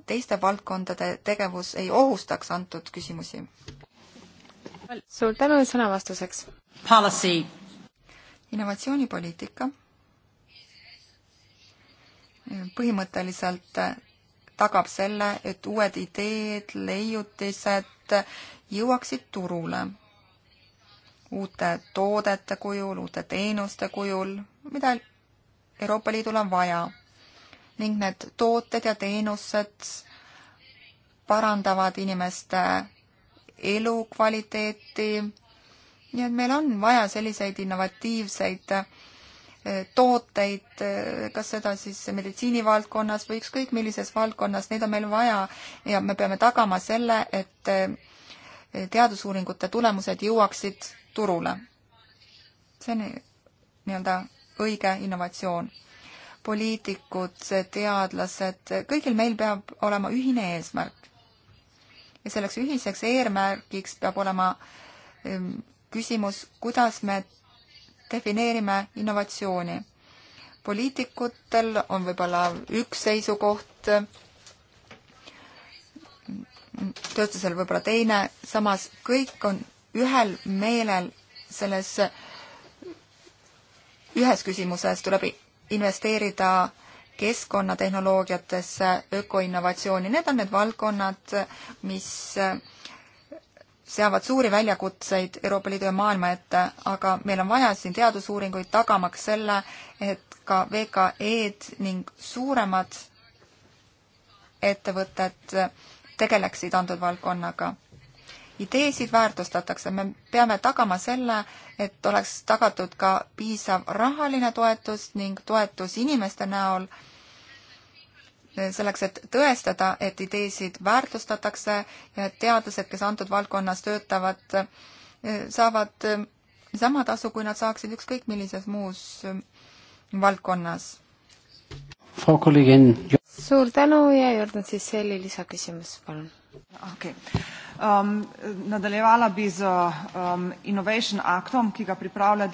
teiste valdkondade tegevus ei ohustaks antud küsimusi? suur tänu sõna vastuseks. Policy. innovatsioonipoliitika põhimõtteliselt tagab selle, et uued ideed, leiutised jõuaksid turule uute toodete kujul, uute teenuste kujul, mida Euroopa Liidul on vaja. ning need tooted ja teenused parandavad inimeste elukvaliteeti. nii et meil on vaja selliseid innovatiivseid eh, tooteid, eh, kas seda siis meditsiinivaldkonnas või ükskõik millises valdkonnas, neid on meil vaja ja me peame tagama selle, et eh, teadusuuringute tulemused jõuaksid turule. see on nii-öelda õige innovatsioon. poliitikud, teadlased, kõigil meil peab olema ühine eesmärk ja selleks ühiseks eesmärgiks peab olema ähm, küsimus, kuidas me defineerime innovatsiooni. poliitikutel on võib-olla üks seisukoht, töötusel võib-olla teine, samas kõik on ühel meelel selles ühes küsimuses tuleb investeerida äh, keskkonnatehnoloogiatesse, ökoinnovatsiooni, need on need valdkonnad, mis äh, seavad suuri väljakutseid Euroopa Liidu ja maailma ette, aga meil on vaja siin teadusuuringuid tagamaks selle, et ka VKE-d ning suuremad ettevõtted tegeleksid antud valdkonnaga. ideesid väärtustatakse, me peame tagama selle, et oleks tagatud ka piisav rahaline toetus ning toetus inimeste näol selleks, et tõestada, et ideesid väärtustatakse ja et teadlased, kes antud valdkonnas töötavad, saavad sama tasu, kui nad saaksid ükskõik millises muus valdkonnas. suur tänu ja Jordan Sisseli lisaküsimus, palun. okei okay. um,, nadaljevala bi z um, innovation aktom, ki ga pripravlja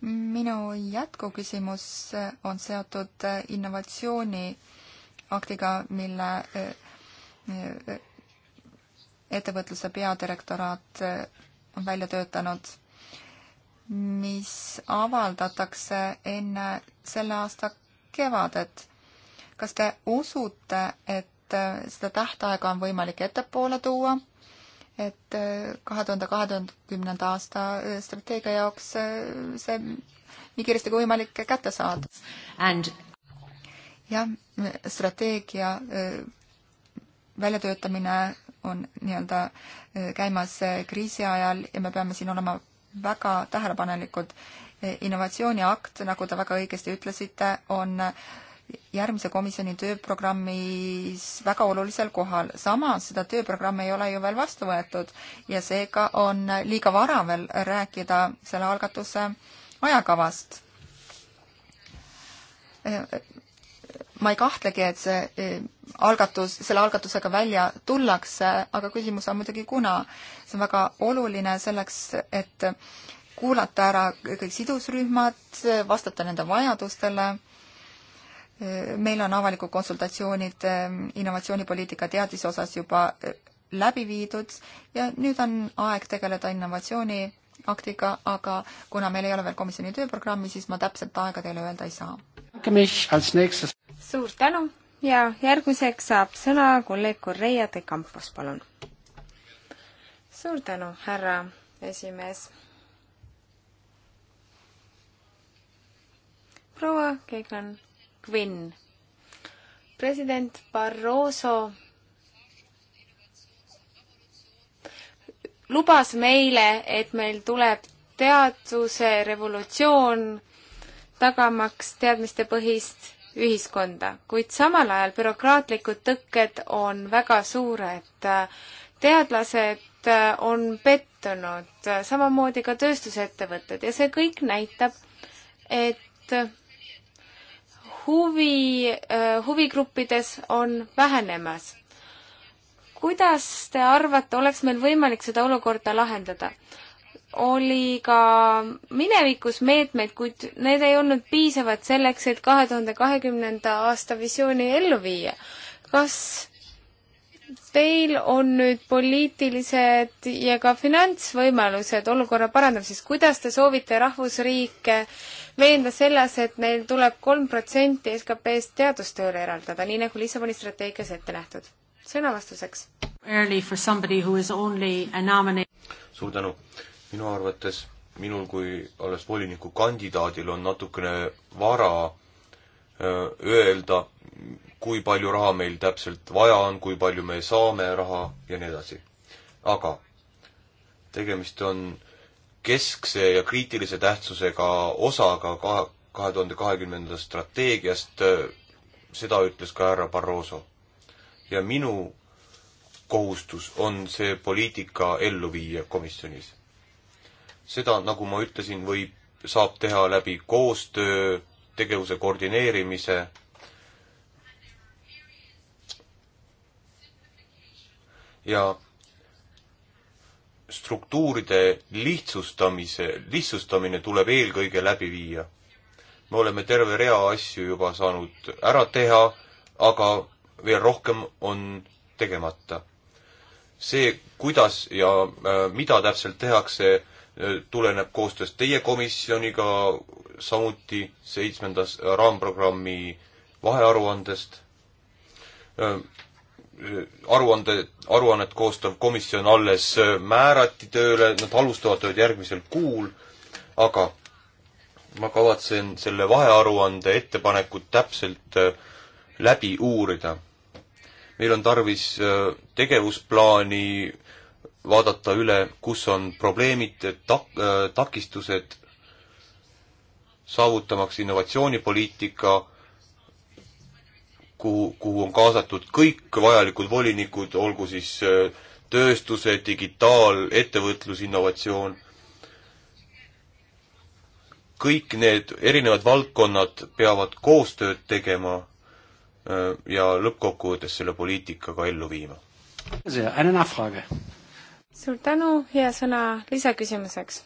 minu jätkuküsimus on seotud innovatsiooni aktiga, mille eh, eh, ettevõtluse peadirektoraat eh, on välja töötanud, mis avaldatakse enne selle aasta kevadet. kas te usute, et seda tähtaega on võimalik ettepoole tuua, et kahe tuhande kahekümnenda aasta strateegia jaoks see nii kiiresti kui võimalik kätte saada? And jah, strateegia e, väljatöötamine on nii-öelda e, käimas e, kriisi ajal ja me peame siin olema väga tähelepanelikud. innovatsiooniakt, nagu te väga õigesti ütlesite, on järgmise komisjoni tööprogrammis väga olulisel kohal. samas seda tööprogrammi ei ole ju veel vastu võetud ja seega on liiga vara veel rääkida selle algatuse ajakavast ma ei kahtlegi, et see eh, algatus, selle algatusega välja tullakse, aga küsimus on muidugi, kuna. see on väga oluline selleks, et kuulata ära kõik sidusrühmad, vastata nende vajadustele. Eh, meil on avalikud konsultatsioonid eh, innovatsioonipoliitika teadise osas juba läbi viidud ja nüüd on aeg tegeleda innovatsiooni aktiga, aga kuna meil ei ole veel komisjoni tööprogrammi, siis ma täpselt aega teile öelda ei saa suur tänu ja järgmiseks saab sõna kolleeg Correia de Campos, palun. suur tänu, härra esimees. proua Keegan Quinn, president Barroso lubas meile, et meil tuleb teaduse revolutsioon, tagamaks teadmistepõhist ühiskonda, kuid samal ajal bürokraatlikud tõkked on väga suured. teadlased äh, on pettunud, äh, samamoodi ka tööstusettevõtted ja see kõik näitab, et huvi, äh, huvigruppides on vähenemas. kuidas te arvate, oleks meil võimalik seda olukorda lahendada? oli ka minevikus meetmeid, kuid need ei olnud piisavad selleks, et kahe tuhande kahekümnenda aasta visiooni ellu viia. kas teil on nüüd poliitilised ja ka finantsvõimalused olukorra parandamiseks, kuidas te soovite rahvusriike veenda selles, et neil tuleb kolm protsenti SKP-st teadustööle eraldada, nii nagu Lissaboni strateegias ette nähtud? sõna vastuseks. suur tänu minu arvates minul kui alles voliniku kandidaadil on natukene vara öö, äh, öelda, kui palju raha meil täpselt vaja on, kui palju me saame raha ja nii edasi. aga tegemist on keskse ja kriitilise tähtsusega osaga kahe, kahe tuhande kahekümnendast strateegiast, äh, seda ütles ka härra Barroso. ja minu kohustus on see poliitika ellu viia komisjonis seda, nagu ma ütlesin, võib, saab teha läbi koostöö, tegevuse koordineerimise, ja struktuuride lihtsustamise, lihtsustamine tuleb eelkõige läbi viia. me oleme terve rea asju juba saanud ära teha, aga veel rohkem on tegemata. see, kuidas ja äh, mida täpselt tehakse, Äh, tuleneb koostööst teie komisjoniga, samuti seitsmendas raamprogrammi vahearuandest. Äh, äh, aruande, aruannet koostav komisjon alles määrati tööle, nad alustavad tööd järgmisel kuul, aga ma kavatsen selle vahearuande ettepanekud täpselt läbi uurida. meil on tarvis tegevusplaani vaadata üle, kus on probleemid, tak-, äh, takistused, saavutamaks innovatsioonipoliitika, kuhu, kuhu on kaasatud kõik vajalikud volinikud, olgu siis äh, tööstuse, digitaal, ettevõtlus, innovatsioon kõik need erinevad valdkonnad peavad koostööd tegema äh, ja lõppkokkuvõttes selle poliitika ka ellu viima suur tänu, hea sõna lisaküsimuseks.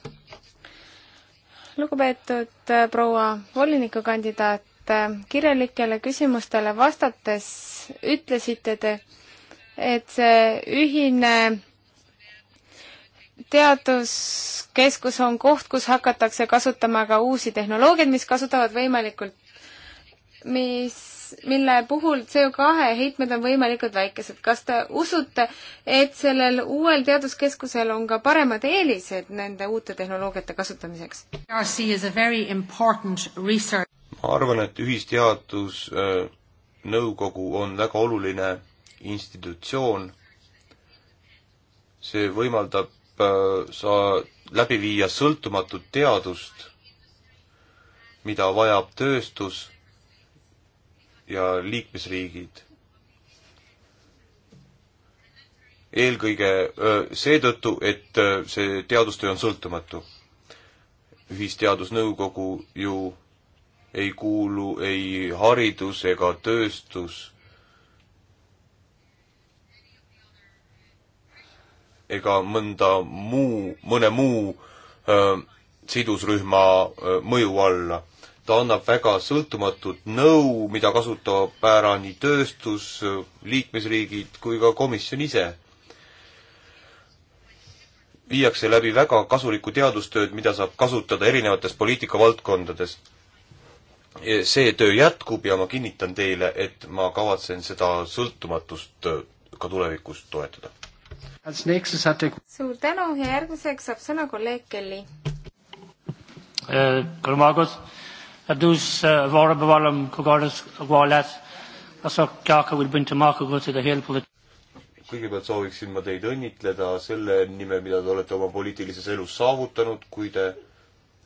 lugupeetud äh, proua volinikukandidaat, äh, kirjalikele küsimustele vastates ütlesite te, et see ühine teaduskeskus on koht, kus hakatakse kasutama ka uusi tehnoloogiaid, mis kasutavad võimalikult, mis mille puhul CO2 heitmed on võimalikult väikesed. kas te usute, et sellel uuel teaduskeskusel on ka paremad eelised nende uute tehnoloogiate kasutamiseks? ma arvan, et ühisteadusnõukogu äh, on väga oluline institutsioon. see võimaldab äh, sa läbi viia sõltumatut teadust, mida vajab tööstus ja liikmesriigid. eelkõige seetõttu, et see teadustöö on sõltumatu. ühisteadusnõukogu ju ei kuulu ei haridus ega tööstus ega mõnda muu, mõne muu öö, sidusrühma öö, mõju alla ta annab väga sõltumatut nõu, mida kasutab ära nii tööstus, liikmesriigid kui ka komisjon ise. viiakse läbi väga kasulikku teadustööd, mida saab kasutada erinevates poliitikavaldkondades. see töö jätkub ja ma kinnitan teile, et ma kavatsen seda sõltumatust äh, ka tulevikus toetada. suur tänu ja järgmiseks saab sõna kolleeg Kelly. Eh, Kõlmagus a dús bhra bhharm cogáras a gháileat as ceacha bhfuil buntaach go a héalpóla. kõigepealt sooviksin ma teid õnnitleda selle nime, mida te olete oma poliitilises elus saavutanud, kui te öö,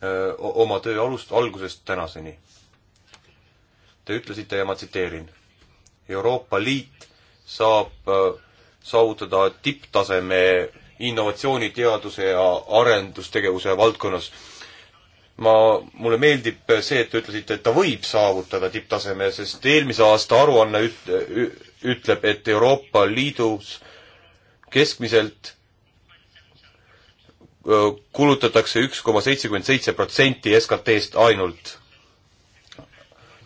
eh, oma töö alust, algusest tänaseni. Te ütlesite ja ma tsiteerin. Euroopa Liit saab öö, eh, saavutada tipptaseme innovatsiooni, teaduse ja arendustegevuse valdkonnas ma, mulle meeldib see, et te ütlesite, et ta võib saavutada tipptaseme, sest eelmise aasta aruanne üt-, ütleb, et Euroopa Liidus keskmiselt kulutatakse üks koma seitsekümmend seitse protsenti SKT-st ainult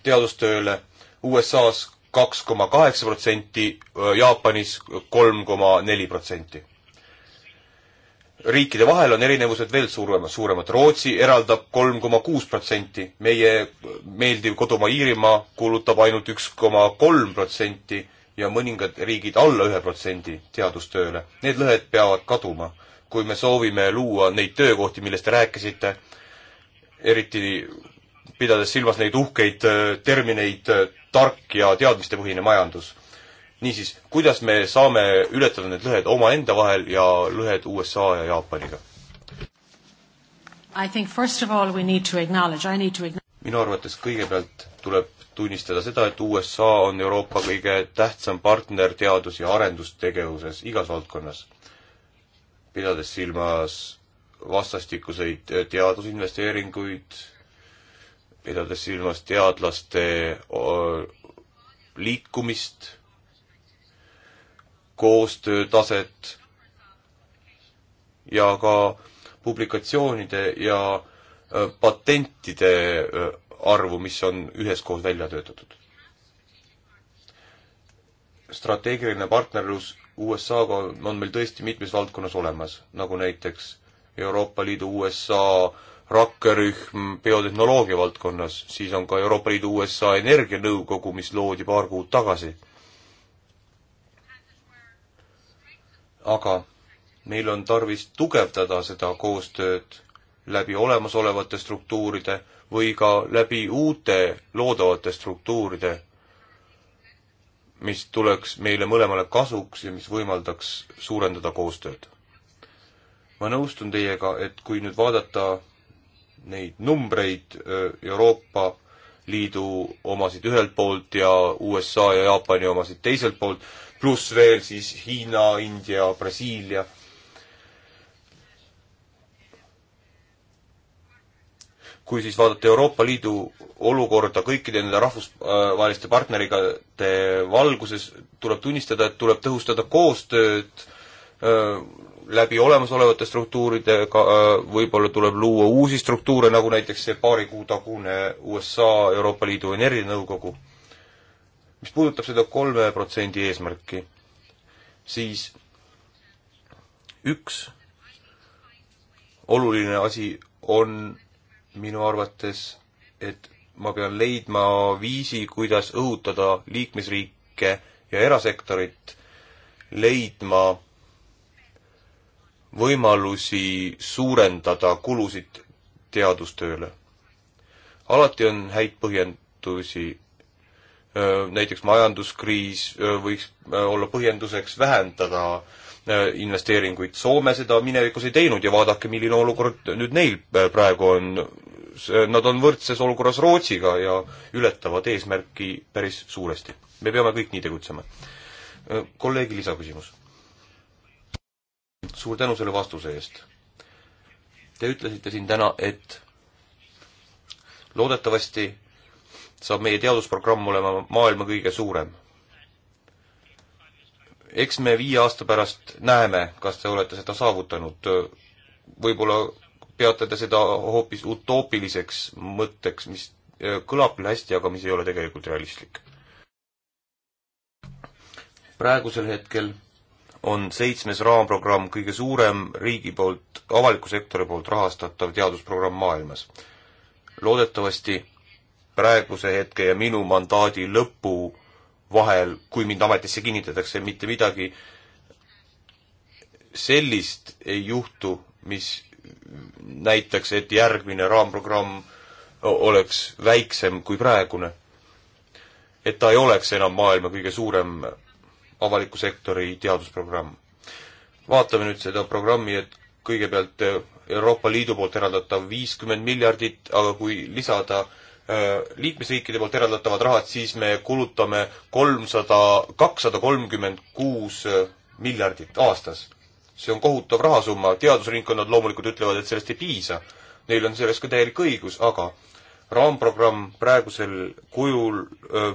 teadustööle USA-s, USA-s kaks koma kaheksa protsenti, Jaapanis kolm koma neli protsenti riikide vahel on erinevused veel suuremad, suuremad. Rootsi eraldab kolm koma kuus protsenti, meie meeldiv kodumaa Iirimaa kulutab ainult üks koma kolm protsenti ja mõningad riigid alla ühe protsendi teadustööle. Need lõhed peavad kaduma, kui me soovime luua neid töökohti, millest te rääkisite, eriti pidades silmas neid uhkeid äh, termineid äh, tark ja teadmistepõhine majandus niisiis, kuidas me saame ületada need lõhed omaenda vahel ja lõhed USA ja Jaapaniga? minu arvates kõigepealt tuleb tunnistada seda, et USA on Euroopa kõige tähtsam partner teadus- ja arendustegevuses igas valdkonnas, pidades silmas vastastikuseid eh, teadusinvesteeringuid, pidades silmas teadlaste liikumist koostöötaset ja ka publikatsioonide ja äh, patentide äh, arvu, mis on üheskoos välja töötatud. strateegiline partnerlus USA-ga on meil tõesti mitmes valdkonnas olemas, nagu näiteks Euroopa Liidu USA rakkerühm biotehnoloogia valdkonnas, siis on ka Euroopa Liidu USA energianõukogu, mis loodi paar kuud tagasi aga meil on tarvis tugevdada seda koostööd läbi olemasolevate struktuuride või ka läbi uute loodavate struktuuride, mis tuleks meile mõlemale kasuks ja mis võimaldaks suurendada koostööd. ma nõustun teiega, et kui nüüd vaadata neid numbreid Euroopa Liidu omasid ühelt poolt ja USA ja Jaapani omasid teiselt poolt, pluss veel siis Hiina, India, Brasiilia. kui siis vaadata Euroopa Liidu olukorda kõikide nende rahvusvaheliste partnerite valguses, tuleb tunnistada, et tuleb tõhustada koostööd läbi olemasolevate struktuuridega võib-olla tuleb luua uusi struktuure, nagu näiteks see paari kuu tagune USA Euroopa Liidu Energianõukogu mis puudutab seda kolme protsendi eesmärki, siis üks oluline asi on minu arvates, et ma pean leidma viisi, kuidas õhutada liikmesriike ja erasektorit leidma võimalusi suurendada kulusid teadustööle. alati on häid põhjendusi Äh, näiteks majanduskriis äh, võiks äh, olla põhjenduseks vähendada investeeringuid. Soome seda minevikus ei teinud ja vaadake, milline olukord nüüd neil praegu on. Nad on võrdses olukorras Rootsiga ja ületavad eesmärki päris suuresti. me peame kõik nii tegutsema. kolleegi lisaküsimus. suur tänu selle vastuse eest. Te ütlesite siin täna, et loodetavasti saab meie teadusprogramm olema maailma kõige suurem. eks me viie aasta pärast näeme, kas te olete seda saavutanud. võib-olla peate te seda hoopis utoopiliseks mõtteks, mis äh, kõlab küll hästi, aga mis ei ole tegelikult realistlik. praegusel hetkel on seitsmes raamprogramm kõige suurem riigi poolt, avaliku sektori poolt rahastatav teadusprogramm maailmas. loodetavasti praeguse hetke ja minu mandaadi lõpu vahel, kui mind ametisse kinnitatakse, mitte midagi sellist ei juhtu, mis näitaks, et järgmine raamprogramm oleks väiksem kui praegune. et ta ei oleks enam maailma kõige suurem avaliku sektori teadusprogramm. vaatame nüüd seda programmi, et kõigepealt Euroopa Liidu poolt eraldatav viiskümmend miljardit, aga kui lisada Äh, liikmesriikide poolt eraldatavad rahad, siis me kulutame kolmsada, kakssada kolmkümmend kuus äh, miljardit aastas. see on kohutav rahasumma, teadusringkonnad loomulikult ütlevad, et sellest ei piisa. Neil on selles ka täielik õigus, aga raamprogramm praegusel kujul öö, äh,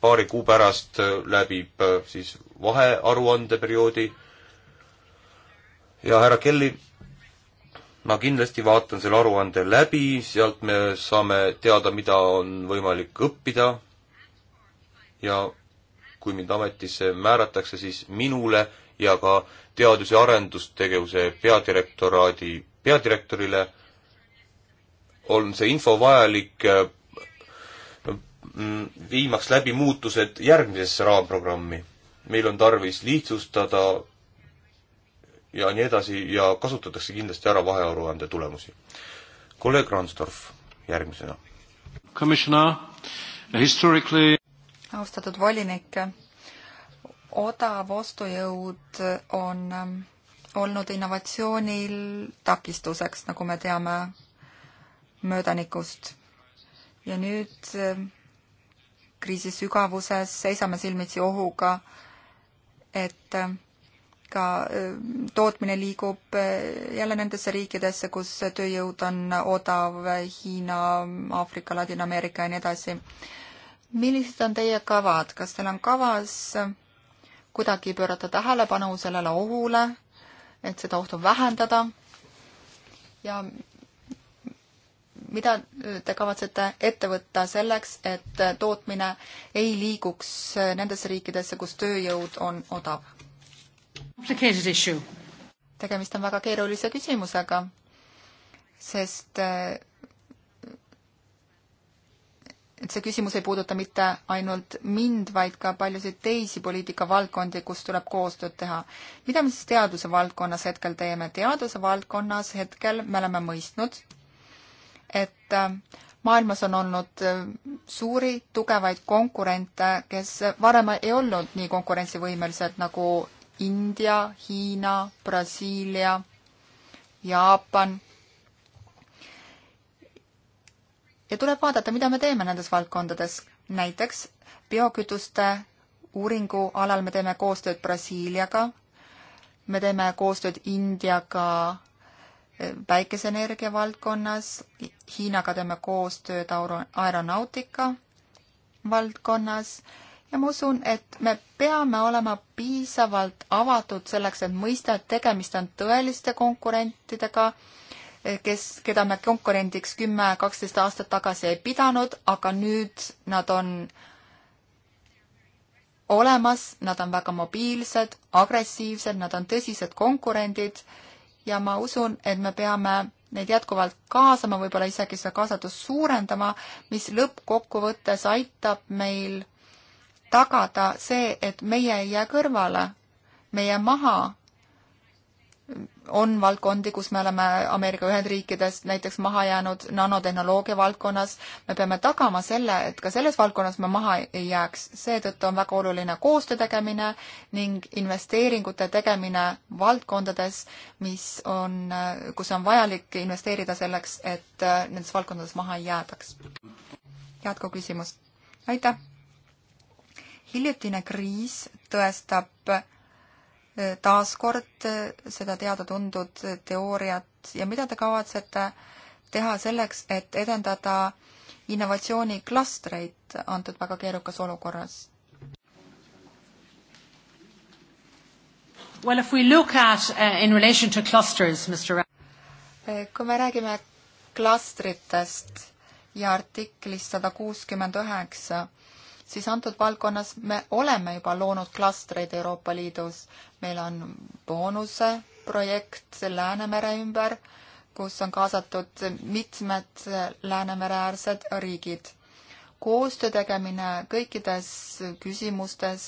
paari kuu pärast läbib siis vahearuandeperioodi ja härra Kelly ma kindlasti vaatan selle aruande läbi, sealt me saame teada, mida on võimalik õppida ja kui mind ametisse määratakse, siis minule ja ka teadus- ja arendustegevuse peadirektoraadi peadirektorile on see info vajalik äh, viimaks läbi muutused järgmisesse raamprogrammi. meil on tarvis lihtsustada ja nii edasi ja kasutatakse kindlasti ära vahearuande tulemusi. kolleeg Randstorf järgmisena. Historically... austatud volinik, odav ostujõud on ähm, olnud innovatsioonil takistuseks, nagu me teame möödanikust. ja nüüd ähm, kriisi sügavuses seisame silmitsi ohuga, et ähm, ka äh, tootmine liigub äh, jälle nendesse riikidesse, kus tööjõud on odav, Hiina, Aafrika, Ladina-Ameerika ja nii edasi. millised on teie kavad, kas teil on kavas kuidagi pöörata tähelepanu sellele ohule, et seda ohtu vähendada ja mida te kavatsete ette võtta selleks, et tootmine ei liiguks nendesse riikidesse, kus tööjõud on odav? tegemist on väga keerulise küsimusega, sest äh, et see küsimus ei puuduta mitte ainult mind, vaid ka paljusid teisi poliitikavaldkondi, kus tuleb koostööd teha. mida me siis teaduse valdkonnas hetkel teeme? teaduse valdkonnas hetkel me oleme mõistnud, et äh, maailmas on olnud äh, suuri tugevaid konkurente, kes varem ei olnud nii konkurentsivõimelised nagu India, Hiina, Brasiilia, Jaapan. ja tuleb vaadata, mida me teeme nendes valdkondades. näiteks biokütuste uuringu alal me teeme koostööd Brasiiliaga, me teeme koostööd Indiaga eh, päikeseenergia valdkonnas, Hiinaga teeme koostööd aeronautika valdkonnas ja ma usun, et me peame olema piisavalt avatud selleks, et mõista, et tegemist on tõeliste konkurentidega, kes, keda me konkurendiks kümme, kaksteist aastat tagasi ei pidanud, aga nüüd nad on olemas, nad on väga mobiilsed, agressiivsed, nad on tõsised konkurendid ja ma usun, et me peame neid jätkuvalt kaasama, võib-olla isegi seda kaasatust suurendama, mis lõppkokkuvõttes aitab meil tagada see, et meie ei jää kõrvale, me ei jää maha. on valdkondi, kus me oleme Ameerika Ühendriikidest näiteks maha jäänud nanotehnoloogia valdkonnas, me peame tagama selle, et ka selles valdkonnas me maha ei jääks, seetõttu on väga oluline koostöö tegemine ning investeeringute tegemine valdkondades, mis on, kus on vajalik investeerida selleks, et nendes valdkondades maha ei jäädaks. jätkuküsimus. aitäh! hiljutine kriis tõestab eh, taaskord eh, seda teada-tuntud eh, teooriat ja mida te kavatsete teha selleks, et edendada innovatsiooniklastreid antud väga keerukas olukorras? Well, if we look at uh, in relation to clusters, Mr. Kui me räägime klastritest ja artiklist sada kuuskümmend üheksa, siis antud valdkonnas me oleme juba loonud klastreid Euroopa Liidus. meil on boonuse projekt Läänemere ümber, kus on kaasatud mitmed Läänemere-äärsed riigid. koostöö tegemine kõikides küsimustes,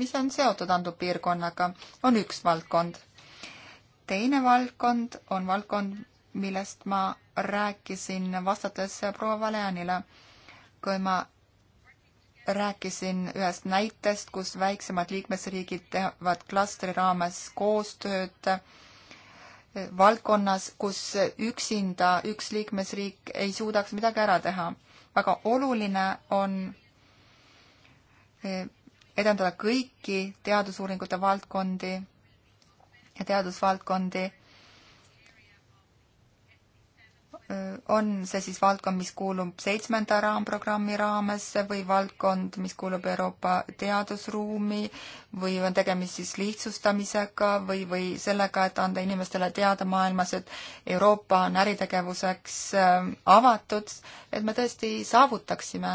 mis on seotud antud piirkonnaga, on üks valdkond. teine valdkond on valdkond, millest ma rääkisin vastates proua Valeanile, kui ma rääkisin ühest näitest, kus väiksemad liikmesriigid teevad klastri raames koostööd eh, valdkonnas, kus üksinda üks liikmesriik ei suudaks midagi ära teha. väga oluline on eh, edendada kõiki teadusuuringute valdkondi ja teadusvaldkondi on see siis valdkond, mis kuulub seitsmenda raamprogrammi raamesse või valdkond, mis kuulub Euroopa teadusruumi või on tegemist siis lihtsustamisega või, või sellega, et anda inimestele teada maailmas, et Euroopa on äritegevuseks äh, avatud, et me tõesti saavutaksime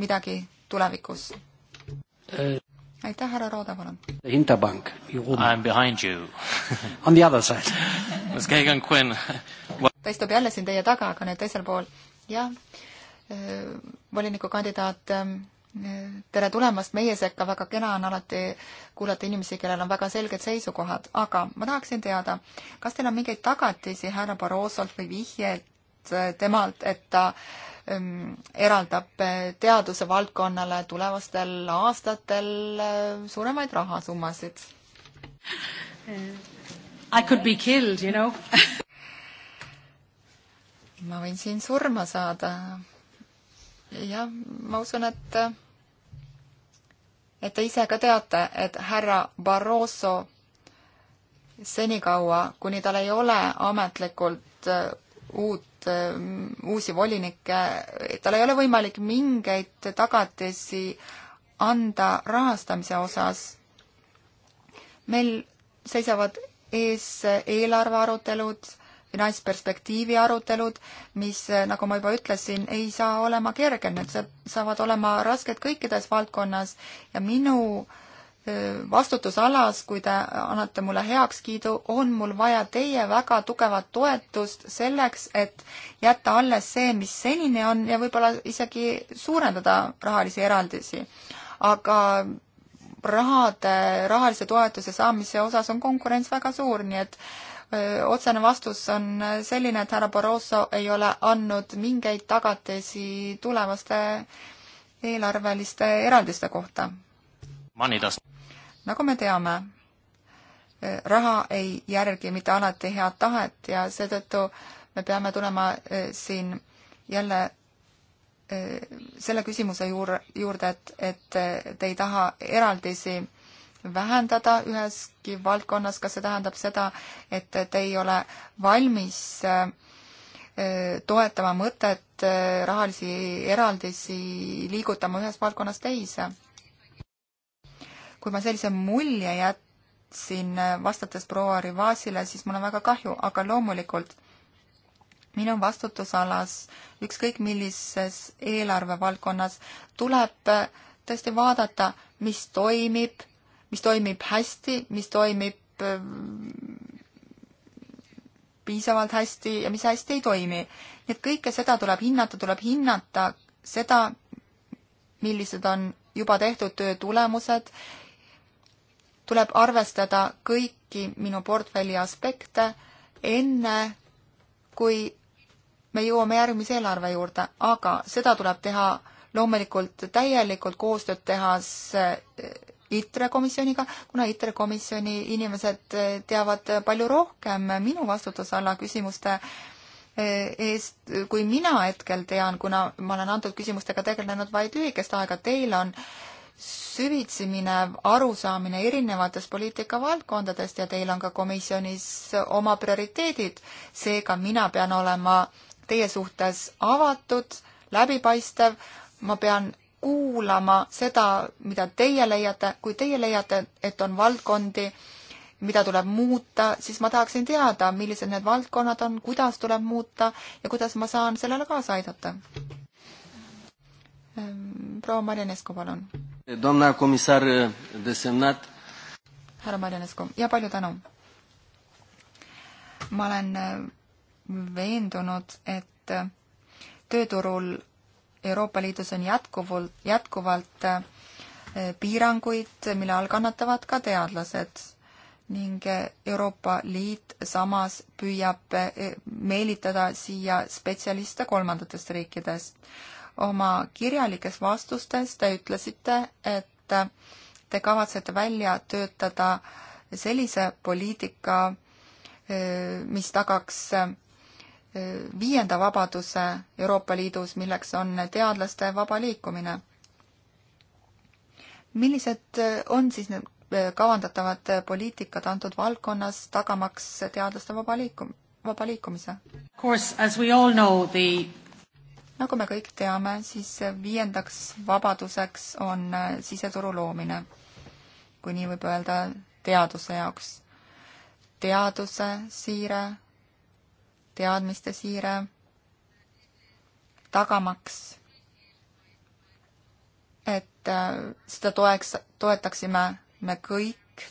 midagi tulevikus? Äh aitäh, härra Rooda, palun. Interbank. I am behind you <laughs> On the other side kas keegi on Gwen? ta istub jälle siin teie taga, aga nüüd teisel pool. jah, äh, volinikukandidaat, ähm, tere tulemast meie sekka, väga kena on alati kuulata inimesi, kellel on väga selged seisukohad, aga ma tahaksin teada, kas teil on mingeid tagatisi härra Barrosolt või vihjeid äh, temalt, et ta äh, Ähm, eraldab äh, teaduse valdkonnale tulevastel aastatel äh, suuremaid rahasummasid. I could be killed, you know ma võin siin surma saada. jah, ma usun, et, et te ise ka teate, et härra Barroso senikaua, kuni tal ei ole ametlikult äh, uut Ähm, uusi volinikke, tal ei ole võimalik mingeid tagatisi anda rahastamise osas. meil seisavad ees eelarve arutelud, finantsperspektiivi arutelud, mis, nagu ma juba ütlesin, ei saa olema kerged, need saavad olema rasked kõikides valdkonnas ja minu äh, vastutusalas, kui te annate mulle heakskiidu, on mul vaja teie väga tugevat toetust selleks, et jätta alles see, mis senini on ja võib-olla isegi suurendada rahalisi eraldisi. aga rahade, rahalise toetuse saamise osas on konkurents väga suur, nii et otsene vastus on selline, et härra Barroso ei ole andnud mingeid tagatisi tulevaste eelarveliste eraldiste kohta. Money does nagu me teame, eh, raha ei järgi mitte alati head tahet ja seetõttu me peame tulema eh, siin jälle eh, selle küsimuse juur-, juurde, et, et te ei taha eraldisi vähendada üheski valdkonnas, kas see tähendab seda, et te ei ole valmis toetama mõtet rahalisi eraldisi liigutama ühest valdkonnast teise? kui ma sellise mulje jätsin äh, vastates proua Rivasile, siis mul on väga kahju, aga loomulikult minu vastutusalas, ükskõik millises eelarvevaldkonnas, tuleb äh, tõesti vaadata, mis toimib, mis toimib hästi, mis toimib äh, piisavalt hästi ja mis hästi ei toimi. nii et kõike seda tuleb hinnata, tuleb hinnata seda, millised on juba tehtud töö tulemused tuleb arvestada kõiki minu portfelli aspekte enne, kui me jõuame järgmise eelarve juurde, aga seda tuleb teha loomulikult täielikult koostööd tehas eh, ITRE komisjoniga, kuna ITRE komisjoni inimesed eh, teavad palju rohkem minu vastutusala küsimuste eh, eest, kui mina hetkel tean, kuna ma olen antud küsimustega tegelenud vaid lühikest aega, teil on äh, süvitsi minev arusaamine erinevatest poliitikavaldkondadest ja teil on ka komisjonis oma prioriteedid. seega mina pean olema teie suhtes avatud, läbipaistev, ma pean kuulama seda, mida teie leiate, kui teie leiate, et on valdkondi, mida tuleb muuta, siis ma tahaksin teada, millised need valdkonnad on, kuidas tuleb muuta ja kuidas ma saan sellele kaasa aidata. Ehm, proua Marjanescu, palun. Doamna komissar eh, desemnat. härra Marjanescu ja palju tänu. ma olen eh, veendunud, et eh, tööturul Euroopa Liidus on jätkuvalt, jätkuvalt piiranguid, mille all kannatavad ka teadlased ning Euroopa Liit samas püüab meelitada siia spetsialiste kolmandatest riikidest oma kirjalikes vastustes te ütlesite, et te kavatsete välja töötada sellise poliitika, mis tagaks eh, viienda vabaduse Euroopa Liidus, milleks on teadlaste vaba liikumine. millised eh, on siis need eh, kavandatavad poliitikad antud valdkonnas, tagamaks teadlaste vaba liikum-, vaba liikumise? Of course, as we all know, the nagu me kõik teame, siis viiendaks vabaduseks on äh, siseturu loomine, kui nii võib öelda, teaduse jaoks. teaduse siire, teadmiste siire, tagamaks, et äh, seda toeks, toetaksime me kõik,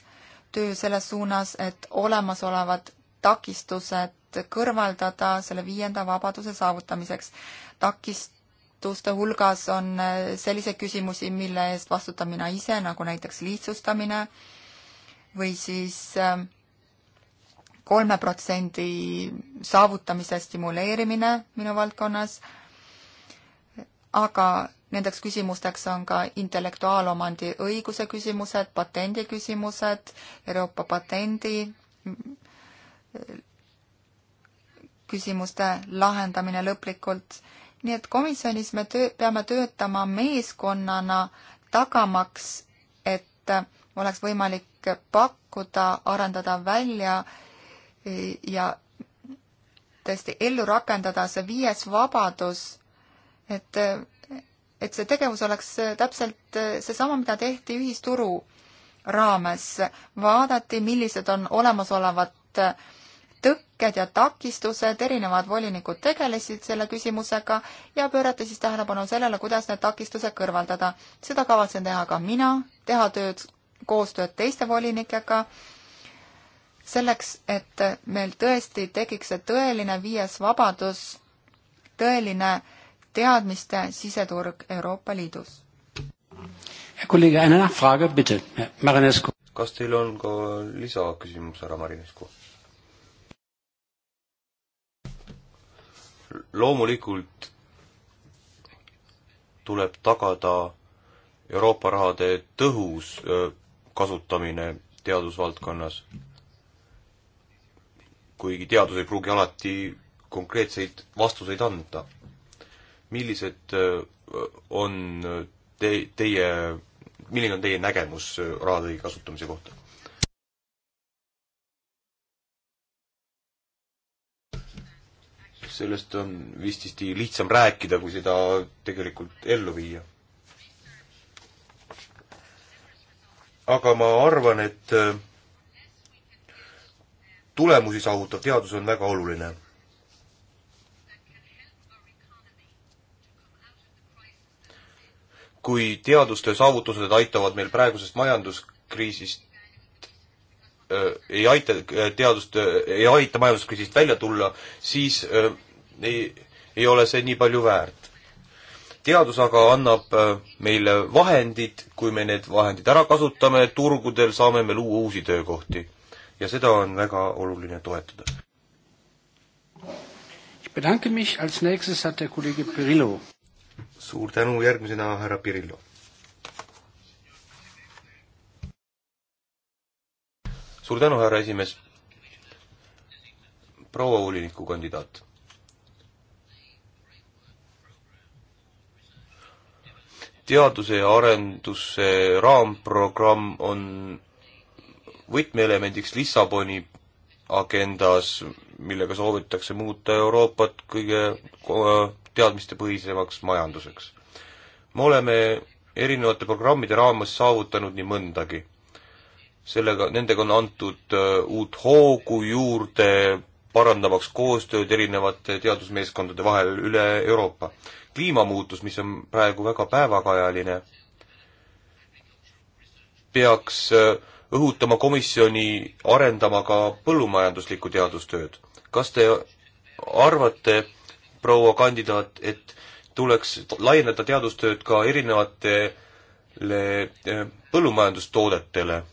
töö selles suunas, et olemasolevad takistused et kõrvaldada selle viienda vabaduse saavutamiseks. takistuste hulgas on äh, selliseid küsimusi, mille eest vastutan mina ise, nagu näiteks lihtsustamine või siis äh, kolme protsendi saavutamise stimuleerimine minu valdkonnas, aga nendeks küsimusteks on ka intellektuaalomandi õiguse küsimused, patendi küsimused, Euroopa patendi küsimuste lahendamine lõplikult. nii et komisjonis me töö, peame töötama meeskonnana, tagamaks, et oleks võimalik pakkuda, arendada välja ja tõesti ellu rakendada see viies vabadus, et, et see tegevus oleks täpselt seesama, mida tehti ühisturu raames. vaadati, millised on olemasolevad tõkked ja takistused, erinevad volinikud tegelesid selle küsimusega ja pöörati siis tähelepanu sellele, kuidas need takistused kõrvaldada. seda kavatsen teha ka mina, teha tööd, koostööd teiste volinikega, selleks, et meil tõesti tekiks see tõeline viies vabadus, tõeline teadmiste siseturg Euroopa Liidus. kolleeg, eine Nachfrage, bitte, Marinescu. kas teil on ka lisaküsimus, härra Marinescu? loomulikult tuleb tagada Euroopa rahade tõhus kasutamine teadusvaldkonnas. kuigi teadus ei pruugi alati konkreetseid vastuseid anda. millised on te, teie, milline on teie nägemus rahade kasutamise kohta? sellest on vististi lihtsam rääkida, kui seda tegelikult ellu viia. aga ma arvan, et äh, tulemusi saavutav teadus on väga oluline. kui teadustöö saavutused aitavad meil praegusest majanduskriisist äh, ei aita teadust äh,, ei aita majanduskriisist välja tulla, siis äh, ei, ei ole see nii palju väärt. teadus aga annab äh, meile vahendid, kui me need vahendid ära kasutame, turgudel saame me luua uusi töökohti. ja seda on väga oluline toetada. Bedanke mich, als nächstes hat der Kollege Pirillo. Suur tänu, järgmisena härra Pirillo. suur tänu, härra esimees. proua volinikukandidaat teaduse ja arenduse raamprogramm on võtmeelemendiks Lissaboni agendas, millega soovitakse muuta Euroopat kõige äh, teadmistepõhisemaks majanduseks. me oleme erinevate programmide raames saavutanud nii mõndagi. sellega, nendega on antud äh, uut hoogu juurde, parandamaks koostööd erinevate teadusmeeskondade vahel üle Euroopa kliimamuutus, mis on praegu väga päevakajaline, peaks äh, õhutama komisjoni arendama ka põllumajanduslikku teadustööd. kas te arvate, proua kandidaat, et tuleks laiendada teadustööd ka erinevatele äh, põllumajandustoodetele,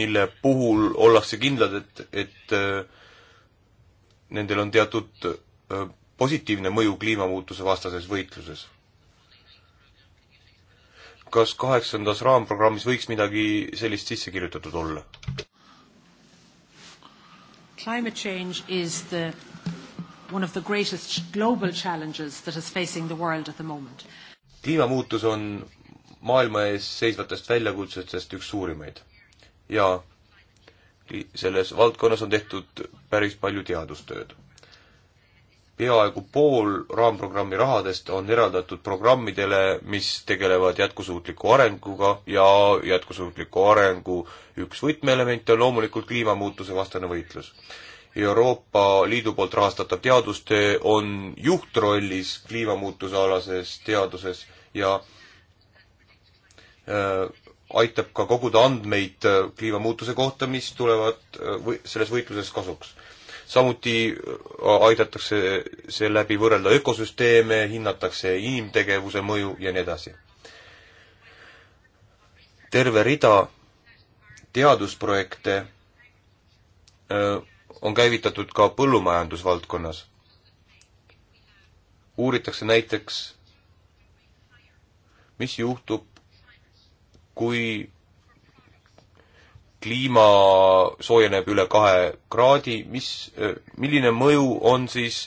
mille puhul ollakse kindlad, et, et äh, nendel on teatud positiivne mõju kliimamuutuse vastases võitluses? kas kaheksandas raamprogrammis võiks midagi sellist sisse kirjutatud olla? Climate change is the one of the greatest global challenges that is facing the world at the moment. kliimamuutus on maailma ees seisvatest väljakutsetest üks suurimaid ja selles valdkonnas on tehtud päris palju teadustööd peaaegu pool raamprogrammi rahadest on eraldatud programmidele, mis tegelevad jätkusuutliku arenguga ja jätkusuutliku arengu üks võtmeelemente on loomulikult kliimamuutuse vastane võitlus. Euroopa Liidu poolt rahastatav teadustöö on juhtrollis kliimamuutuse alases teaduses ja äh, aitab ka koguda andmeid äh, kliimamuutuse kohta, mis tulevad äh, või selles võitluses kasuks samuti äh, aidatakse seeläbi võrrelda ökosüsteeme, hinnatakse inimtegevuse mõju ja nii edasi. terve rida teadusprojekte äh, on käivitatud ka põllumajandusvaldkonnas. uuritakse näiteks, mis juhtub, kui kliima soojeneb üle kahe kraadi, mis, äh, milline mõju on siis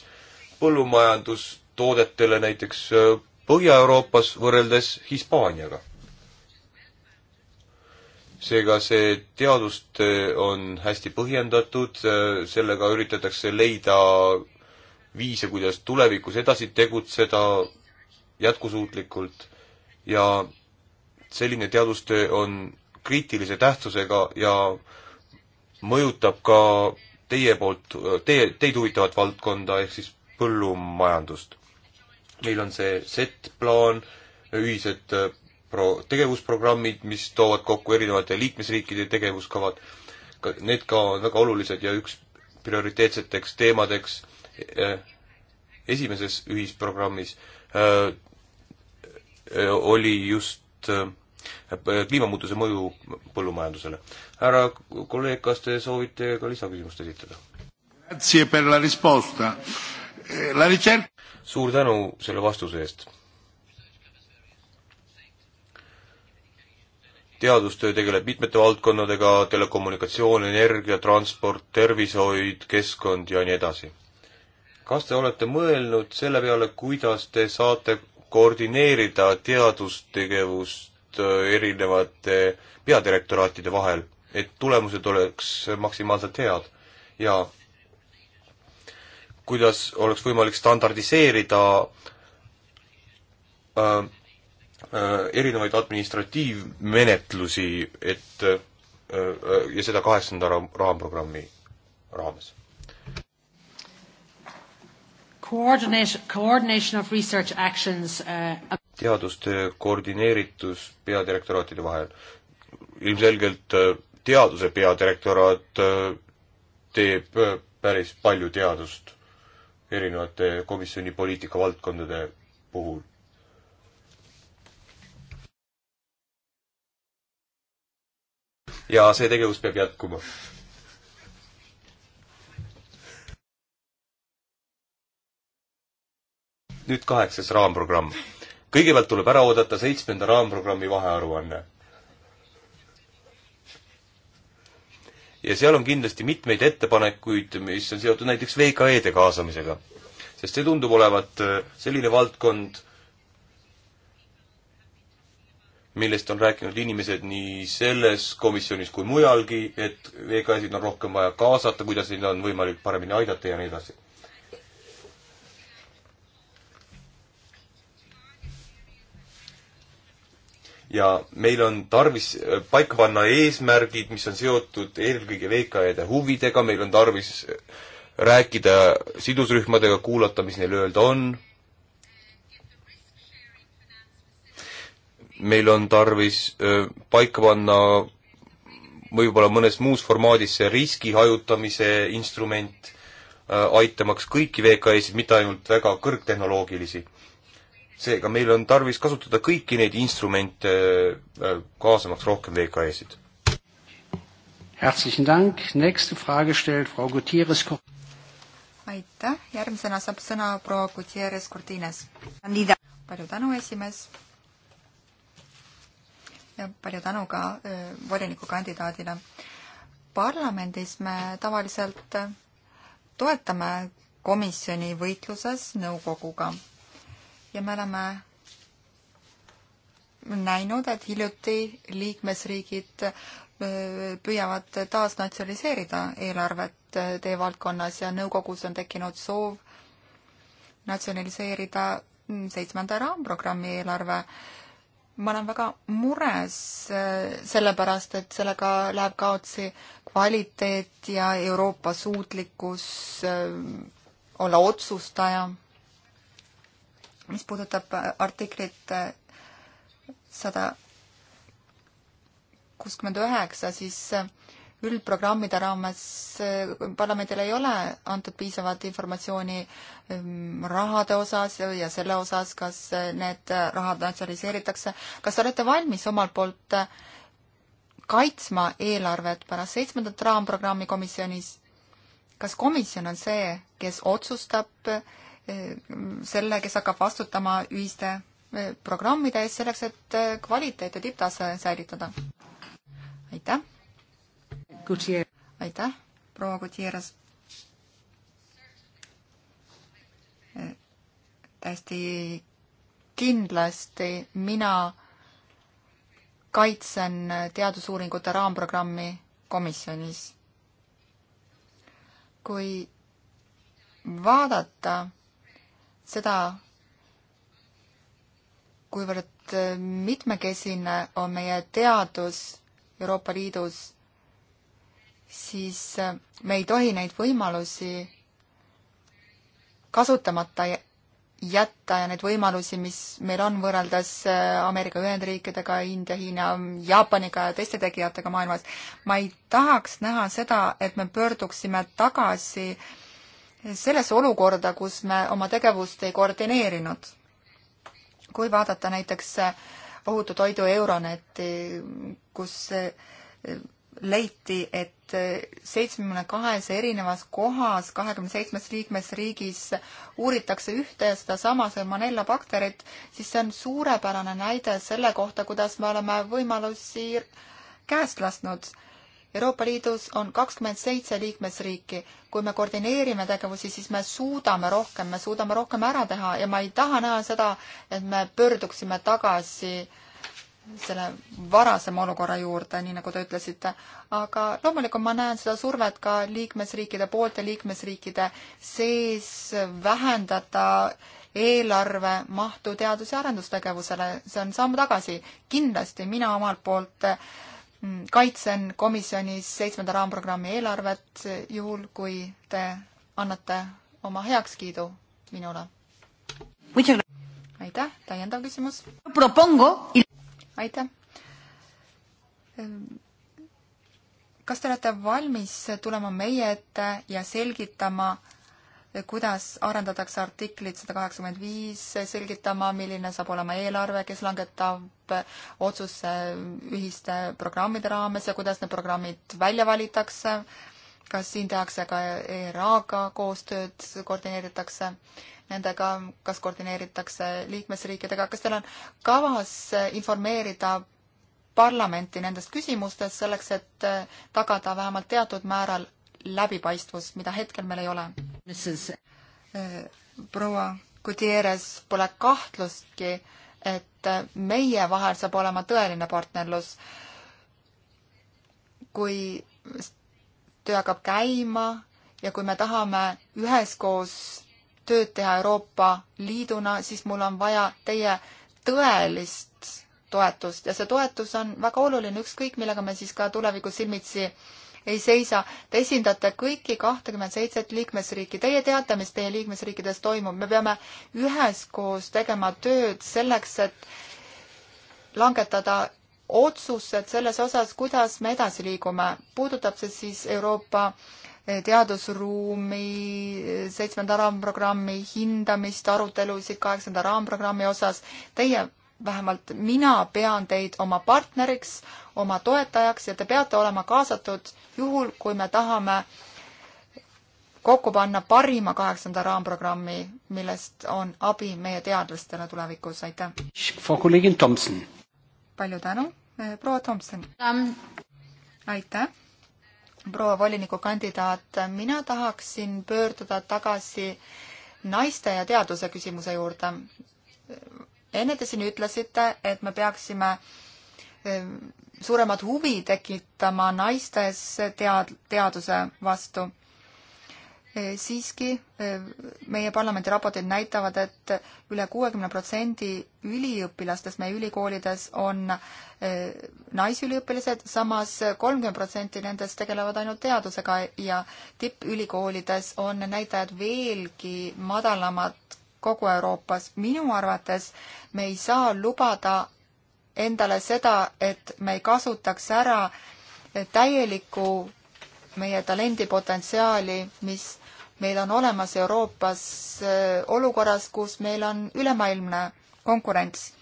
põllumajandustoodetele näiteks äh, Põhja-Euroopas võrreldes Hispaaniaga? seega see teadustöö äh, on hästi põhjendatud, sellega üritatakse leida viise, kuidas tulevikus edasi tegutseda jätkusuutlikult ja selline teadustöö on kriitilise tähtsusega ja mõjutab ka teie poolt, teie, teid huvitavat valdkonda, ehk siis põllumajandust. meil on see Z-plaan, ühised äh, pro-, tegevusprogrammid, mis toovad kokku erinevate liikmesriikide tegevuskavad, ka need ka on väga olulised ja üks prioriteetseteks teemadeks äh, esimeses ühisprogrammis öö, äh, öö, oli just öö, Äh, kliimamuutuse mõju põllumajandusele. härra kolleeg, kas te soovite ka lisaküsimust esitada? Eh, suur tänu selle vastuse eest. teadustöö tegeleb mitmete valdkonnadega, telekommunikatsioon, energia, transport, tervishoid, keskkond ja nii edasi. kas te olete mõelnud selle peale, kuidas te saate koordineerida teadustegevust koostööd äh, erinevate peadirektoraatide vahel, et tulemused oleks maksimaalselt head ja kuidas oleks võimalik standardiseerida äh, äh, erinevaid administratiivmenetlusi, et äh, äh ja seda kaheksanda raam-, raamprogrammi raames. Coordination, coordination of research actions uh, teadustöö koordineeritus peadirektoraatide vahel. ilmselgelt äh, teaduse peadirektoraat äh, teeb äh, päris palju teadust erinevate komisjoni poliitikavaldkondade puhul. ja see tegevus peab jätkuma. nüüd kaheksas raamprogramm kõigepealt tuleb ära oodata seitsmenda raamprogrammi vahearuanne. ja seal on kindlasti mitmeid ettepanekuid, mis on seotud näiteks VKE-de kaasamisega. sest see tundub olevat äh, selline valdkond, millest on rääkinud inimesed nii selles komisjonis kui mujalgi, et VKS-id on rohkem vaja kaasata, kuidas neid on võimalik paremini aidata ja nii edasi ja meil on tarvis äh, paika panna eesmärgid, mis on seotud eelkõige VKE-de huvidega, meil on tarvis äh, rääkida sidusrühmadega, kuulata, mis neil öelda on. meil on tarvis äh, paika panna võib-olla mõnes muus formaadis see riski hajutamise instrument, aitamaks kõiki VKE-sid, mitte ainult väga kõrgtehnoloogilisi seega meil on tarvis kasutada kõiki neid instrumente, äh, kaasamaks rohkem VKE-sid. aitäh, järgmisena saab sõna proua Gutierrez Cortines. palju tänu, esimees. ja palju tänu ka äh, volinikukandidaadile. parlamendis me tavaliselt äh, toetame komisjoni võitluses nõukoguga ja me oleme näinud, et hiljuti liikmesriigid äh, püüavad taasnatsionaliseerida eelarvet äh, teie valdkonnas ja nõukogus on tekkinud soov natsionaliseerida mm, seitsmenda raamprogrammi eelarve. ma olen väga mures äh, sellepärast, et sellega läheb kaotsi kvaliteet ja Euroopa suutlikkus olla otsustaja mis puudutab äh, artiklit äh, sada kuuskümmend üheksa, siis äh, üldprogrammide raames parlamendil ei ole antud piisavat informatsiooni ähm, rahade osas ja selle osas, kas need rahad natsionaliseeritakse. kas te olete valmis omalt poolt kaitsma eelarvet pärast seitsmendat raamprogrammi komisjonis? kas komisjon on see, kes otsustab äh, selle, kes hakkab vastutama ühiste eh, programmide eest selleks, et eh, kvaliteet ja tipptase säilitada. aitäh! aitäh, proua Gutierrez! Eh, täiesti kindlasti mina kaitsen teadusuuringute raamprogrammi komisjonis. kui vaadata seda, kuivõrd äh, mitmekesine on meie teadus Euroopa Liidus, siis äh, me ei tohi neid võimalusi kasutamata jätta ja neid võimalusi, mis meil on võrreldes äh, Ameerika Ühendriikidega, India, Hiina, Jaapaniga ja teiste tegijatega maailmas, ma ei tahaks näha seda, et me pöörduksime tagasi äh, sellesse olukorda, kus me oma tegevust ei koordineerinud. kui vaadata näiteks ohutu toidu Euroneti, kus leiti, et seitsmekümne kahes erinevas kohas kahekümne seitsmes liikmesriigis uuritakse ühte ja sedasama salmonella bakterit, siis see on suurepärane näide selle kohta, kuidas me oleme võimalusi käest lasknud Euroopa Liidus on kakskümmend seitse liikmesriiki. kui me koordineerime tegevusi, siis me suudame rohkem, me suudame rohkem ära teha ja ma ei taha näha seda, et me pöörduksime tagasi selle varasema olukorra juurde, nii nagu te ütlesite. aga loomulikult ma näen seda survet ka liikmesriikide poolt ja liikmesriikide sees vähendada eelarve mahtu teadus- ja arendustegevusele, see on samm tagasi. kindlasti mina omalt poolt Mm, kaitsen komisjonis seitsmenda raamprogrammi eelarvet, juhul kui te annate oma heakskiidu minule. aitäh, täiendav küsimus. aitäh. Ehm, kas te olete valmis tulema meie ette ja selgitama, kuidas arendatakse artiklit sada kaheksakümmend viis, selgitama, milline saab olema eelarve, kes langetab otsuse ühiste programmide raames ja kuidas need programmid välja valitakse, kas siin tehakse ka ERA-ga koostööd, koordineeritakse nendega, kas koordineeritakse liikmesriikidega, kas teil on kavas informeerida parlamenti nendest küsimustest selleks, et tagada vähemalt teatud määral läbipaistvus, mida hetkel meil ei ole. Äh, proua Gutierrez, pole kahtlustki, et meie vahel saab olema tõeline partnerlus. kui töö hakkab käima ja kui me tahame üheskoos tööd teha Euroopa Liiduna, siis mul on vaja teie tõelist toetust ja see toetus on väga oluline, ükskõik millega me siis ka tulevikus silmitsi ei seisa. Te esindate kõiki kahtekümmet seitset liikmesriiki. Teie teate, mis teie liikmesriikides toimub. me peame üheskoos tegema tööd selleks, et langetada otsused selles osas, kuidas me edasi liigume. puudutab see siis Euroopa eh, teadusruumi, eh, seitsmenda raamprogrammi hindamist, arutelusid kaheksanda raamprogrammi osas. Teie vähemalt mina pean teid oma partneriks, oma toetajaks ja te peate olema kaasatud juhul, kui me tahame kokku panna parima kaheksanda raamprogrammi, millest on abi meie teadlastele tulevikus, aitäh! palju tänu, eh, proua Tomson um.! aitäh! proua volinikukandidaat, mina tahaksin pöörduda tagasi naiste ja teaduse küsimuse juurde enne te siin ütlesite, et me peaksime eh, suuremat huvi tekitama naistes tead-, teaduse vastu. Eh, siiski eh, meie parlamendi raportid näitavad, et üle kuuekümne protsendi üliõpilastest meie ülikoolides on naisüliõpilased, samas kolmkümmend protsenti nendest tegelevad ainult teadusega ja tippülikoolides on need näitajad veelgi madalamad kogu Euroopas. minu arvates me ei saa lubada endale seda, et me ei kasutaks ära täielikku meie talendipotentsiaali, mis meil on olemas Euroopas äh, olukorras, kus meil on ülemaailmne konkurents.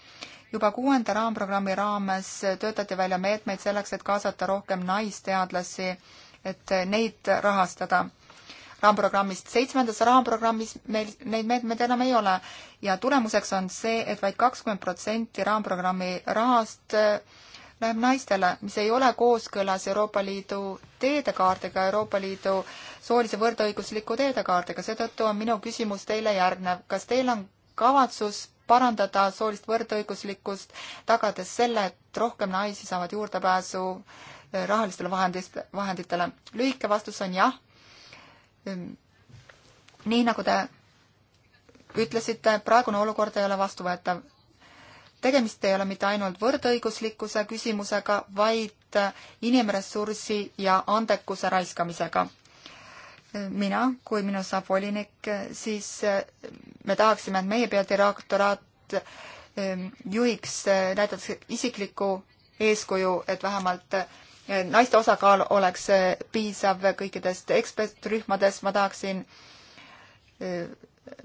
juba kuuenda raamprogrammi raames töötati välja meetmeid selleks, et kaasata rohkem naisteadlasi, et neid rahastada raamprogrammist. seitsmendas raamprogrammis meil neid meetmeid enam ei ole ja tulemuseks on see, et vaid kakskümmend protsenti raamprogrammi rahast äh, läheb naistele, mis ei ole kooskõlas Euroopa Liidu teedekaardiga, Euroopa Liidu soolise võrdõigusliku teedekaardiga. seetõttu on minu küsimus teile järgnev. kas teil on kavatsus parandada soolist võrdõiguslikkust, tagades selle, et rohkem naisi saavad juurdepääsu äh, rahalistele vahendist, vahenditele? lühike vastus on jah nii nagu te ütlesite, praegune olukord ei ole vastuvõetav. tegemist ei ole mitte ainult võrdõiguslikkuse küsimusega, vaid inimressursi ja andekuse raiskamisega. mina, kui minu saab volinik, siis me tahaksime, et meie peadirektoraat eh, juhiks eh, näiteks isiklikku eeskuju, et vähemalt Eh, naiste osakaal oleks eh, piisav kõikidest ekspertrühmades, ma tahaksin eh,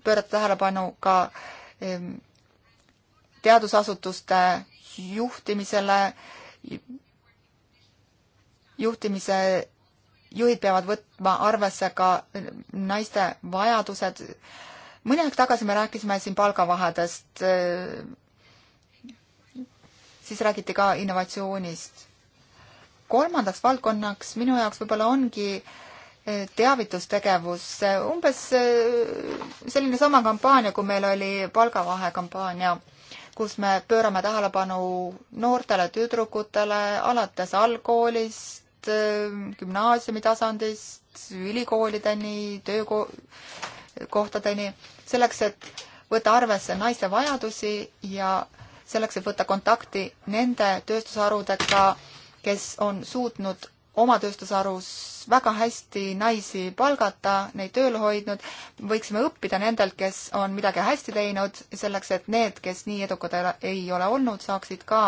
pöörata tähelepanu ka teadusasutuste juhtimisele, juhtimise juhid peavad võtma arvesse ka naiste vajadused. mõni aeg tagasi me rääkisime siin palgavahedest, siis räägiti ka innovatsioonist kolmandaks valdkonnaks minu jaoks võib-olla ongi eh, teavitustegevus, eh, umbes eh, selline sama kampaania, kui meil oli palgavahe kampaania, kus me pöörame tähelepanu noortele tüdrukutele alates algkoolist, gümnaasiumi tasandist, ülikoolideni, töökohtadeni, selleks, et võtta arvesse naiste vajadusi ja selleks, et võtta kontakti nende tööstusharudega, kes on suutnud oma tööstusharus väga hästi naisi palgata, neid tööl hoidnud, võiksime õppida nendelt, kes on midagi hästi teinud, selleks et need, kes nii edukad ei ole olnud, saaksid ka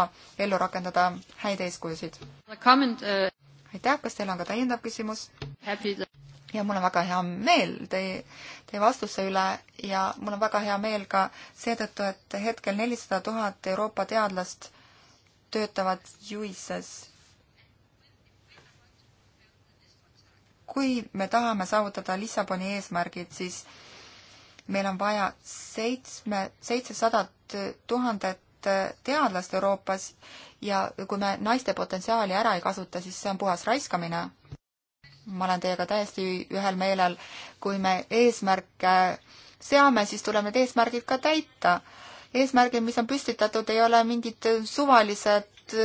ellu rakendada häid eeskujusid. Uh, aitäh, kas teil on ka täiendav küsimus? ja mul on väga hea meel teie, teie vastuse üle ja mul on väga hea meel ka seetõttu, et hetkel nelisada tuhat Euroopa teadlast töötavad juises kui me tahame saavutada Lissaboni eesmärgid, siis meil on vaja seitsme, seitsesadat tuhandet teadlast Euroopas ja kui me naiste potentsiaali ära ei kasuta, siis see on puhas raiskamine. ma olen teiega täiesti ühel meelel, kui me eesmärke seame, siis tuleb need eesmärgid ka täita. eesmärgid, mis on püstitatud, ei ole mingid suvalised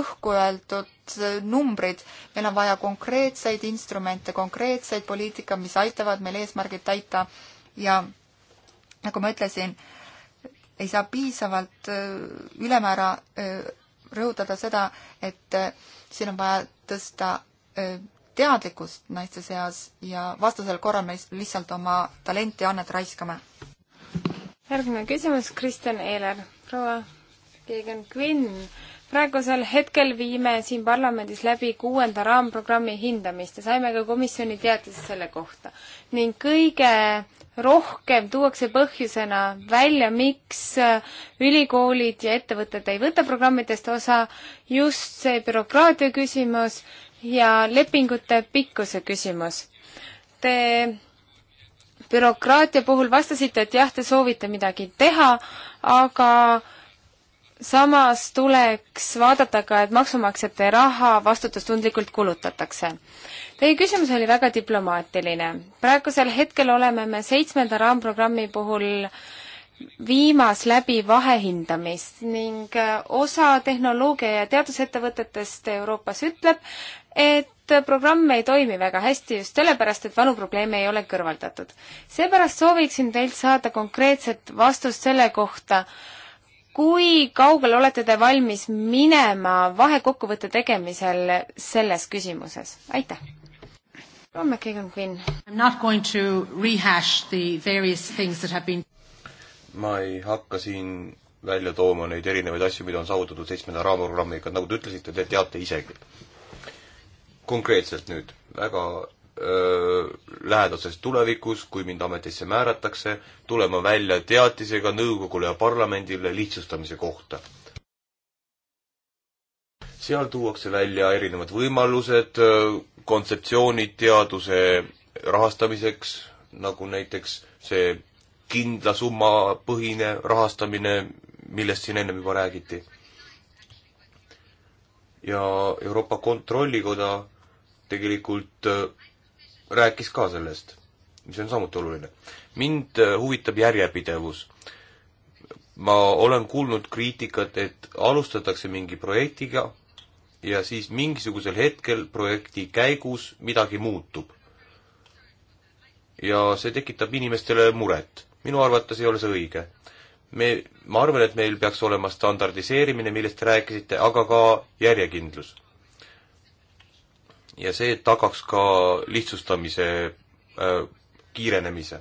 õhku öeldud Äh, numbrid, meil on vaja konkreetseid instrumente, konkreetseid poliitika, mis aitavad meil eesmärgid täita ja nagu ma ütlesin, ei saa piisavalt äh, ülemäära äh, rõhutada seda, et siin on vaja tõsta teadlikkust naiste seas ja vastasel korral me lihtsalt oma talenti ja annet raiskame. järgmine küsimus, Kristjan Eeler, proua Keegan Quinn praegusel hetkel viime siin parlamendis läbi kuuenda raamprogrammi hindamist ja saime ka komisjoni teatise selle kohta. ning kõige rohkem tuuakse põhjusena välja, miks ülikoolid ja ettevõtted ei võta programmidest osa, just see bürokraatia küsimus ja lepingute pikkuse küsimus. Te bürokraatia puhul vastasite, et jah, te soovite midagi teha, aga samas tuleks vaadata ka, et maksumaksjate raha vastutustundlikult kulutatakse. Teie küsimus oli väga diplomaatiline. praegusel hetkel oleme me seitsmenda raamprogrammi puhul viimas läbi vahehindamist ning äh, osa tehnoloogia- ja teadusettevõtetest Euroopas ütleb, et programm ei toimi väga hästi just sellepärast, et vanu probleeme ei ole kõrvaldatud. seepärast sooviksin teilt saada konkreetset vastust selle kohta, kui kaugele olete te valmis minema vahekokkuvõtte tegemisel selles küsimuses? aitäh! Ron McKagan Quinn. I am not going to rehash the various things that have been ma ei hakka siin välja tooma neid erinevaid asju, mida on saavutatud seitsmenda raamprogrammiga, nagu te ütlesite, te teate isegi. konkreetselt nüüd, väga lähedases tulevikus, kui mind ametisse määratakse, tulema välja teatisega nõukogule ja parlamendile lihtsustamise kohta. seal tuuakse välja erinevad võimalused, kontseptsioonid teaduse rahastamiseks, nagu näiteks see kindla summa põhine rahastamine, millest siin ennem juba räägiti. ja Euroopa Kontrollikoda tegelikult rääkis ka sellest, mis on samuti oluline. mind äh, huvitab järjepidevus. ma olen kuulnud kriitikat, et alustatakse mingi projektiga ja siis mingisugusel hetkel projekti käigus midagi muutub. ja see tekitab inimestele muret. minu arvates ei ole see õige me, ma arvan, et meil peaks olema standardiseerimine, millest te rääkisite, aga ka järjekindlus ja see tagaks ka lihtsustamise äh, kiirenemise.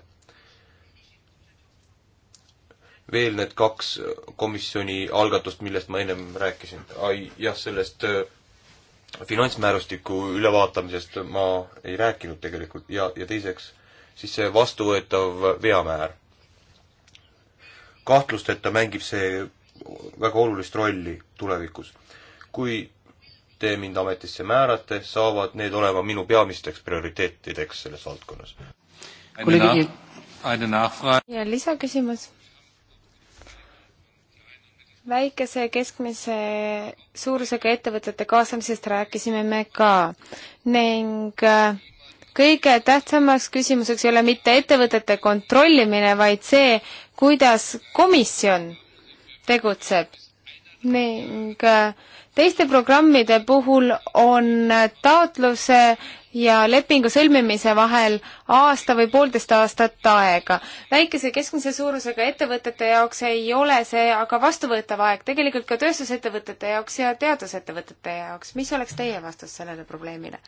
veel need kaks komisjoni algatust, millest ma ennem rääkisin. ai, jah, sellest äh, finantsmäärustiku ülevaatamisest ma ei rääkinud tegelikult ja, ja teiseks siis see vastuvõetav veamäär. kahtlusteta mängib see väga olulist rolli tulevikus. kui te mind ametisse määrate, saavad need olema minu peamisteks prioriteetideks selles valdkonnas. ja lisaküsimus? väikese ja keskmise suurusega ettevõtete kaasamisest rääkisime me ka ning äh, kõige tähtsamaks küsimuseks ei ole mitte ettevõtete kontrollimine, vaid see, kuidas komisjon tegutseb ning äh, teiste programmide puhul on taotluse ja lepingu sõlmimise vahel aasta või poolteist aastat aega. väikese keskmise suurusega ettevõtete jaoks ei ole see aga vastuvõetav aeg tegelikult ka tööstusettevõtete jaoks ja teadusettevõtete jaoks. mis oleks teie vastus sellele probleemile?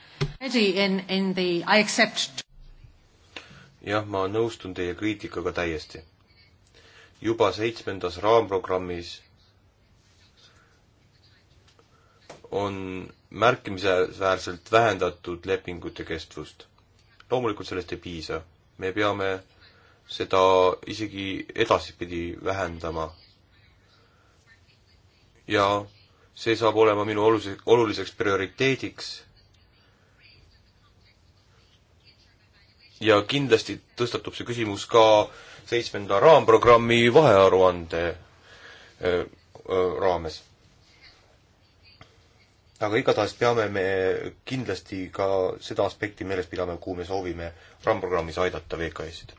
jah, ma nõustun teie kriitikaga täiesti. juba seitsmendas raamprogrammis on märkimisväärselt vähendatud lepingute kestvust. loomulikult sellest ei piisa. me peame seda isegi edaspidi vähendama. ja see saab olema minu olus-, oluliseks prioriteediks ja kindlasti tõstatub see küsimus ka seitsmenda raamprogrammi vahearuande äh, äh, raames aga igatahes peame me kindlasti ka seda aspekti meeles pidama, kuhu me soovime RAM-programmis aidata VKS-id.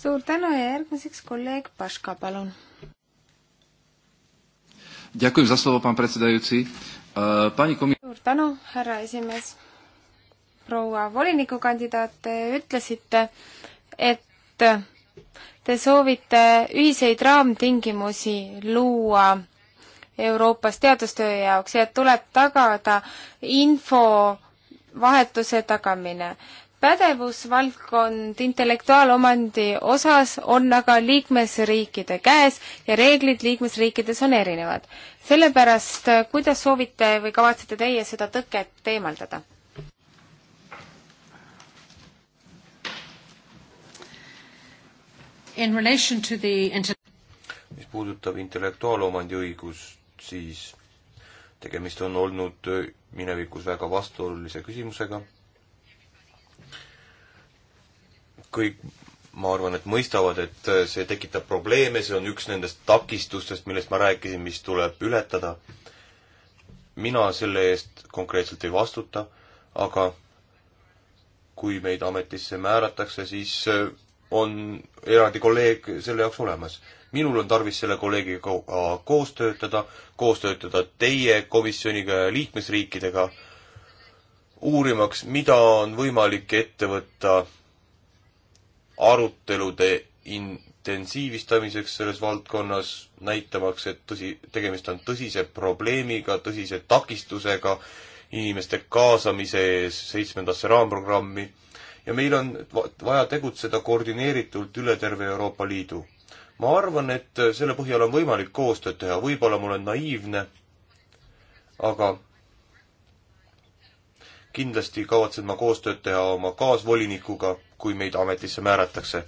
suur tänu ja järgmiseks kolleeg Paška, palun. E, suur tänu, härra esimees. proua volinikukandidaat, te ütlesite, et te soovite ühiseid raamtingimusi luua Euroopas teadustöö jaoks ja tuleb tagada infovahetuse tagamine. pädevusvaldkond intellektuaalomandi osas on aga liikmesriikide käes ja reeglid liikmesriikides on erinevad. sellepärast, kuidas soovite või kavatsete teie seda tõket eemaldada? mis puudutab intellektuaalomandi õigust, siis tegemist on olnud minevikus väga vastuolulise küsimusega. kõik, ma arvan, et mõistavad, et see tekitab probleeme, see on üks nendest takistustest, millest ma rääkisin, mis tuleb ületada. mina selle eest konkreetselt ei vastuta, aga kui meid ametisse määratakse, siis on eraldi kolleeg selle jaoks olemas minul on tarvis selle kolleegiga äh, koos töötada, koos töötada teie komisjoniga ja liikmesriikidega, uurimaks, mida on võimalik ette võtta arutelude intensiivistamiseks selles valdkonnas, näitamaks, et tõsi, tegemist on tõsise probleemiga, tõsise takistusega inimeste kaasamise ees seitsmendasse raamprogrammi ja meil on vaja tegutseda koordineeritult üle terve Euroopa Liidu ma arvan, et äh, selle põhjal on võimalik koostööd teha, võib-olla ma olen naiivne, aga kindlasti kavatsen ma koostööd teha oma kaasvolinikuga, kui meid ametisse määratakse.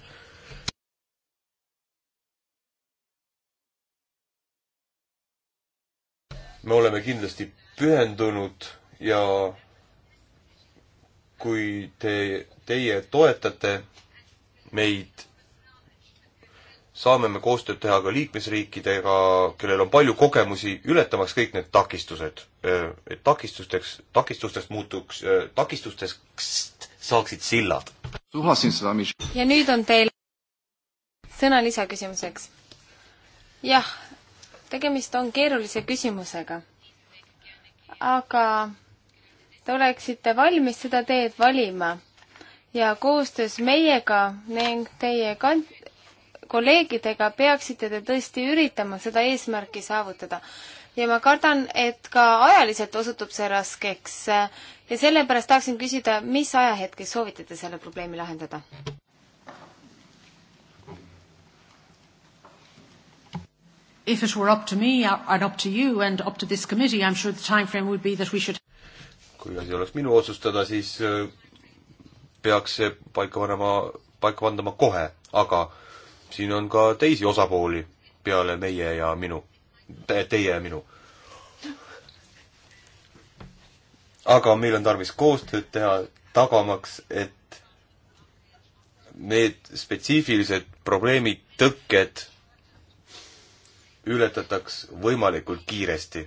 me oleme kindlasti pühendunud ja kui te, teie toetate meid saame me koostööd teha ka liikmesriikidega, kellel on palju kogemusi, ületamaks kõik need takistused. et takistusteks, takistustest muutuks, takistustest saaksid sillad. ja nüüd on teil sõna lisaküsimuseks. jah, tegemist on keerulise küsimusega. aga te oleksite valmis seda teed valima ja koostöös meiega ning teie kant-, kolleegidega peaksite te tõesti üritama seda eesmärki saavutada. ja ma kardan, et ka ajaliselt osutub see raskeks ja sellepärast tahaksin küsida, mis ajahetkes soovite te selle probleemi lahendada? If it were up to me uh, and up to you and up to this committee, I am sure the time frame would be that we should kui asi oleks minu otsustada, siis äh, peaks see paika panema, paika pandama kohe, aga siin on ka teisi osapooli peale meie ja minu te,, teie ja minu. aga meil on tarvis koostööd teha, tagamaks, et need spetsiifilised probleemid, tõkked ületataks võimalikult kiiresti.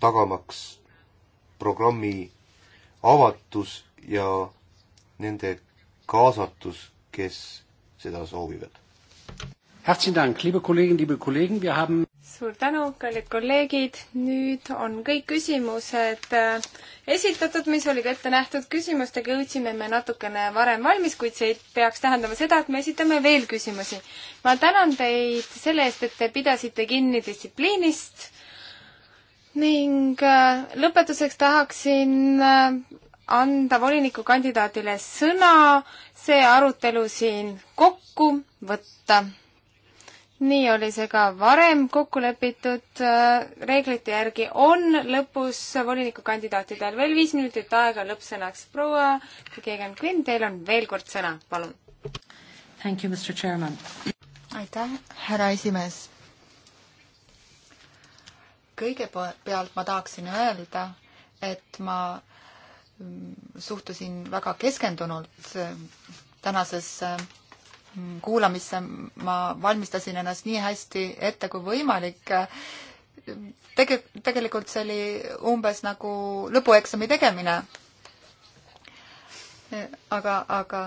tagamaks programmi avatus ja nende kaasatus, kes seda soovivad. suur tänu, kallid kolleegid, nüüd on kõik küsimused äh, esitatud, mis oli ka ette nähtud, küsimustega jõudsime me natukene varem valmis, kuid see ei peaks tähendama seda, et me esitame veel küsimusi. ma tänan teid selle eest, et te pidasite kinni distsipliinist ning äh, lõpetuseks tahaksin äh, anda volinikukandidaadile sõna, see arutelu siin kokku võtta. nii oli see ka varem kokku lepitud, äh, reeglite järgi on lõpus volinikukandidaatidel veel viis minutit aega lõppsõnaks. proua Keegan Quinn, teil on veel kord sõna, palun. aitäh, härra esimees kõigepealt ma tahaksin öelda, et ma mm, suhtusin väga keskendunult mm, tänasesse mm, kuulamisse. ma valmistasin ennast nii hästi ette kui võimalik. Tege-, tegelikult see oli umbes nagu lõpueksami tegemine. aga, aga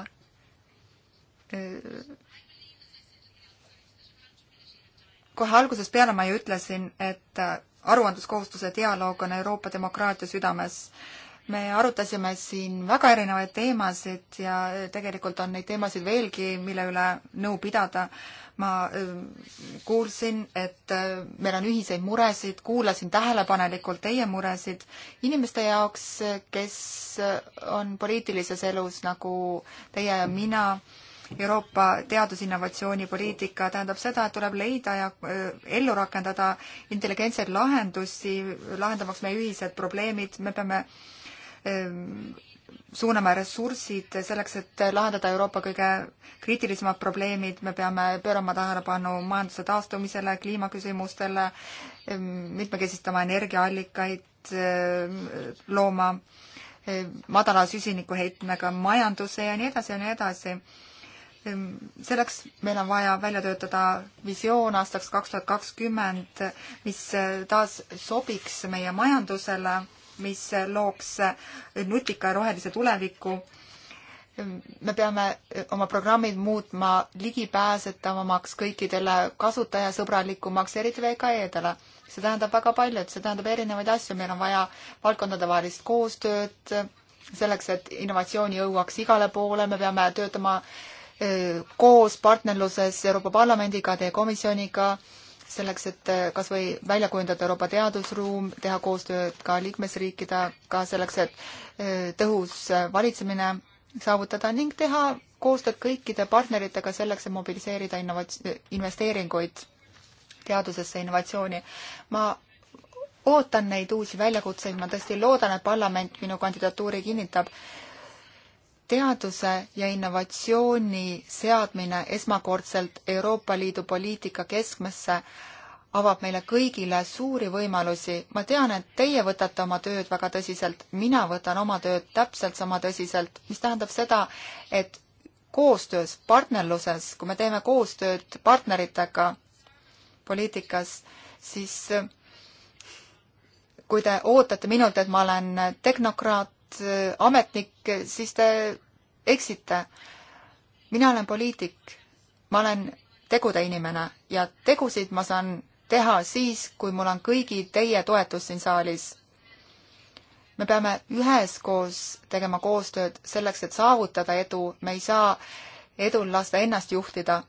kohe algusest peale ma ju ütlesin, et aruandluskohustuse dialoog on Euroopa demokraatia südames. me arutasime siin väga erinevaid teemasid ja eh, tegelikult on neid teemasid veelgi, mille üle nõu pidada. ma eh, kuulsin, et eh, meil on ühiseid muresid, kuulasin tähelepanelikult teie muresid inimeste jaoks, kes on poliitilises elus nagu teie ja mina Euroopa teadusinnovatsioonipoliitika tähendab seda, et tuleb leida ja äh, ellu rakendada intelligentseid lahendusi, lahendamaks meie ühised probleemid, me peame ähm, suuname ressursid selleks, et lahendada Euroopa kõige kriitilisemad probleemid, me peame pöörama tähelepanu majanduse taastumisele, kliimaküsimustele, ähm, mitmekesistama energiaallikaid, ähm, looma äh, madala süsinikuheitmega majanduse ja nii edasi ja nii edasi. Ehm, selleks meil on vaja välja töötada visioon aastaks kaks tuhat kakskümmend, mis eh, taas sobiks meie majandusele, mis looks eh, nutika ja rohelise tuleviku. Ehm, me peame eh, oma programmid muutma ligipääsetavamaks kõikidele kasutajasõbralikumaks, eriti VKE-dele see tähendab väga palju, et see tähendab erinevaid asju, meil on vaja valdkondadevahelist koostööd selleks, et innovatsioon jõuaks igale poole, me peame töötama koos partnerluses Euroopa Parlamendiga, teie komisjoniga, selleks, et eh, kas või välja kujundada Euroopa teadusruum, teha koostööd ka liikmesriikidega, selleks, et eh, tõhus valitsemine saavutada ning teha koostööd kõikide partneritega selleks, et mobiliseerida innovats-, investeeringuid teadusesse, innovatsiooni. ma ootan neid uusi väljakutseid, ma tõesti loodan, et parlament minu kandidatuuri kinnitab teaduse ja innovatsiooni seadmine esmakordselt Euroopa Liidu poliitika keskmesse avab meile kõigile suuri võimalusi. ma tean, et teie võtate oma tööd väga tõsiselt, mina võtan oma tööd täpselt sama tõsiselt, mis tähendab seda, et koostöös, partnerluses, kui me teeme koostööd partneritega poliitikas, siis kui te ootate minult, et ma olen tehnokraat, Äh, ametnik, siis te eksite. mina olen poliitik, ma olen tegude inimene ja tegusid ma saan teha siis, kui mul on kõigi teie toetus siin saalis. me peame üheskoos tegema koostööd selleks, et saavutada edu, me ei saa edul lasta ennast juhtida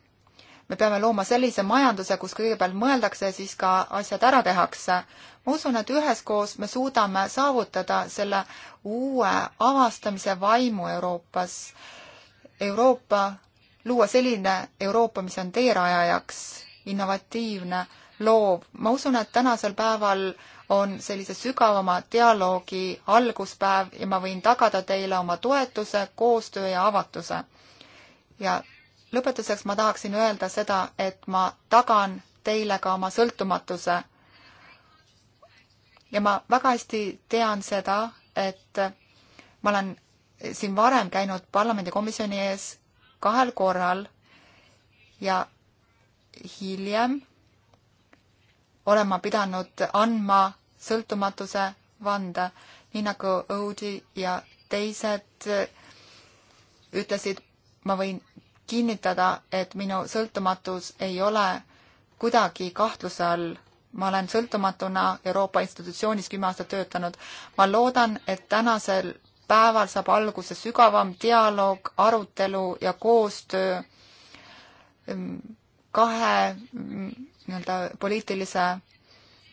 me peame looma sellise majanduse, kus kõigepealt mõeldakse ja siis ka asjad ära tehakse. ma usun, et üheskoos me suudame saavutada selle uue avastamise vaimu Euroopas. Euroopa, luua selline Euroopa, mis on teerajajaks, innovatiivne, loov. ma usun, et tänasel päeval on sellise sügavama dialoogi alguspäev ja ma võin tagada teile oma toetuse, koostöö ja avatuse. ja lõpetuseks ma tahaksin öelda seda, et ma tagan teile ka oma sõltumatuse. ja ma väga hästi tean seda, et ma olen siin varem käinud parlamendikomisjoni ees kahel korral ja hiljem olen ma pidanud andma sõltumatuse vande, nii nagu Õudi ja teised ütlesid, ma võin kinnitada, et minu sõltumatus ei ole kuidagi kahtluse all. ma olen sõltumatuna Euroopa institutsioonis kümme aastat töötanud. ma loodan, et tänasel päeval saab alguse sügavam dialoog, arutelu ja koostöö mm, kahe mm, nii-öelda poliitilise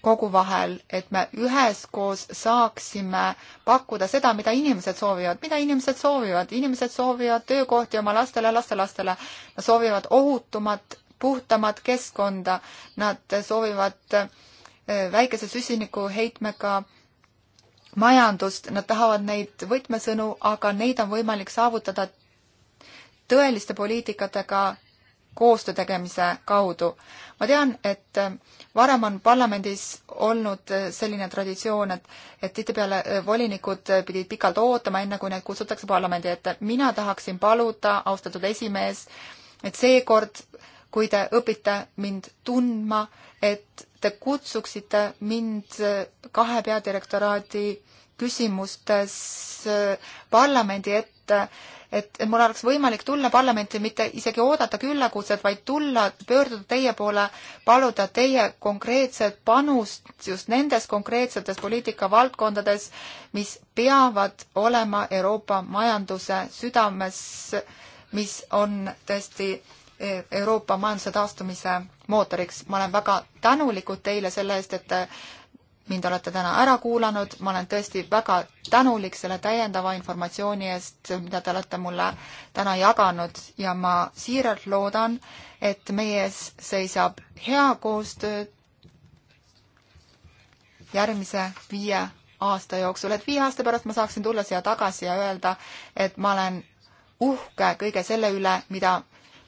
kogu vahel, et me üheskoos saaksime pakkuda seda, mida inimesed soovivad, mida inimesed soovivad, inimesed soovivad töökohti oma lastele, lastelastele, nad soovivad ohutumat, puhtamat keskkonda, nad soovivad eh, väikese süsinikuheitmega majandust, nad tahavad neid võtmesõnu, aga neid on võimalik saavutada tõeliste poliitikatega koostöö tegemise kaudu. ma tean, et varem on parlamendis olnud selline traditsioon, et, et tihtipeale äh, volinikud pidid pikalt ootama, enne kui neid kutsutakse parlamendi ette. mina tahaksin paluda, austatud esimees, et seekord, kui te õpite mind tundma, et te kutsuksite mind äh, kahe peadirektoraadi küsimustes äh, parlamendi ette et mul oleks võimalik tulla parlamenti, mitte isegi oodata küllakutset, vaid tulla, pöörduda teie poole, paluda teie konkreetset panust just nendes konkreetsetes poliitikavaldkondades, mis peavad olema Euroopa majanduse südames, mis on tõesti eh, Euroopa majanduse taastumise mootoriks. ma olen väga tänulikud teile selle eest, et te mind olete täna ära kuulanud, ma olen tõesti väga tänulik selle täiendava informatsiooni eest, mida te olete mulle täna jaganud ja ma siiralt loodan, et meie ees seisab hea koostöö järgmise viie aasta jooksul, et viie aasta pärast ma saaksin tulla siia tagasi ja öelda, et ma olen uhke kõige selle üle, mida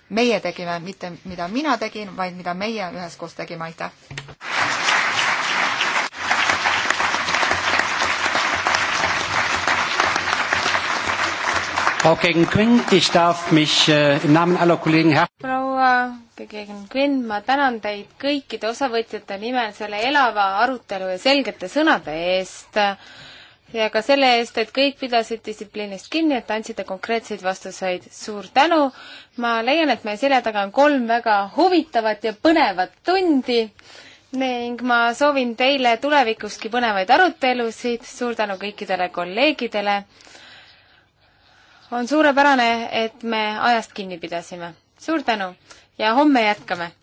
meie tegime, mitte mida mina tegin, vaid mida meie üheskoos tegime, aitäh! Frau Gegen-Quinn, ich darf mich äh, im Namen aller Kollegen her- proua Gegen-Quinn, ma tänan teid kõikide osavõtjate nimel selle elava arutelu ja selgete sõnade eest ja ka selle eest, et kõik pidasid distsipliinist kinni, et andsite konkreetseid vastuseid. suur tänu! ma leian, et meie selja taga on kolm väga huvitavat ja põnevat tundi ning ma soovin teile tulevikuski põnevaid arutelusid, suur tänu kõikidele kolleegidele on suurepärane, et me ajast kinni pidasime. suur tänu ja homme jätkame!